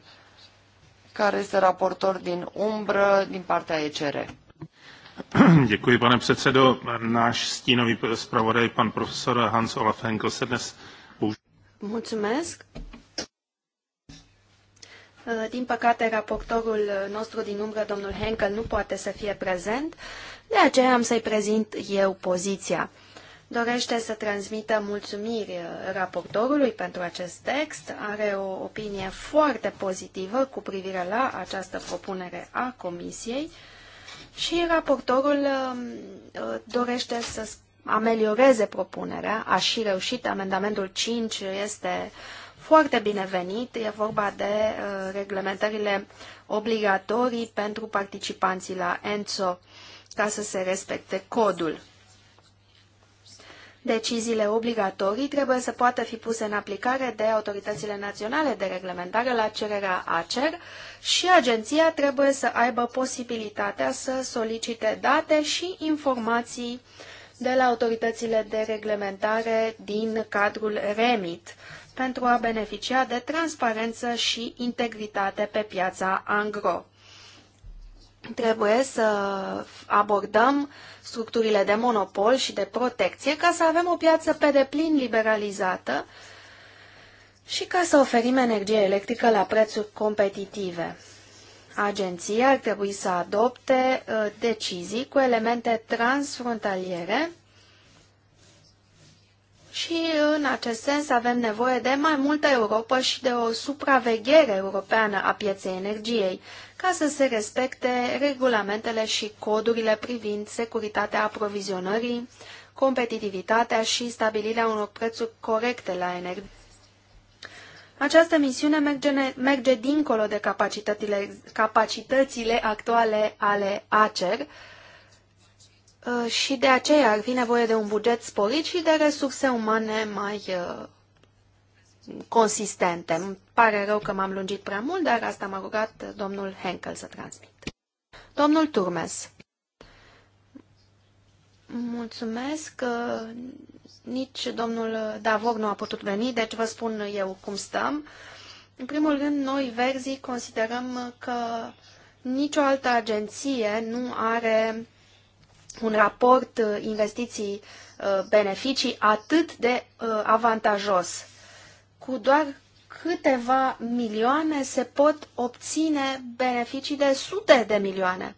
care este raportor din umbră din partea ECR. Děkuji, pane předsedo. Náš stínový zpravodaj, pan profesor Hans Olaf Henkel, se dnes Mulțumesc. Din păcate, raportorul nostru din umbră, domnul Henkel, nu poate să fie prezent, de aceea am să-i prezint eu poziția dorește să transmită mulțumiri raportorului pentru acest text, are o opinie foarte pozitivă cu privire la această propunere a Comisiei și raportorul um, dorește să amelioreze propunerea, a și reușit, amendamentul 5 este foarte binevenit, e vorba de uh, reglementările obligatorii pentru participanții la ENSO ca să se respecte codul. Deciziile obligatorii trebuie să poată fi puse în aplicare de autoritățile naționale de reglementare la cererea ACER și agenția trebuie să aibă posibilitatea să solicite date și informații de la autoritățile de reglementare din cadrul REMIT pentru a beneficia de transparență și integritate pe piața Angro. Trebuie să abordăm structurile de monopol și de protecție ca să avem o piață pe deplin liberalizată și ca să oferim energie electrică la prețuri competitive. Agenția ar trebui să adopte uh, decizii cu elemente transfrontaliere și în acest sens avem nevoie de mai multă Europa și de o supraveghere europeană a pieței energiei, ca să se respecte regulamentele și codurile privind securitatea aprovizionării, competitivitatea și stabilirea unor prețuri corecte la energie. Această misiune merge, merge dincolo de capacitățile, capacitățile actuale ale ACER uh, și de aceea ar fi nevoie de un buget sporit și de resurse umane mai uh, consistente. Îmi pare rău că m-am lungit prea mult, dar asta m-a rugat domnul Henkel să transmit. Domnul Turmes, mulțumesc că nici domnul Davor nu a putut veni, deci vă spun eu cum stăm. În primul rând, noi, verzii, considerăm că nicio altă agenție nu are un raport investiții-beneficii uh, atât de uh, avantajos cu doar câteva milioane se pot obține beneficii de sute de milioane.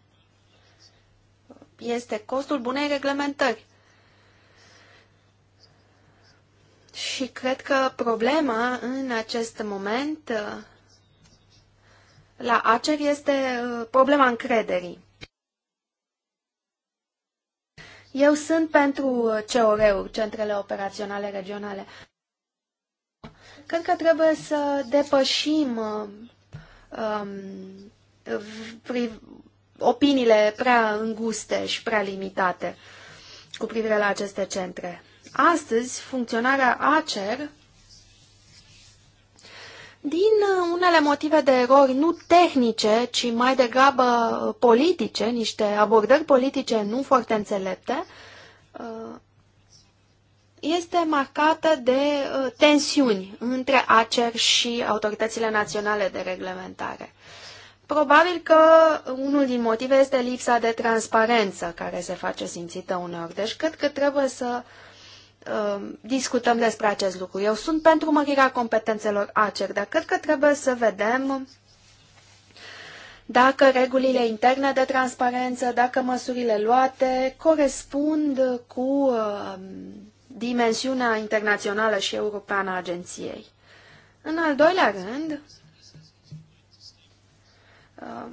Este costul bunei reglementări. Și cred că problema în acest moment la ACER este uh, problema încrederii. Eu sunt pentru COR-uri, centrele operaționale regionale. Cred că trebuie să depășim um, um opiniile prea înguste și prea limitate cu privire la aceste centre. Astăzi, funcționarea ACER, din unele motive de erori nu tehnice, ci mai degrabă politice, niște abordări politice nu foarte înțelepte, uh, este marcată de uh, tensiuni între ACER și autoritățile naționale de reglementare. Probabil că unul din motive este lipsa de transparență care se face simțită uneori. Deci cred că trebuie să uh, discutăm despre acest lucru. Eu sunt pentru mărirea competențelor ACER, dar cred că trebuie să vedem dacă regulile interne de transparență, dacă măsurile luate corespund cu uh, dimensiunea internațională și europeană a agenției. În al doilea rând, uh,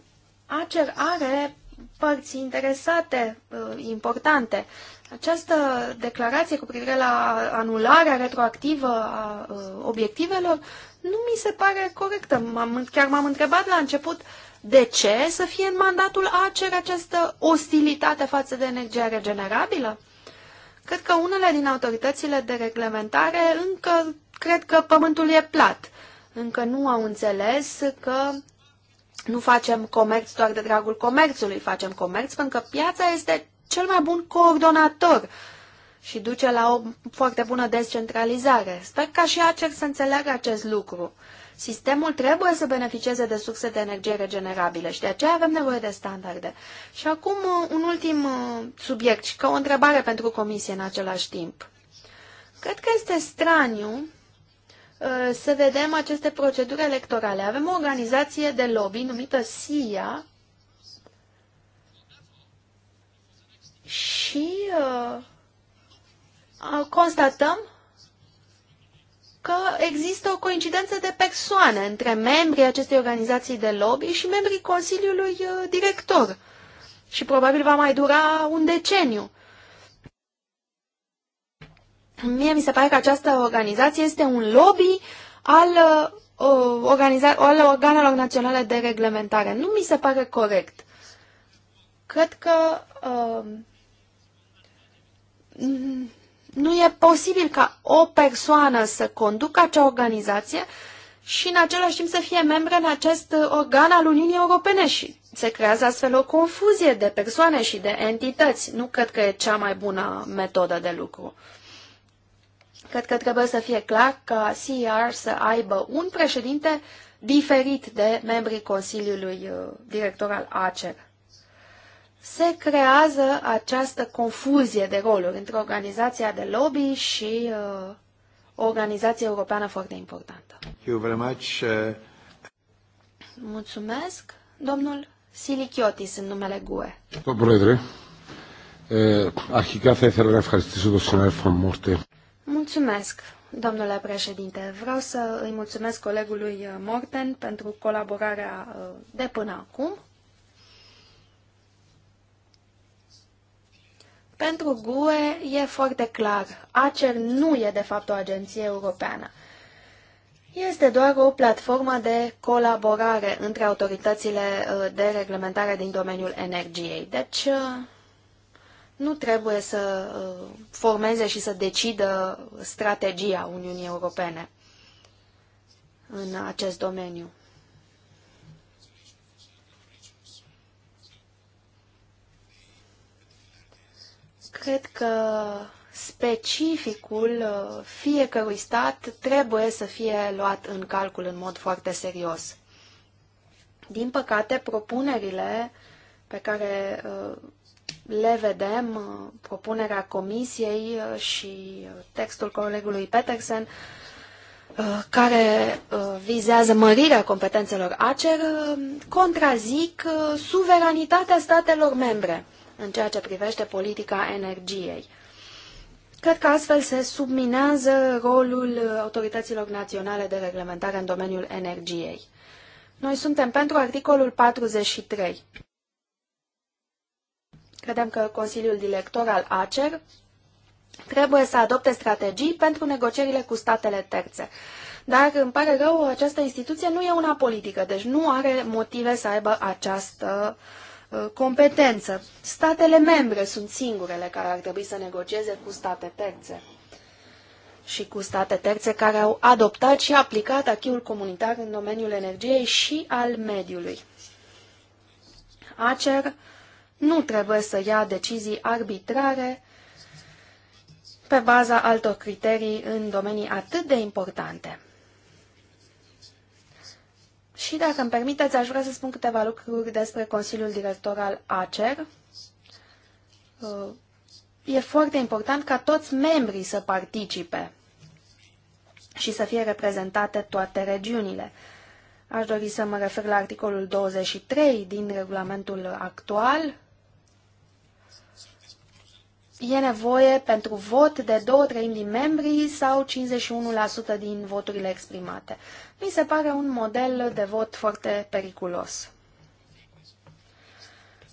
Acer are părți interesate uh, importante. Această declarație cu privire la anularea retroactivă a uh, obiectivelor nu mi se pare corectă. chiar m-am întrebat la început de ce să fie în mandatul ACER această ostilitate față de energia regenerabilă. Cred că unele din autoritățile de reglementare încă cred că pământul e plat. Încă nu au înțeles că nu facem comerț doar de dragul comerțului, facem comerț pentru că piața este cel mai bun coordonator și duce la o foarte bună descentralizare. Sper ca și ACER să înțeleagă acest lucru. Sistemul trebuie să beneficieze de surse de energie regenerabile și de aceea avem nevoie de standarde. Și acum uh, un ultim uh, subiect și ca o întrebare pentru comisie în același timp. Cred că este straniu uh, să vedem aceste proceduri electorale. Avem o organizație de lobby numită SIA și uh, constatăm că există o coincidență de persoane între membrii acestei organizații de lobby și membrii Consiliului uh, Director. Și probabil va mai dura un deceniu. Mie mi se pare că această organizație este un lobby al, uh, organiza- al organelor naționale de reglementare. Nu mi se pare corect. Cred că uh, nu e posibil ca o persoană să conducă acea organizație și în același timp să fie membră în acest organ al Uniunii Europene și se creează astfel o confuzie de persoane și de entități. Nu cred că e cea mai bună metodă de lucru. Cred că trebuie să fie clar că CER să aibă un președinte diferit de membrii Consiliului uh, Director al ACER se creează această confuzie de roluri între organizația de lobby și uh, o organizație europeană foarte importantă. You very much, uh, Mulțumesc, domnul Silichiotis, în numele GUE. Domnul Proedre, arhica θα ήθελα να ευχαριστήσω τον Mulțumesc, domnule președinte. Vreau să îi mulțumesc colegului Morten pentru colaborarea uh, de până acum. Pentru GUE e foarte clar, ACER nu e de fapt o agenție europeană. Este doar o platformă de colaborare între autoritățile uh, de reglementare din domeniul energiei. Deci uh, nu trebuie să uh, formeze și să decidă strategia Uniunii Europene în acest domeniu. cred că specificul uh, fiecărui stat trebuie să fie luat în calcul în mod foarte serios. Din păcate, propunerile pe care uh, le vedem, uh, propunerea comisiei și textul colegului Petersen, care vizează mărirea competențelor ACER, contrazic suveranitatea statelor membre în ceea ce privește politica energiei. Cred că astfel se subminează rolul autorităților naționale de reglementare în domeniul energiei. Noi suntem pentru articolul 43. Credem că Consiliul Director al ACER trebuie să adopte strategii pentru negocierile cu statele terțe. Dar îmi pare rău, această instituție nu e una politică, deci nu are motive să aibă această uh, Uh, competență. Statele membre sunt singurele care ar trebui să negocieze cu state terțe și cu state terțe care au adoptat și aplicat achiul comunitar în domeniul energiei și al mediului. ACER nu trebuie să ia decizii arbitrare pe baza altor criterii în domenii atât de importante. Și dacă îmi permiteți, aș vrea să spun câteva lucruri despre Consiliul Director al ACER. Uh, e foarte important ca toți membrii să participe și să fie reprezentate toate regiunile. Aș dori să mă refer la articolul 23 din regulamentul actual, e nevoie pentru vot de două treimi din membrii sau 51% din voturile exprimate. Mi se pare un model de vot foarte periculos.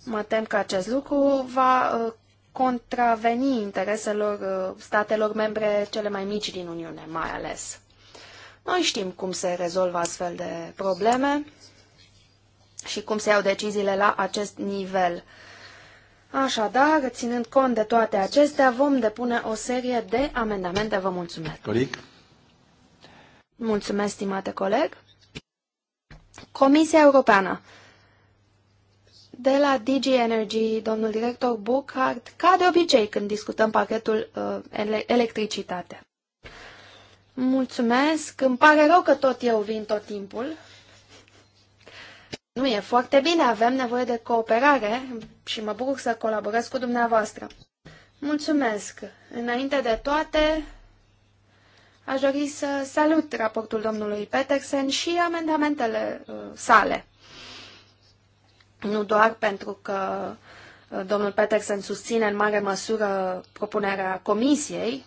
Mă tem că acest lucru va uh, contraveni intereselor uh, statelor membre cele mai mici din Uniune, mai ales. Noi știm cum se rezolvă astfel de probleme și cum se iau deciziile la acest nivel Așadar, ținând cont de toate acestea, vom depune o serie de amendamente. Vă mulțumesc. Coleg. Mulțumesc, stimate coleg. Comisia Europeană. De la DG Energy, domnul director Buchard, ca de obicei când discutăm pachetul uh, electricitate. Mulțumesc. Îmi pare rău că tot eu vin tot timpul. Nu e foarte bine, avem nevoie de cooperare și mă bucur să colaborez cu dumneavoastră. Mulțumesc! Înainte de toate, aș dori să salut raportul domnului Petersen și amendamentele uh, sale. Nu doar pentru că uh, domnul Petersen susține în mare măsură propunerea comisiei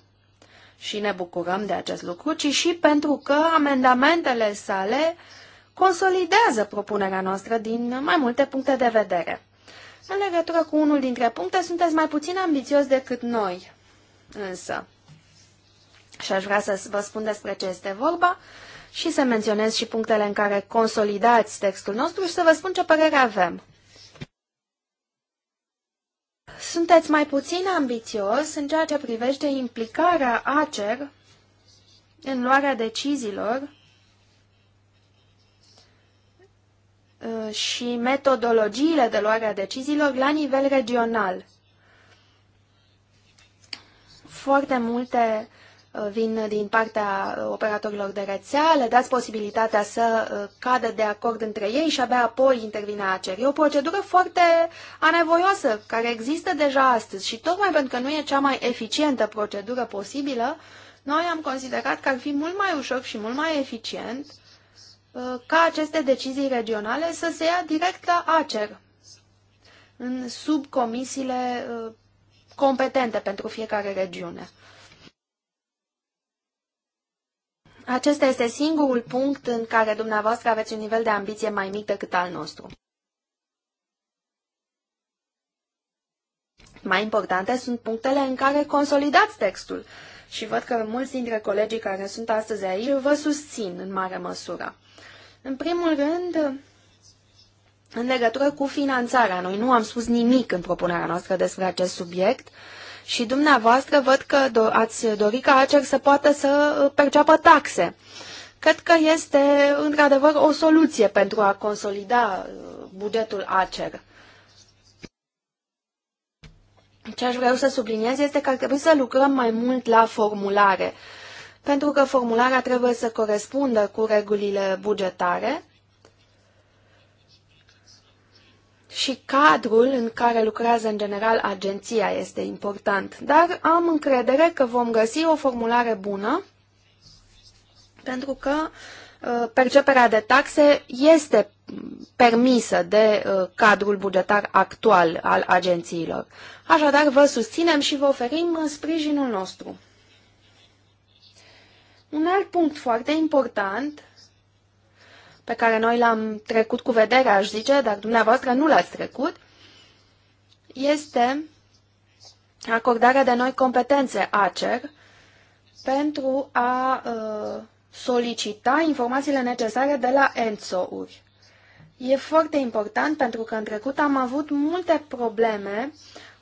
și ne bucurăm de acest lucru, ci și pentru că amendamentele sale uh, consolidează propunerea noastră din mai multe puncte de vedere. În legătură cu unul dintre puncte, sunteți mai puțin ambițios decât noi, însă. Și aș vrea să vă spun despre ce este vorba și să menționez și punctele în care consolidați textul nostru și să vă spun ce părere avem. Sunteți mai puțin ambițios în ceea ce privește implicarea ACER în luarea deciziilor Uh, și metodologiile de luare a deciziilor la nivel regional. Foarte multe uh, vin din partea operatorilor de rețea, le dați posibilitatea să uh, cadă de acord între ei și abia apoi intervine ACER. E o procedură foarte anevoioasă, care există deja astăzi și tocmai pentru că nu e cea mai eficientă procedură posibilă, noi am considerat că ar fi mult mai ușor și mult mai eficient ca aceste decizii regionale să se ia direct la ACER, în subcomisiile uh, competente pentru fiecare regiune. Acesta este singurul punct în care dumneavoastră aveți un nivel de ambiție mai mic decât al nostru. Mai importante sunt punctele în care consolidați textul și văd că mulți dintre colegii care sunt astăzi aici vă susțin în mare măsură. În primul rând, în legătură cu finanțarea, noi nu am spus nimic în propunerea noastră despre acest subiect și dumneavoastră văd că do ați dori ca ACER să poată să uh, perceapă taxe. Cred că este, într-adevăr, o soluție pentru a consolida uh, bugetul ACER. Ce aș vrea să subliniez este că ar trebui să lucrăm mai mult la formulare. Uh, pentru că formularea trebuie să corespundă cu regulile bugetare și cadrul în care lucrează în general agenția este important. Dar am încredere că vom găsi o formulare bună, pentru că uh, perceperea de taxe este permisă de uh, cadrul bugetar actual al agențiilor. Așadar, vă susținem și vă oferim sprijinul nostru. Un alt punct foarte important pe care noi l-am trecut cu vedere, aș zice, dar dumneavoastră nu l-ați trecut, este acordarea de noi competențe ACER pentru a uh, solicita informațiile necesare de la ENSO-uri. E foarte important pentru că în trecut am avut multe probleme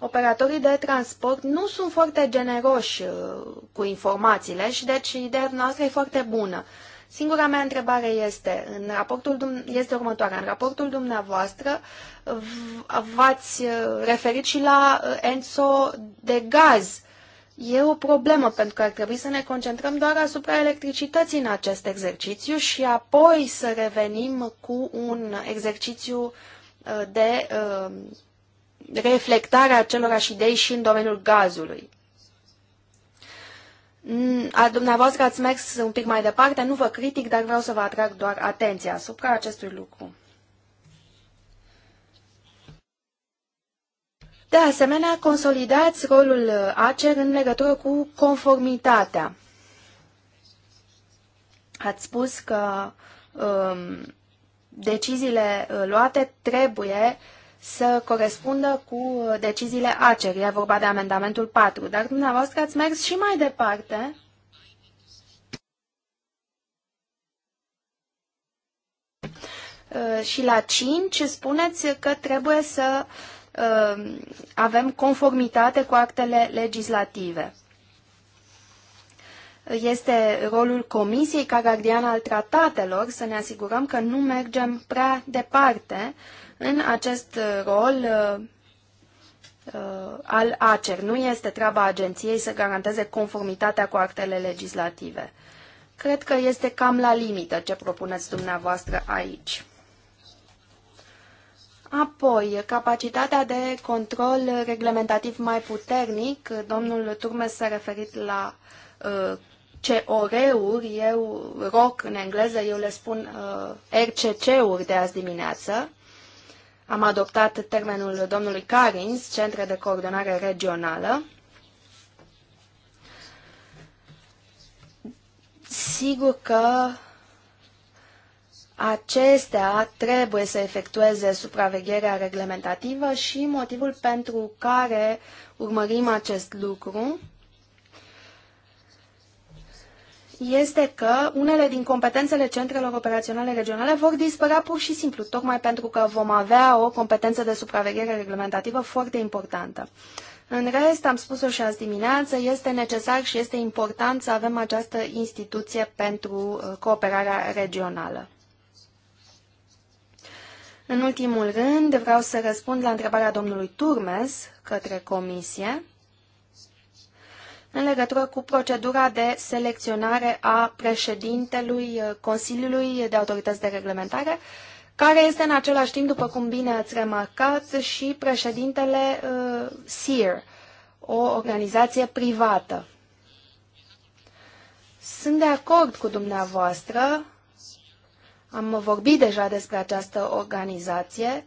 operatorii de transport nu sunt foarte generoși uh, cu informațiile și deci ideea noastră e foarte bună. Singura mea întrebare este, în raportul, este următoarea. În raportul dumneavoastră v-ați uh, referit și la uh, ENSO de gaz. E o problemă pentru că ar trebui să ne concentrăm doar asupra electricității în acest exercițiu și apoi să revenim cu un exercițiu de reflectarea acelorași idei și în domeniul gazului. Mm, a dumneavoastră ați mers un pic mai departe, nu vă critic, dar vreau să vă atrag doar atenția asupra acestui lucru. De asemenea, consolidați rolul ACER în legătură cu conformitatea. Ați spus că um, deciziile uh, luate trebuie uh, să corespundă cu deciziile ACER. E vorba de amendamentul 4, dar dumneavoastră ați mers și mai departe uh, și la 5 spuneți că trebuie să uh, avem conformitate cu actele legislative. Este rolul Comisiei ca gardian al tratatelor să ne asigurăm că nu mergem prea departe în acest uh, rol uh, uh, al ACER. Nu este treaba agenției să garanteze conformitatea cu actele legislative. Cred că este cam la limită ce propuneți dumneavoastră aici. Apoi, capacitatea de control reglementativ mai puternic. Domnul Turmes s-a referit la uh, COR-uri, eu, ROC în engleză, eu le spun uh, RCC-uri de azi dimineață. Am adoptat termenul domnului Carins, Centre de Coordonare Regională. Sigur că acestea trebuie să efectueze supravegherea reglementativă și motivul pentru care urmărim acest lucru este că unele din competențele centrelor operaționale regionale vor dispărea pur și simplu, tocmai pentru că vom avea o competență de supraveghere reglementativă foarte importantă. În rest, am spus-o și azi dimineață, este necesar și este important să avem această instituție pentru uh, cooperarea regională. În ultimul rând, vreau să răspund la întrebarea domnului Turmes către comisie în legătură cu procedura de selecționare a președintelui uh, Consiliului de Autorități de Reglementare, care este în același timp, după cum bine ați remarcat, și președintele uh, SEER, o organizație privată. Sunt de acord cu dumneavoastră, am vorbit deja despre această organizație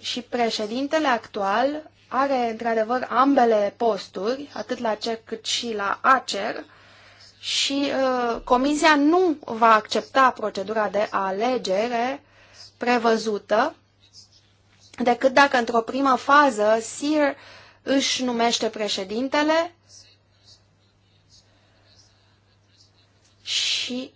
și președintele actual are într-adevăr ambele posturi, atât la CER cât și la ACER, și uh, Comisia nu va accepta procedura de alegere prevăzută decât dacă într-o primă fază SIR își numește președintele și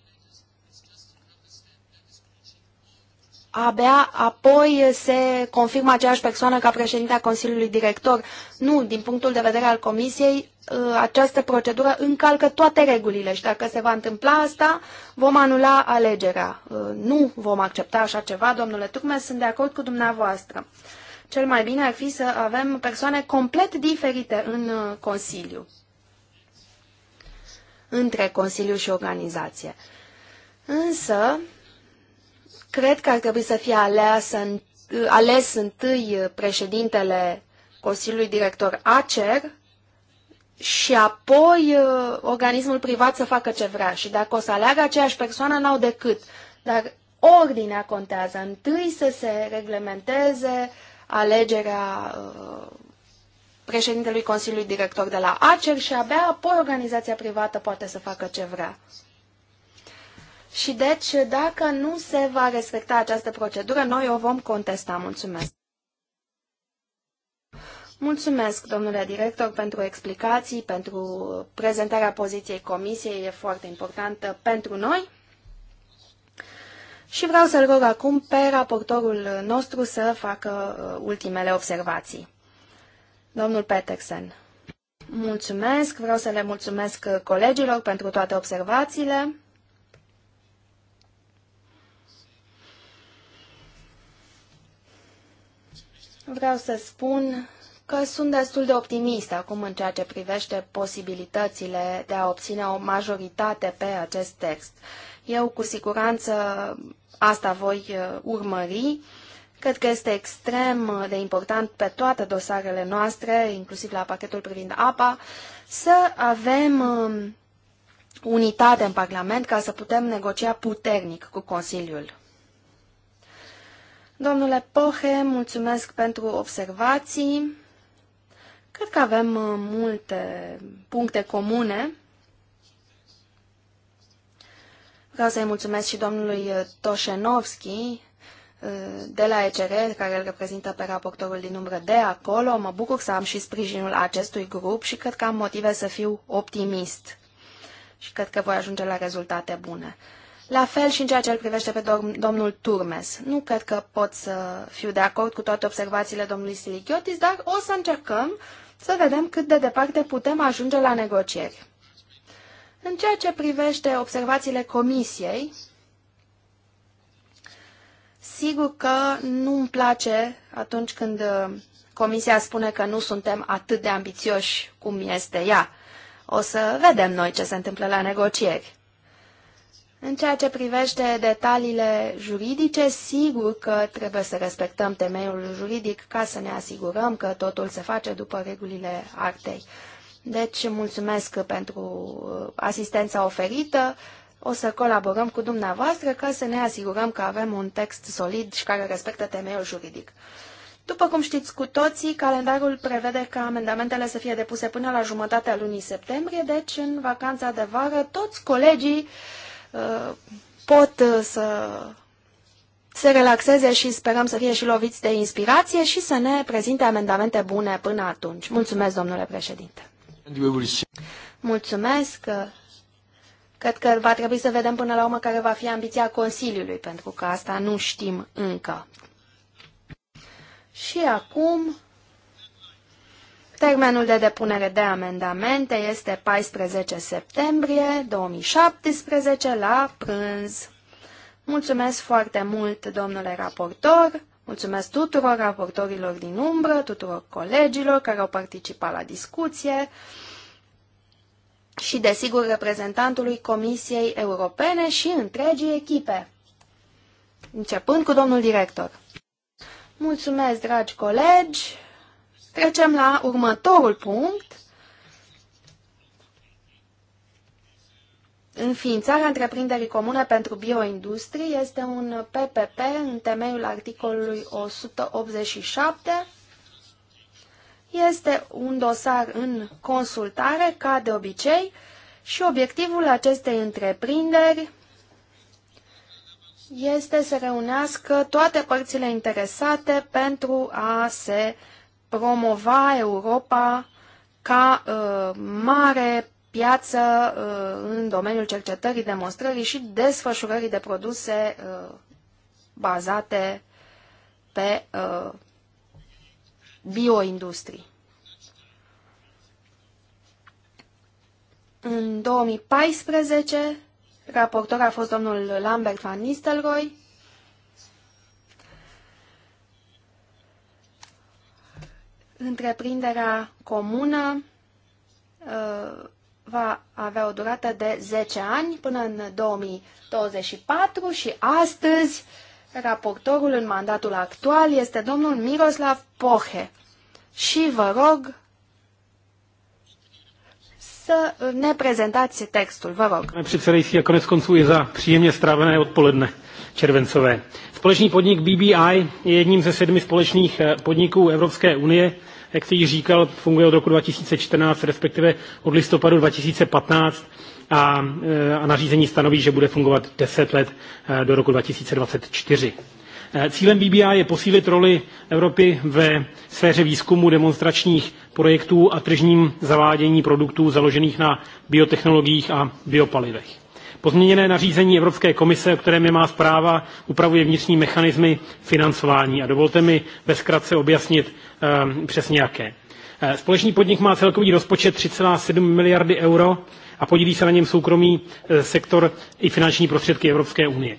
abia apoi se confirmă aceeași persoană ca președinte a Consiliului Director. Nu, din punctul de vedere al Comisiei, ă, această procedură încalcă toate regulile și dacă se va întâmpla asta, vom anula alegerea. Ă, nu vom accepta așa ceva, domnule Turme, sunt de acord cu dumneavoastră. Cel mai bine ar fi să avem persoane complet diferite în ă, Consiliu, între Consiliu și organizație. Însă, Cred că ar trebui să fie ales, în, ales întâi președintele Consiliului Director ACER și apoi uh, organismul privat să facă ce vrea. Și dacă o să aleagă aceeași persoană, n-au decât. Dar ordinea contează. Întâi să se reglementeze alegerea uh, președintelui Consiliului Director de la ACER și abia apoi organizația privată poate să facă ce vrea. Și deci, dacă nu se va respecta această procedură, noi o vom contesta. Mulțumesc! Mulțumesc, domnule director, pentru explicații, pentru prezentarea poziției comisiei, e foarte importantă pentru noi. Și vreau să-l rog acum pe raportorul nostru să facă uh, ultimele observații. Domnul Petersen. Mulțumesc, vreau să le mulțumesc colegilor pentru toate observațiile. vreau să spun că sunt destul de optimist acum în ceea ce privește posibilitățile de a obține o majoritate pe acest text. Eu cu siguranță asta voi uh, urmări. Cred că este extrem de important pe toate dosarele noastre, inclusiv la pachetul privind apa, să avem um, unitate în Parlament ca să putem negocia puternic cu Consiliul. Domnule Pohe, mulțumesc pentru observații. Cred că avem uh, multe puncte comune. Vreau să-i mulțumesc și domnului uh, Toșenovski uh, de la ECR, care îl reprezintă pe raportorul din umbră de acolo. Mă bucur să am și sprijinul acestui grup și cred că am motive să fiu optimist și cred că voi ajunge la rezultate bune. La fel și în ceea ce îl privește pe dom domnul Turmes. Nu cred că pot să fiu de acord cu toate observațiile domnului Silichiotis, dar o să încercăm să vedem cât de departe putem ajunge la negocieri. În ceea ce privește observațiile comisiei, sigur că nu mi place atunci când uh, comisia spune că nu suntem atât de ambițioși cum este ea. O să vedem noi ce se întâmplă la negocieri. În ceea ce privește detaliile juridice, sigur că trebuie să respectăm temeiul juridic ca să ne asigurăm că totul se face după regulile artei. Deci, mulțumesc pentru uh, asistența oferită. O să colaborăm cu dumneavoastră ca să ne asigurăm că avem un text solid și care respectă temeiul juridic. După cum știți cu toții, calendarul prevede ca amendamentele să fie depuse până la jumătatea lunii septembrie, deci în vacanța de vară toți colegii pot uh, să se relaxeze și sperăm să fie și loviți de inspirație și să ne prezinte amendamente bune până atunci. Mulțumesc, domnule președinte. Mulțumesc. Cred că va trebui să vedem până la urmă care va fi ambiția Consiliului, pentru că asta nu știm încă. Și acum Termenul de depunere de amendamente este 14 septembrie 2017 la prânz. Mulțumesc foarte mult, domnule raportor. Mulțumesc tuturor raportorilor din umbră, tuturor colegilor care au participat la discuție și, desigur, reprezentantului Comisiei Europene și întregii echipe, începând cu domnul director. Mulțumesc, dragi colegi! Trecem la următorul punct. Înființarea întreprinderii comune pentru bioindustrie este un PPP în temeiul articolului 187. Este un dosar în consultare, ca de obicei, și obiectivul acestei întreprinderi este să reunească toate părțile interesate pentru a se uh, promova Europa ca uh, mare piață uh, în domeniul cercetării, demonstrării și desfășurării de produse uh, bazate pe uh, bioindustrii. În 2014, raportor a fost domnul Lambert van Nistelrooy Întreprinderea comună uh, va avea o durată de 10 ani până în 2024 și astăzi raportorul în mandatul actual este domnul Miroslav Pohe. Și vă rog să ne prezentați textul. Vă rog. Pane předsedající, konec konců i za příjemně strávené odpoledne červencové. Společný podnik BBI je jedním ze sedmi společných eh, podniků Evropské unie. Jak jste již říkal, funguje od roku 2014, respektive od listopadu 2015 a, eh, a nařízení stanoví, že bude fungovat 10 let eh, do roku 2024. Eh, cílem BBI je posílit roli Evropy ve sféře výzkumu demonstračních projektů a tržním zavádění produktů založených na biotechnologiích a biopalivech. Pozměněné nařízení Evropské komise, o kterém je má zpráva, upravuje vnitřní mechanismy financování a dovolte mi ve zkratce objasnit um, přesně jaké. Eh, společný podnik má celkový rozpočet 3,7 miliardy euro a podílí se na něm soukromý sektor i finanční prostředky Evropské unie.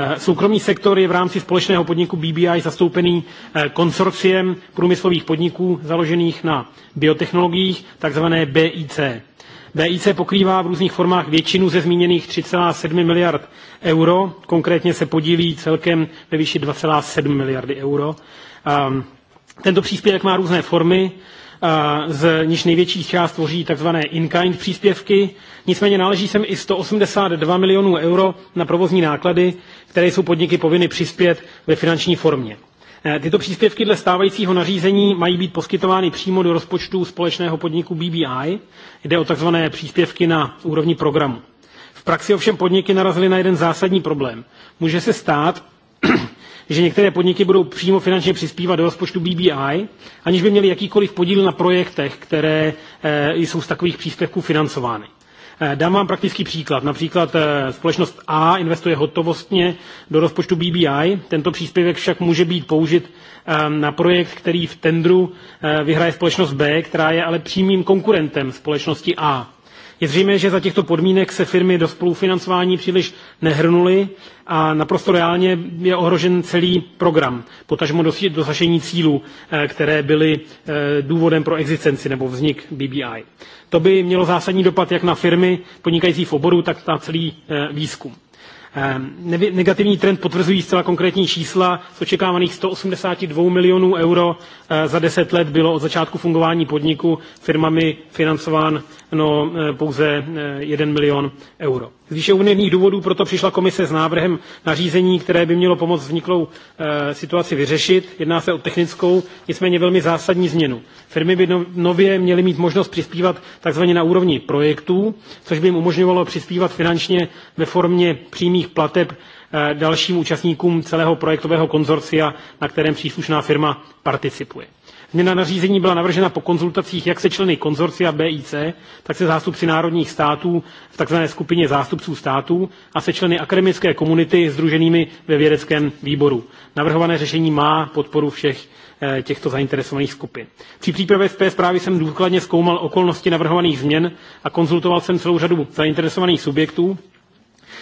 Eh, soukromý sektor je v rámci společného podniku BBI zastoupený eh, konsorciem průmyslových podniků založených na biotechnologiích, takzvané BIC. BIC pokrývá v různých formách většinu ze zmíněných 3,7 miliard euro, konkrétně se podílí celkem ve výši 2,7 miliardy euro. Ehm, tento příspěvek má různé formy, eh, z níž největší část tvoří tzv. in-kind příspěvky, nicméně náleží sem i 182 milionů euro na provozní náklady, které jsou podniky povinny přispět ve finanční formě. Eh, tyto příspěvky dle stávajícího nařízení mají být poskytovány přímo do rozpočtu společného podniku BBI. Jde o tzv. příspěvky na úrovni programu. V praxi ovšem podniky narazily na jeden zásadní problém. Může se stát, že některé podniky budou přímo finančně přispívat do rozpočtu BBI, aniž by měly jakýkoliv podíl na projektech, které eh, jsou z takových příspěvků financovány. Eh, dám vám praktický příklad. Například eh, společnost A investuje hotovostně do rozpočtu BBI. Tento příspěvek však může být použit eh, na projekt, který v tendru vyhraje společnost B, která je ale přímým konkurentem společnosti A. Je zřejmé, že za těchto podmínek se firmy do spolufinancování příliš nehrnuly a naprosto reálně je ohrožen celý program, potažmo dosažení cílů, eh, které byly eh, důvodem pro existenci nebo vznik BBI. To by mělo zásadní dopad jak na firmy podnikající v oboru, tak na celý eh, výzkum. Ehm, negativní trend potvrzují zcela konkrétní čísla. Z očekávaných 182 milionů euro eh, za 10 let bylo od začátku fungování podniku firmami financován no, eh, pouze 1 eh, milion euro. Z výše uvedených důvodů proto přišla komise s návrhem nařízení, které by mělo pomoct vzniklou e, eh, situaci vyřešit. Jedná se o technickou, nicméně velmi zásadní změnu. Firmy by nově měly mít možnost přispívat takzvaně na úrovni projektů, což by jim umožňovalo přispívat finančně ve formě přímých plateb e, eh, dalším účastníkům celého projektového konzorcia, na kterém příslušná firma participuje. Změna nařízení byla navržena po konzultacích jak se členy konzorcia BIC, tak se zástupci národních států v tzv. skupině zástupců států a se členy akademické komunity združenými ve vědeckém výboru. Navrhované řešení má podporu všech eh, těchto zainteresovaných skupin. Při přípravě SP zprávy jsem důkladně zkoumal okolnosti navrhovaných změn a konzultoval jsem celou řadu zainteresovaných subjektů,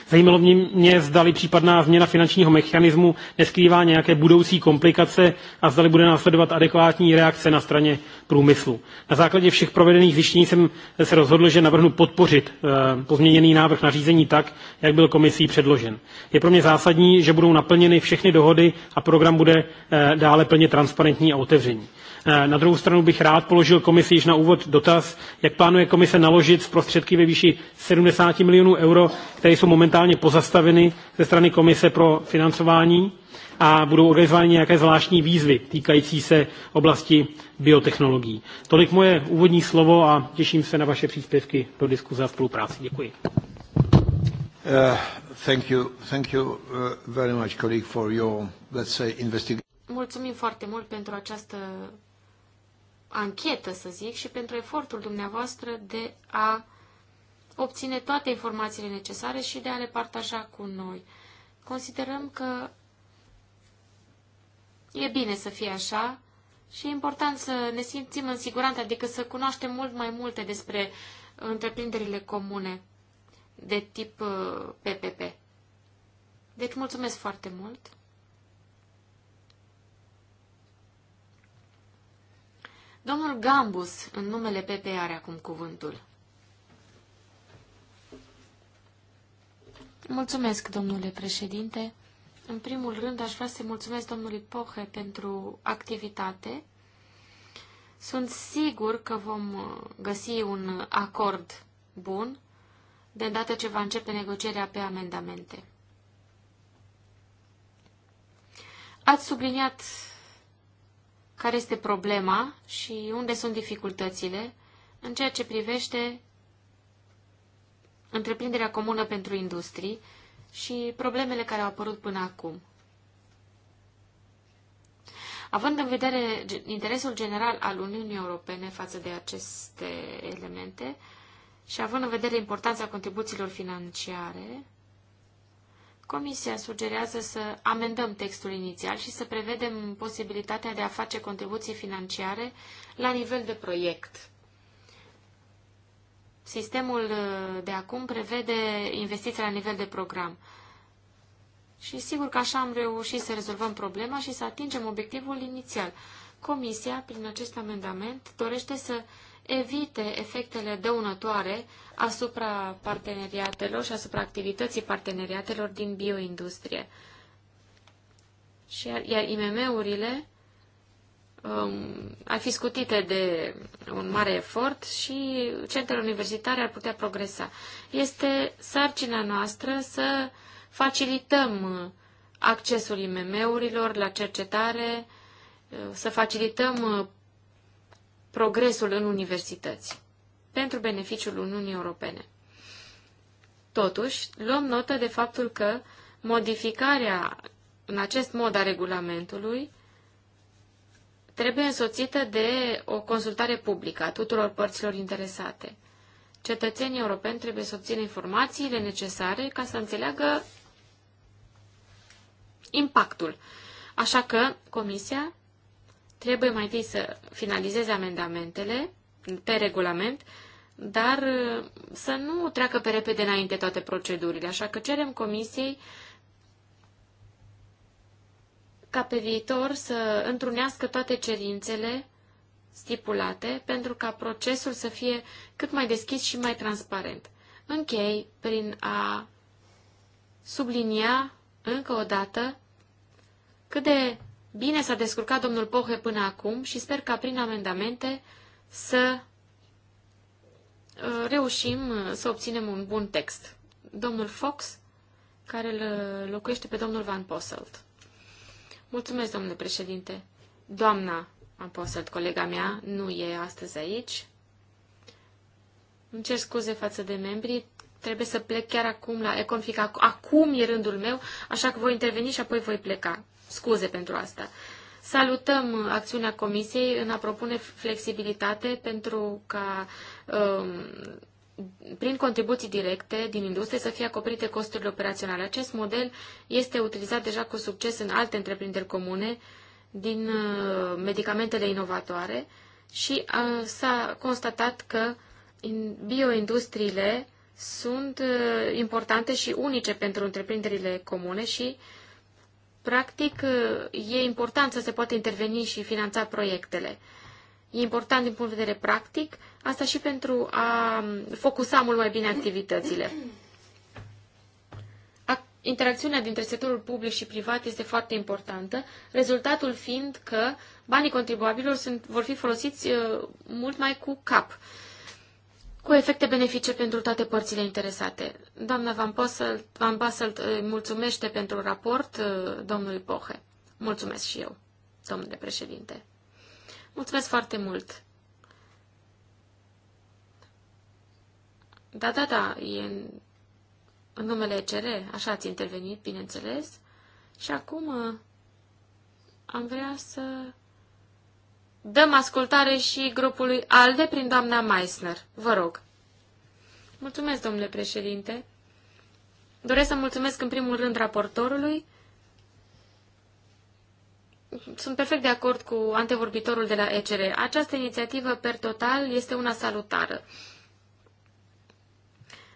Zajímalo mě, mě zdali případná změna finančního mechanismu neskrývá nějaké budoucí komplikace a zdali bude následovat adekvátní reakce na straně průmyslu. Na základě všech provedených zjištění jsem se rozhodl, že navrhnu podpořit eh, pozměněný návrh nařízení tak, jak byl komisí předložen. Je pro mě zásadní, že budou naplněny všechny dohody a program bude eh, dále plně transparentní a otevřený. Eh, na druhou stranu bych rád položil komisi již na úvod dotaz, jak plánuje komise naložit s prostředky ve výši 70 milionů euro, které jsou momentálně pozastaveny ze strany komise pro financování a budou organizovány nějaké zvláštní výzvy týkající se oblasti biotechnologií. Tolik moje úvodní slovo a těším se na vaše příspěvky do diskuze a spolupráci. Děkuji. Uh, thank you, thank you eh, very much, colleague, for your, let's say, investigation. Mulțumim foarte mult pentru această anchetă, să zic, și pentru efortul dumneavoastră de a obține toate informațiile necesare și de a le partaja cu noi. Considerăm că e bine să fie așa și e important să ne simțim în siguranță, adică să cunoaștem mult mai multe despre întreprinderile comune de tip PPP. Uh, deci mulțumesc foarte mult! Domnul Gambus, în numele PP, are acum cuvântul. Mulțumesc, domnule președinte. În primul rând, aș vrea să mulțumesc domnului Pohe pentru activitate. Sunt sigur că vom uh, găsi un acord bun de îndată ce va începe negocierea pe amendamente. Ați subliniat care este problema și unde sunt dificultățile în ceea ce privește întreprinderea comună pentru industrii și problemele care au apărut până acum. Având în vedere interesul general al Uniunii Europene față de aceste elemente și având în vedere importanța contribuțiilor financiare, Comisia sugerează să amendăm textul inițial și să prevedem posibilitatea de a face contribuții financiare la nivel de proiect. Sistemul uh, de acum prevede investiții la nivel de program. Și sigur că așa am reușit să rezolvăm problema și să atingem obiectivul inițial. Comisia, prin acest amendament, dorește să evite efectele dăunătoare asupra parteneriatelor și asupra activității parteneriatelor din bioindustrie. Și iar, iar IMM-urile um, ar fi scutite de un mare efort și centrele universitare ar putea progresa. Este sarcina noastră să facilităm accesul IMM-urilor la cercetare, să facilităm progresul în universități, pentru beneficiul Uniunii Europene. Totuși, luăm notă de faptul că modificarea în acest mod a regulamentului trebuie însoțită de o consultare publică a tuturor părților interesate. Cetățenii europeni trebuie să obțină informațiile necesare ca să înțeleagă impactul. Așa că Comisia trebuie mai întâi să finalizeze amendamentele pe regulament, dar uh, să nu treacă pe repede înainte toate procedurile. Așa că cerem Comisiei ca pe viitor să întrunească toate cerințele stipulate pentru ca procesul să fie cât mai deschis și mai transparent. Închei prin a sublinia încă o dată cât de Bine s-a descurcat domnul Pohe până acum și sper ca prin amendamente să uh, reușim uh, să obținem un bun text. Domnul Fox, care îl uh, locuiește pe domnul Van Posselt. Mulțumesc, domnule președinte. Doamna Van Posselt, colega mea, nu e astăzi aici. Îmi cer scuze față de membrii Trebuie să plec chiar acum la Econfic. Acum e rândul meu, așa că voi interveni și apoi voi pleca. Scuze pentru asta. Salutăm acțiunea Comisiei în a propune flexibilitate pentru ca um, prin contribuții directe din industrie să fie acoperite costurile operaționale. Acest model este utilizat deja cu succes în alte întreprinderi comune din uh, medicamentele inovatoare și uh, s-a constatat că bioindustriile sunt uh, importante și unice pentru întreprinderile comune și, practic, uh, e important să se poată interveni și finanța proiectele. E important din punct de vedere practic, asta și pentru a um, focusa mult mai bine activitățile. Interacțiunea dintre sectorul public și privat este foarte importantă, rezultatul fiind că banii contribuabilor sunt, vor fi folosiți uh, mult mai cu cap. Uh, cu efecte benefice pentru toate părțile interesate. Doamna Van, Basselt, Van Basselt mulțumește pentru raport uh, domnului Pohe. Mulțumesc și eu, domnule președinte. Mulțumesc foarte mult. Da, da, da, e în, în numele CR, așa ați intervenit, bineînțeles. Și acum uh, am vrea să dăm ascultare și grupului ALDE prin doamna Meissner. Vă rog. Mulțumesc, domnule președinte. Doresc să mulțumesc în primul rând raportorului. Sunt perfect de acord cu antevorbitorul de la ECR. Această inițiativă, per total, este una salutară.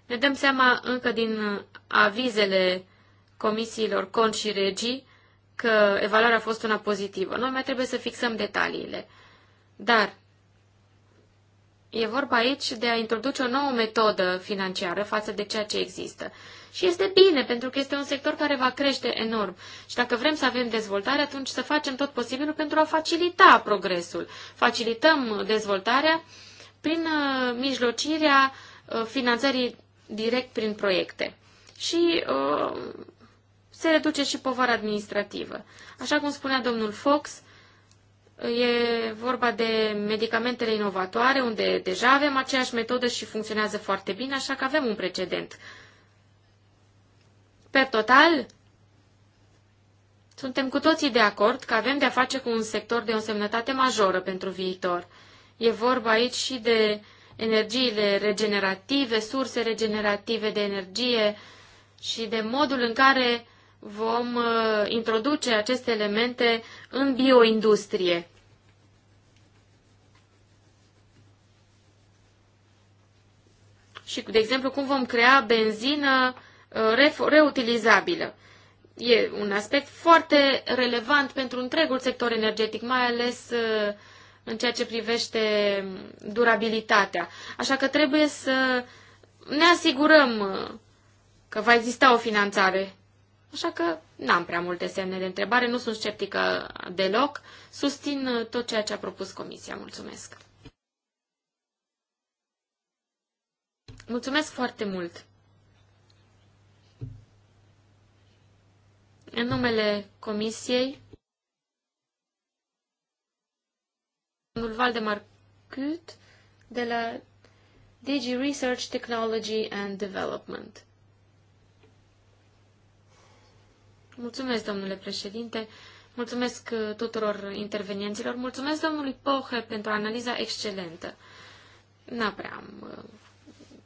Ne dăm seama încă din avizele comisiilor cont și regii că evaluarea a fost una pozitivă. Noi mai trebuie să fixăm detaliile. Dar e vorba aici de a introduce o nouă metodă financiară față de ceea ce există. Și este bine, pentru că este un sector care va crește enorm. Și dacă vrem să avem dezvoltare, atunci să facem tot posibilul pentru a facilita progresul. Facilităm dezvoltarea prin uh, mijlocirea uh, finanțării direct prin proiecte. Și uh, se reduce și povara administrativă. Așa cum spunea domnul Fox, E vorba de medicamentele inovatoare, unde deja avem aceeași metodă și funcționează foarte bine, așa că avem un precedent. Pe total, suntem cu toții de acord că avem de-a face cu un sector de o semnătate majoră pentru viitor. E vorba aici și de energiile regenerative, surse regenerative de energie și de modul în care vom uh, introduce aceste elemente în bioindustrie. Și, de exemplu, cum vom crea benzină uh, reutilizabilă. E un aspect foarte relevant pentru întregul sector energetic, mai ales uh, în ceea ce privește durabilitatea. Așa că trebuie să ne asigurăm că va exista o finanțare Așa că n-am prea multe semne de întrebare, nu sunt sceptică deloc, susțin uh, tot ceea ce a propus Comisia. Mulțumesc! Mulțumesc foarte mult! În numele Comisiei, domnul Valdemar Cut de la Digi Research Technology and Development. Mulțumesc, domnule președinte. Mulțumesc uh, tuturor intervenienților. Mulțumesc domnului Pohe pentru analiza excelentă. N-a prea am uh,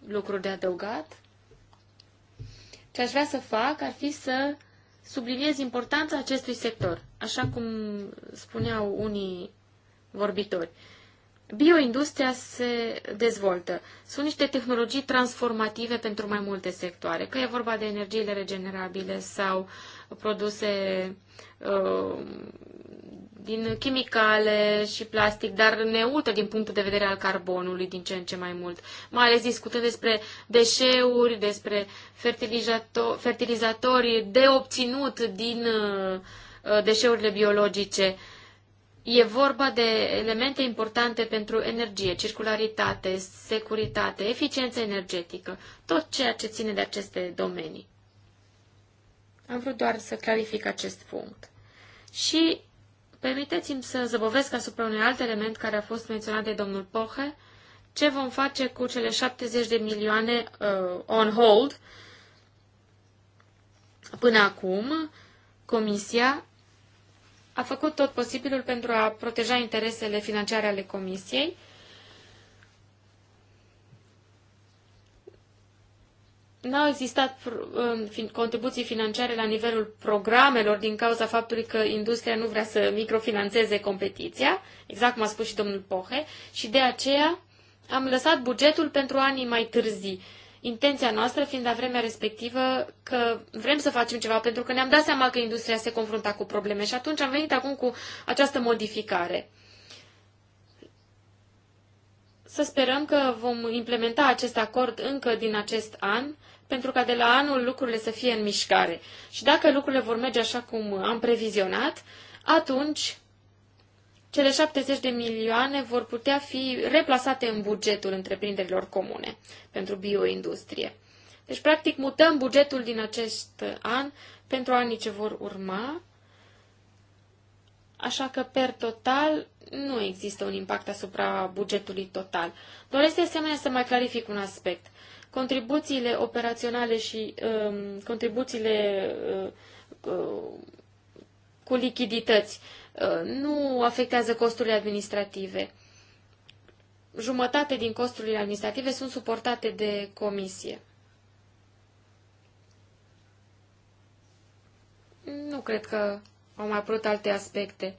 lucruri de adăugat. Ce aș vrea să fac ar fi să subliniez importanța acestui sector, așa cum spuneau unii vorbitori. Bioindustria se dezvoltă. Sunt niște tehnologii transformative pentru mai multe sectoare, că e vorba de energiile regenerabile sau uh, produse uh, din chimicale și plastic, dar neutră din punctul de vedere al carbonului din ce în ce mai mult. Mai ales discutând despre deșeuri, despre fertilizator, fertilizatori de obținut din uh, deșeurile biologice. E vorba de elemente importante pentru energie, circularitate, securitate, eficiență energetică, tot ceea ce ține de aceste domenii. Am vrut doar să clarific acest punct. Și permiteți-mi să zăbovesc asupra unui alt element care a fost menționat de domnul Poche, ce vom face cu cele 70 de milioane uh, on hold. Până acum, Comisia a făcut tot posibilul pentru a proteja interesele financiare ale Comisiei N-au existat um, contribuții financiare la nivelul programelor din cauza faptului că industria nu vrea să microfinanțeze competiția, exact cum a spus și domnul Pohe, și de aceea am lăsat bugetul pentru anii mai târzii. Intenția noastră fiind la vremea respectivă că vrem să facem ceva pentru că ne-am dat seama că industria se confrunta cu probleme și atunci am venit acum cu această modificare. Să sperăm că vom implementa acest acord încă din acest an pentru ca de la anul lucrurile să fie în mișcare. Și dacă lucrurile vor merge așa cum am previzionat, atunci cele 70 de milioane vor putea fi replasate în bugetul întreprinderilor comune pentru bioindustrie. Deci, practic, mutăm bugetul din acest an pentru anii ce vor urma, așa că, per total, nu există un impact asupra bugetului total. Doresc de asemenea să mai clarific un aspect. Contribuțiile operaționale și um, contribuțiile uh, uh, cu lichidități uh, nu afectează costurile administrative. Jumătate din costurile administrative sunt suportate de comisie. Nu cred că au mai apărut alte aspecte.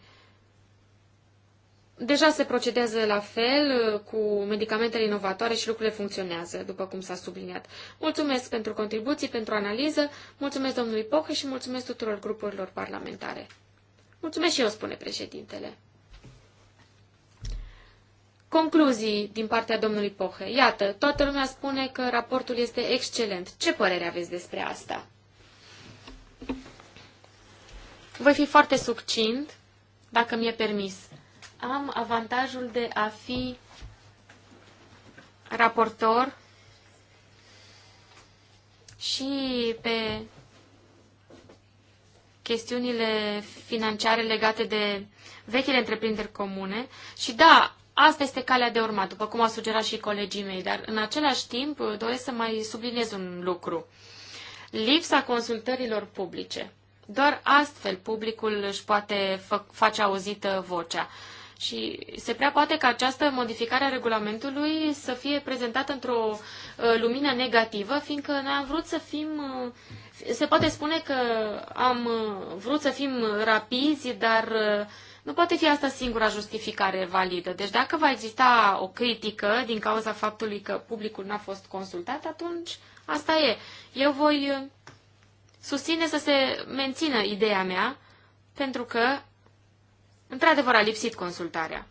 Deja se procedează la fel uh, cu medicamentele inovatoare și lucrurile funcționează, după cum s-a subliniat. Mulțumesc pentru contribuții, pentru analiză, mulțumesc domnului Poche și mulțumesc tuturor grupurilor parlamentare. Mulțumesc și eu, spune președintele. Concluzii din partea domnului Pohe. Iată, toată lumea spune că raportul este excelent. Ce părere aveți despre asta? Voi fi foarte succint, dacă mi-e permis am avantajul de a fi raportor și pe chestiunile financiare legate de vechile întreprinderi comune și da, asta este calea de urmat, după cum au sugerat și colegii mei, dar în același timp doresc să mai subliniez un lucru. Lipsa consultărilor publice. Doar astfel publicul își poate face auzită vocea. Și se prea poate ca această modificare a regulamentului să fie prezentată într-o uh, lumină negativă, fiindcă noi am vrut să fim, uh, se poate spune că am uh, vrut să fim rapizi, dar nu poate fi asta singura justificare validă. Deci dacă va exista o critică din cauza faptului că publicul n-a fost consultat, atunci asta e. Eu voi susține să se mențină ideea mea, pentru că Într-adevăr, a lipsit consultarea.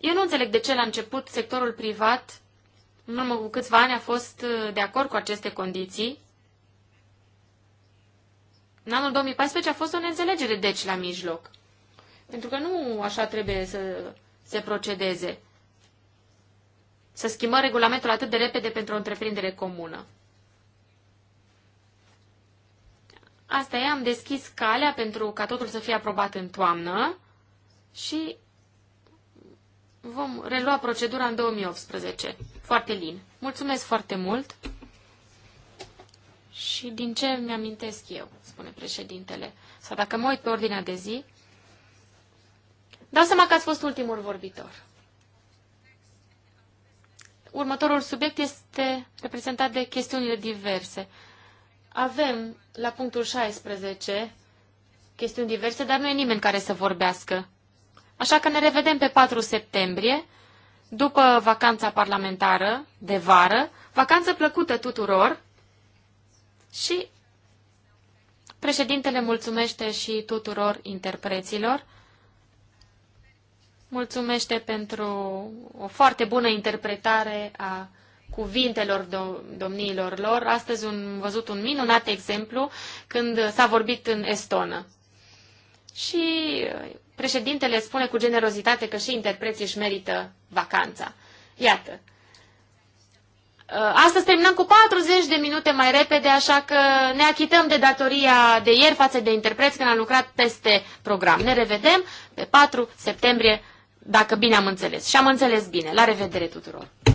Eu nu înțeleg de ce la început sectorul privat, în urmă cu câțiva ani, a fost uh, de acord cu aceste condiții. În anul 2014 a fost o neînțelegere, deci, la mijloc. Pentru că nu așa trebuie să se procedeze. Să schimbăm regulamentul atât de repede pentru o întreprindere comună. Asta e, am deschis calea pentru ca totul să fie aprobat în toamnă și vom relua procedura în 2018. Foarte lin. Mulțumesc foarte mult! Și din ce mi-amintesc eu, spune președintele, sau dacă mă uit pe ordinea de zi, dau seama că ați fost ultimul vorbitor. Următorul subiect este reprezentat de chestiunile diverse. Avem la punctul 16 chestiuni diverse, dar nu e nimeni care să vorbească. Așa că ne revedem pe 4 septembrie, după vacanța parlamentară de vară, vacanță plăcută tuturor și președintele mulțumește și tuturor interpreților, mulțumește pentru o foarte bună interpretare a cuvintelor domniilor lor. Astăzi am văzut un minunat exemplu când s-a vorbit în estonă. Și uh, președintele spune cu generozitate că și interpreții își merită vacanța. Iată. Uh, astăzi terminăm cu 40 de minute mai repede, așa că ne achităm de datoria de ieri față de interpreți când am lucrat peste program. Ne revedem pe 4 septembrie, dacă bine am înțeles. Și am înțeles bine. La revedere tuturor!